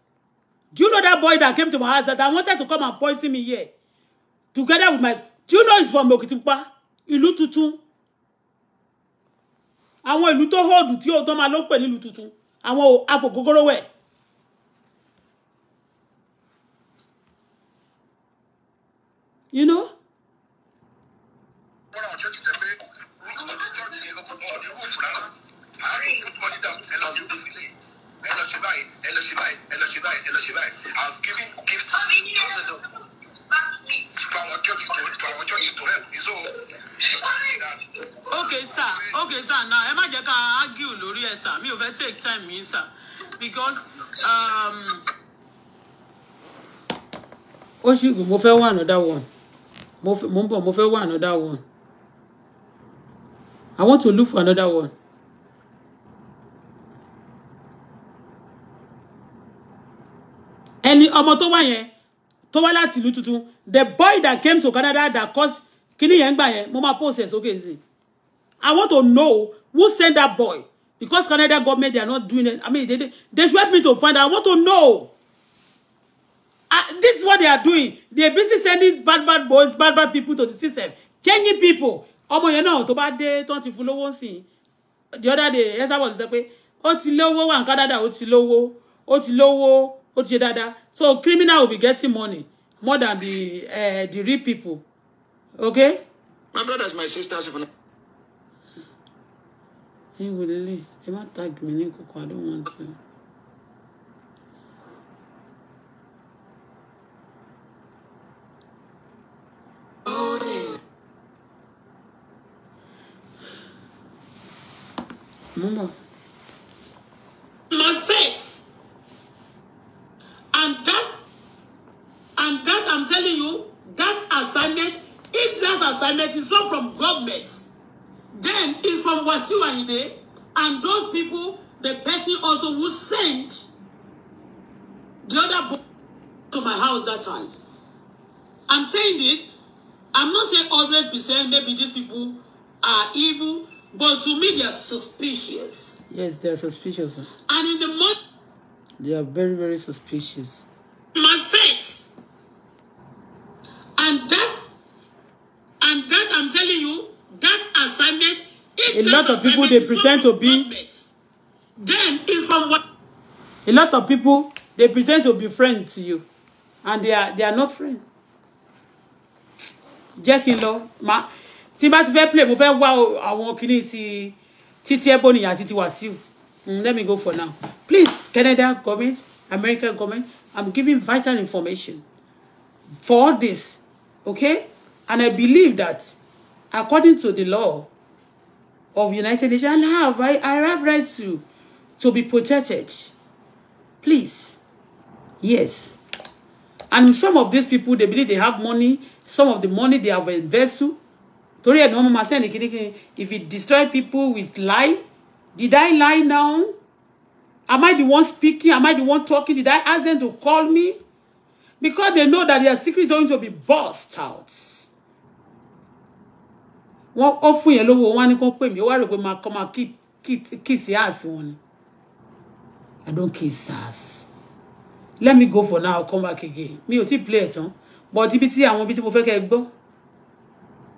Do you know that boy that came to my house that I wanted to come and poison me here? Together with my... Do you know he's from Ilututu. I want Àwọn hold tó hold tí ó don ma lọ pè ní ìlú tuntun. Àwọn go away. You know? Ọ̀rọ̀ àjọ ti tẹ̀ pé báyìí ẹ lọ ṣe báyìí gifts. Báwọn church tó Okay sir okay sir now ẹ I jẹ́ ká argue lórí ẹ̀ sir Me, ò fẹ́ take time me, sir because. Um, ó sì gbò mo one, wá another one Move, move bọ̀ mo fẹ́ wá another one I want to look for another one. ẹni ọmọ tó wà yẹn tó wá láti ìlú tuntun the boy that came to Canada that caused kíní yẹn gbà yẹn mo máa post ẹ̀ sókè sí I want to know who sent that boy because Canada government they are not doing it I mean they they, they should help me to find out I want to know uh, this is what they are doing they are busy sending bad bad boys bad bad people to the system changing people ọmọ yẹn náà tó bá dé tó ti fún lówó sí the other day ẹ sábà ti sọ pé ó ti lówó wà ní Canada ó ti lówó ó ti lówó ó ti ṣe so criminal will be getting money more than the uh, the real people okay. my brothers my sisters. If ẹ wò lélẹ̀ ẹ má tag mi i don't want to. mo mọ̀. Yes, they are suspicious. And in the month, they are very, very suspicious. My face. And that, and that I'm telling you, that assignment. If a lot of people they pretend to be. Then is from what. A lot of people they pretend to be friends to you, and they are they are not friends. Jackie, kí ma tí n bá ti fẹ́ play mo fẹ́ wá àwọn kìíní ti títí ebony àti títí wàsíù mm, let me go for now please Canada government American government i'm giving vital information for all this okay and i believe that according to the law of United Nations i have i, I have right to to be protected please yes and some of these people they believe they have money some of the money they have invested torí ẹ̀ ni wọ́n máa sẹ́ni kíníkíní if it destroy people with lie did I lie now am I the one speaking am I the one talking did I ask them to call me because they know that their secret is going to be burst out wọ́n ọ fún yẹn lówó wọn á ní kó pè mí ó wá rò pé máa kọ́ máa kíìsì ass wọn ni I don't kiss ass let me go for now come back again mi ò tí ì play ẹ̀ tán but ibi tí àwọn ibi tí mo fẹ́ kẹ́ gbọ́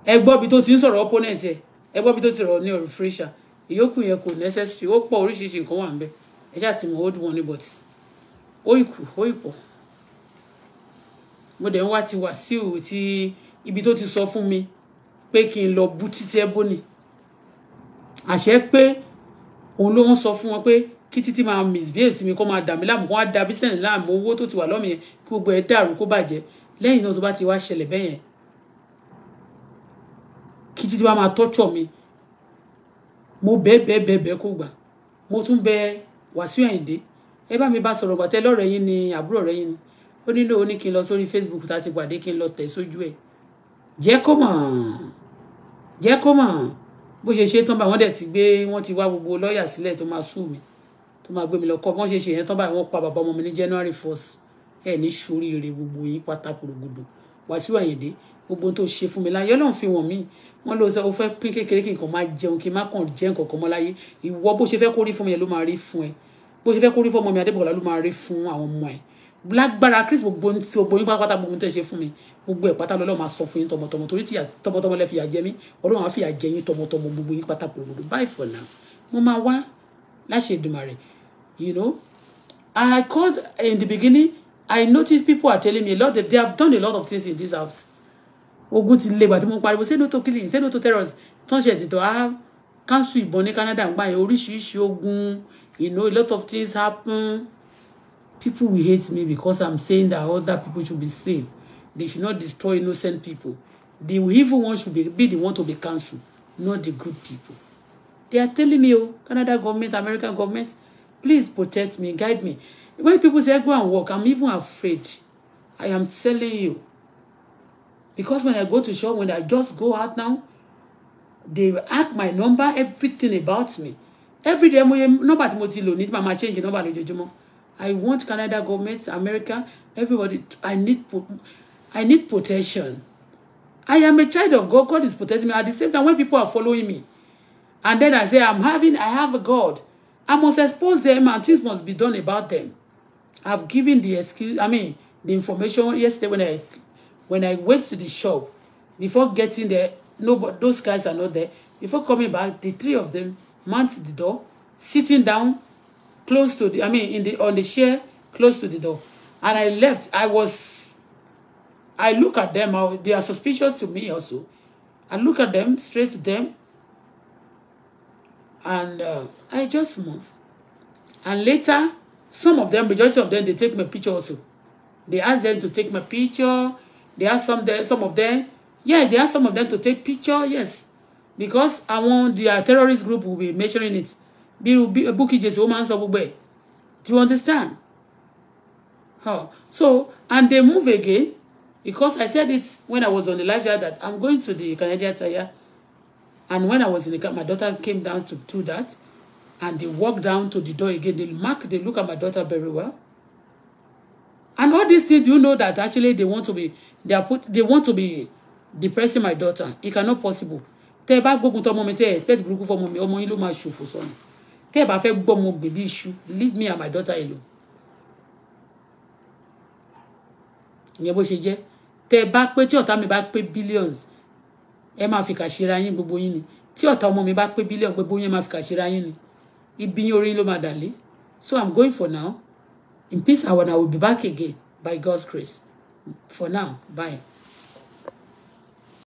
ẹ gbọ́ bí tó ti ń sọ̀rọ̀ opponent ẹ ẹ gbọ́ bí tó ti rọ̀ ní ọ̀rọ̀ fresher ìyókù yẹn kò necessary ó pọ̀ oríṣiríṣi nǹkan wà níbẹ̀ ẹ ṣáà ti mọ̀ old one but ó ìkù ó ìpọ̀ mo dẹ̀ ń wá ti Wàsíù ti ibi tó ti sọ fún mi pé kí n lọ bú títí ẹ bóni àṣẹ pé òun ló ń sọ fún wọn pé kí títí máa misbehave sí mi kó máa dà mí láàmú kó wá da bísẹ̀ǹ láàmú owó tó ti wà lọ́mìyẹn kí gbogbo ẹ dàrú kó bàjẹ́ lẹ́yìn náà tó bá ti wá ṣẹlẹ̀ bẹ́yẹn kí títí wàá máa tọ́jọ́ mi mo bẹ́ẹ̀ bẹ́ẹ̀ bẹ́ẹ̀ bẹ́ẹ̀ kò gbà mo tún bẹ Wàsíù Àyìndé ẹ bá mi bá sọ̀rọ̀ gbàtẹ́ lọ́rẹ̀ yín ni àbúrò rẹ̀ yín ni ó nílò ó ní kí n lọ sórí Facebook tá a ti pàdé kí n lọ tẹ̀ sójú ẹ̀ jẹ́ kó mọ̀ jẹ́ kó mọ̀ bó ṣe ṣe tán báyìí wọ́n dẹ̀ ti gbé wọ́n ti wá gbogbo lọ́ọ̀yà sílẹ̀ tó máa sú mi tó máa gbé mi lọ kọ́ bọ́n ṣe ṣe yẹn tán báyìí wọ́n pa bàbá ọmọ mi ní January 1st ẹ̀ ní sóríire gbogbo yín pátá kúrògbòdò Wàsíù Àyìndé gbogbo tó ṣe fún mi láyé ọlọ́run fi wọ̀n mí wọ́n lọ sọ ó fẹ́ pín kékeré kí nǹkan máa jẹun kí n má kàn jẹ́ nǹkan kan mọ́ láyé ìwọ bó ṣe fẹ́ kórí fún mi yẹn ló máa rí fún ẹ bó ṣe fẹ́ kórí fún ọmọ mi adébọ̀lá ló máa rí fún àwọn ọmọ ẹ lágbára Chris gbogbo tí gbogbo yín pátápátá gbogbo tẹ́ ṣe fún mi gbogbo ẹ̀ pátá lọ́lọ́ máa sọ fún yín tọmọtọmọ torí tí tọmọtọmọ lẹ́ fìyà jẹ mí ọlọ́run á fìyà jẹ yín tọmọtọmọ gbogbo yín pátá gbogbo bye for now mo máa wá láṣẹ Èdùmàrè you know I called in the beginning I noticed people are telling me a lot that they have done a lot of things in this house ogun ti le gbà tí mo ń pariwo say no to killing say no to terrorists tán ṣe ètìtọ̀ á kánṣu ìbọn ní Canada ń gbà yẹn oríṣiríṣi ogun you know a lot of things happen people will hate me because i'm saying that other people should be safe they should not destroy innocent people the evil ones should be, be the ones to be cancelled not the good people they are telling me oh Canada government American government please protect me guide me when people say go and work i'm even afraid i am telling you Because when I go to shop, when I just go out now, they ask my number, everything about me. Every day, nobody number tí mo ti lò ní màmá change number lójoojúmọ́. I want Canada government, America, everybody. I need, I need protection. I am a child of God. God is protecting me. At the same time, when people are following me, and then I say, I'm having, I have a God. I must expose them and things must be done about them. I've given the excuse, I mean, the information yesterday when I when I went to the shop, before getting there, nobody, those guys are not there. Before coming back, the three of them mount the door, sitting down close to the, I mean, in the on the chair close to the door. And I left. I was, I look at them. I, they are suspicious to me also. I look at them, straight to them. And uh, I just move. And later, some of them, majority of them, they take my picture also. They ask them to take my picture they have some them, some of them yes. they have some of them to take picture yes because I want their uh, terrorist group will be measuring it bí Bukky Jesse ó máa ń sọ gbogbo ẹ̀ do you understand huh. so and they move again because I said it when I was on the live chat that I'm going to the Canadian Tire and when I was in the car my daughter came down to do that and they walk down to the door again they mark they look at my daughter very well and all these things do you know that actually they want to be they are put they want to be depressing my daughter it cannot possible tẹ́ ẹ bá gbógun tọ́ mi tẹ́ expect burúkú fọmọ mi ọmọ yín ló máa ṣòfò sọnù tẹ́ ẹ bá fẹ́ gbọ́ ọmọ gbèbí iṣu leave me and my daughter alone ìyẹn bó ṣe jẹ́ tẹ́ ẹ bá pé tí ọ̀tá mi bá pé billions ẹ máa fìkà ṣera yín gbogbo yín ni tí ọ̀tá ọmọ mi bá pé billion gbogbo yín máa fìkà ṣera yín ni ibi yín orí ló máa dà lé so i'm going for now In peace, and I will be back again by God's grace. For now, bye.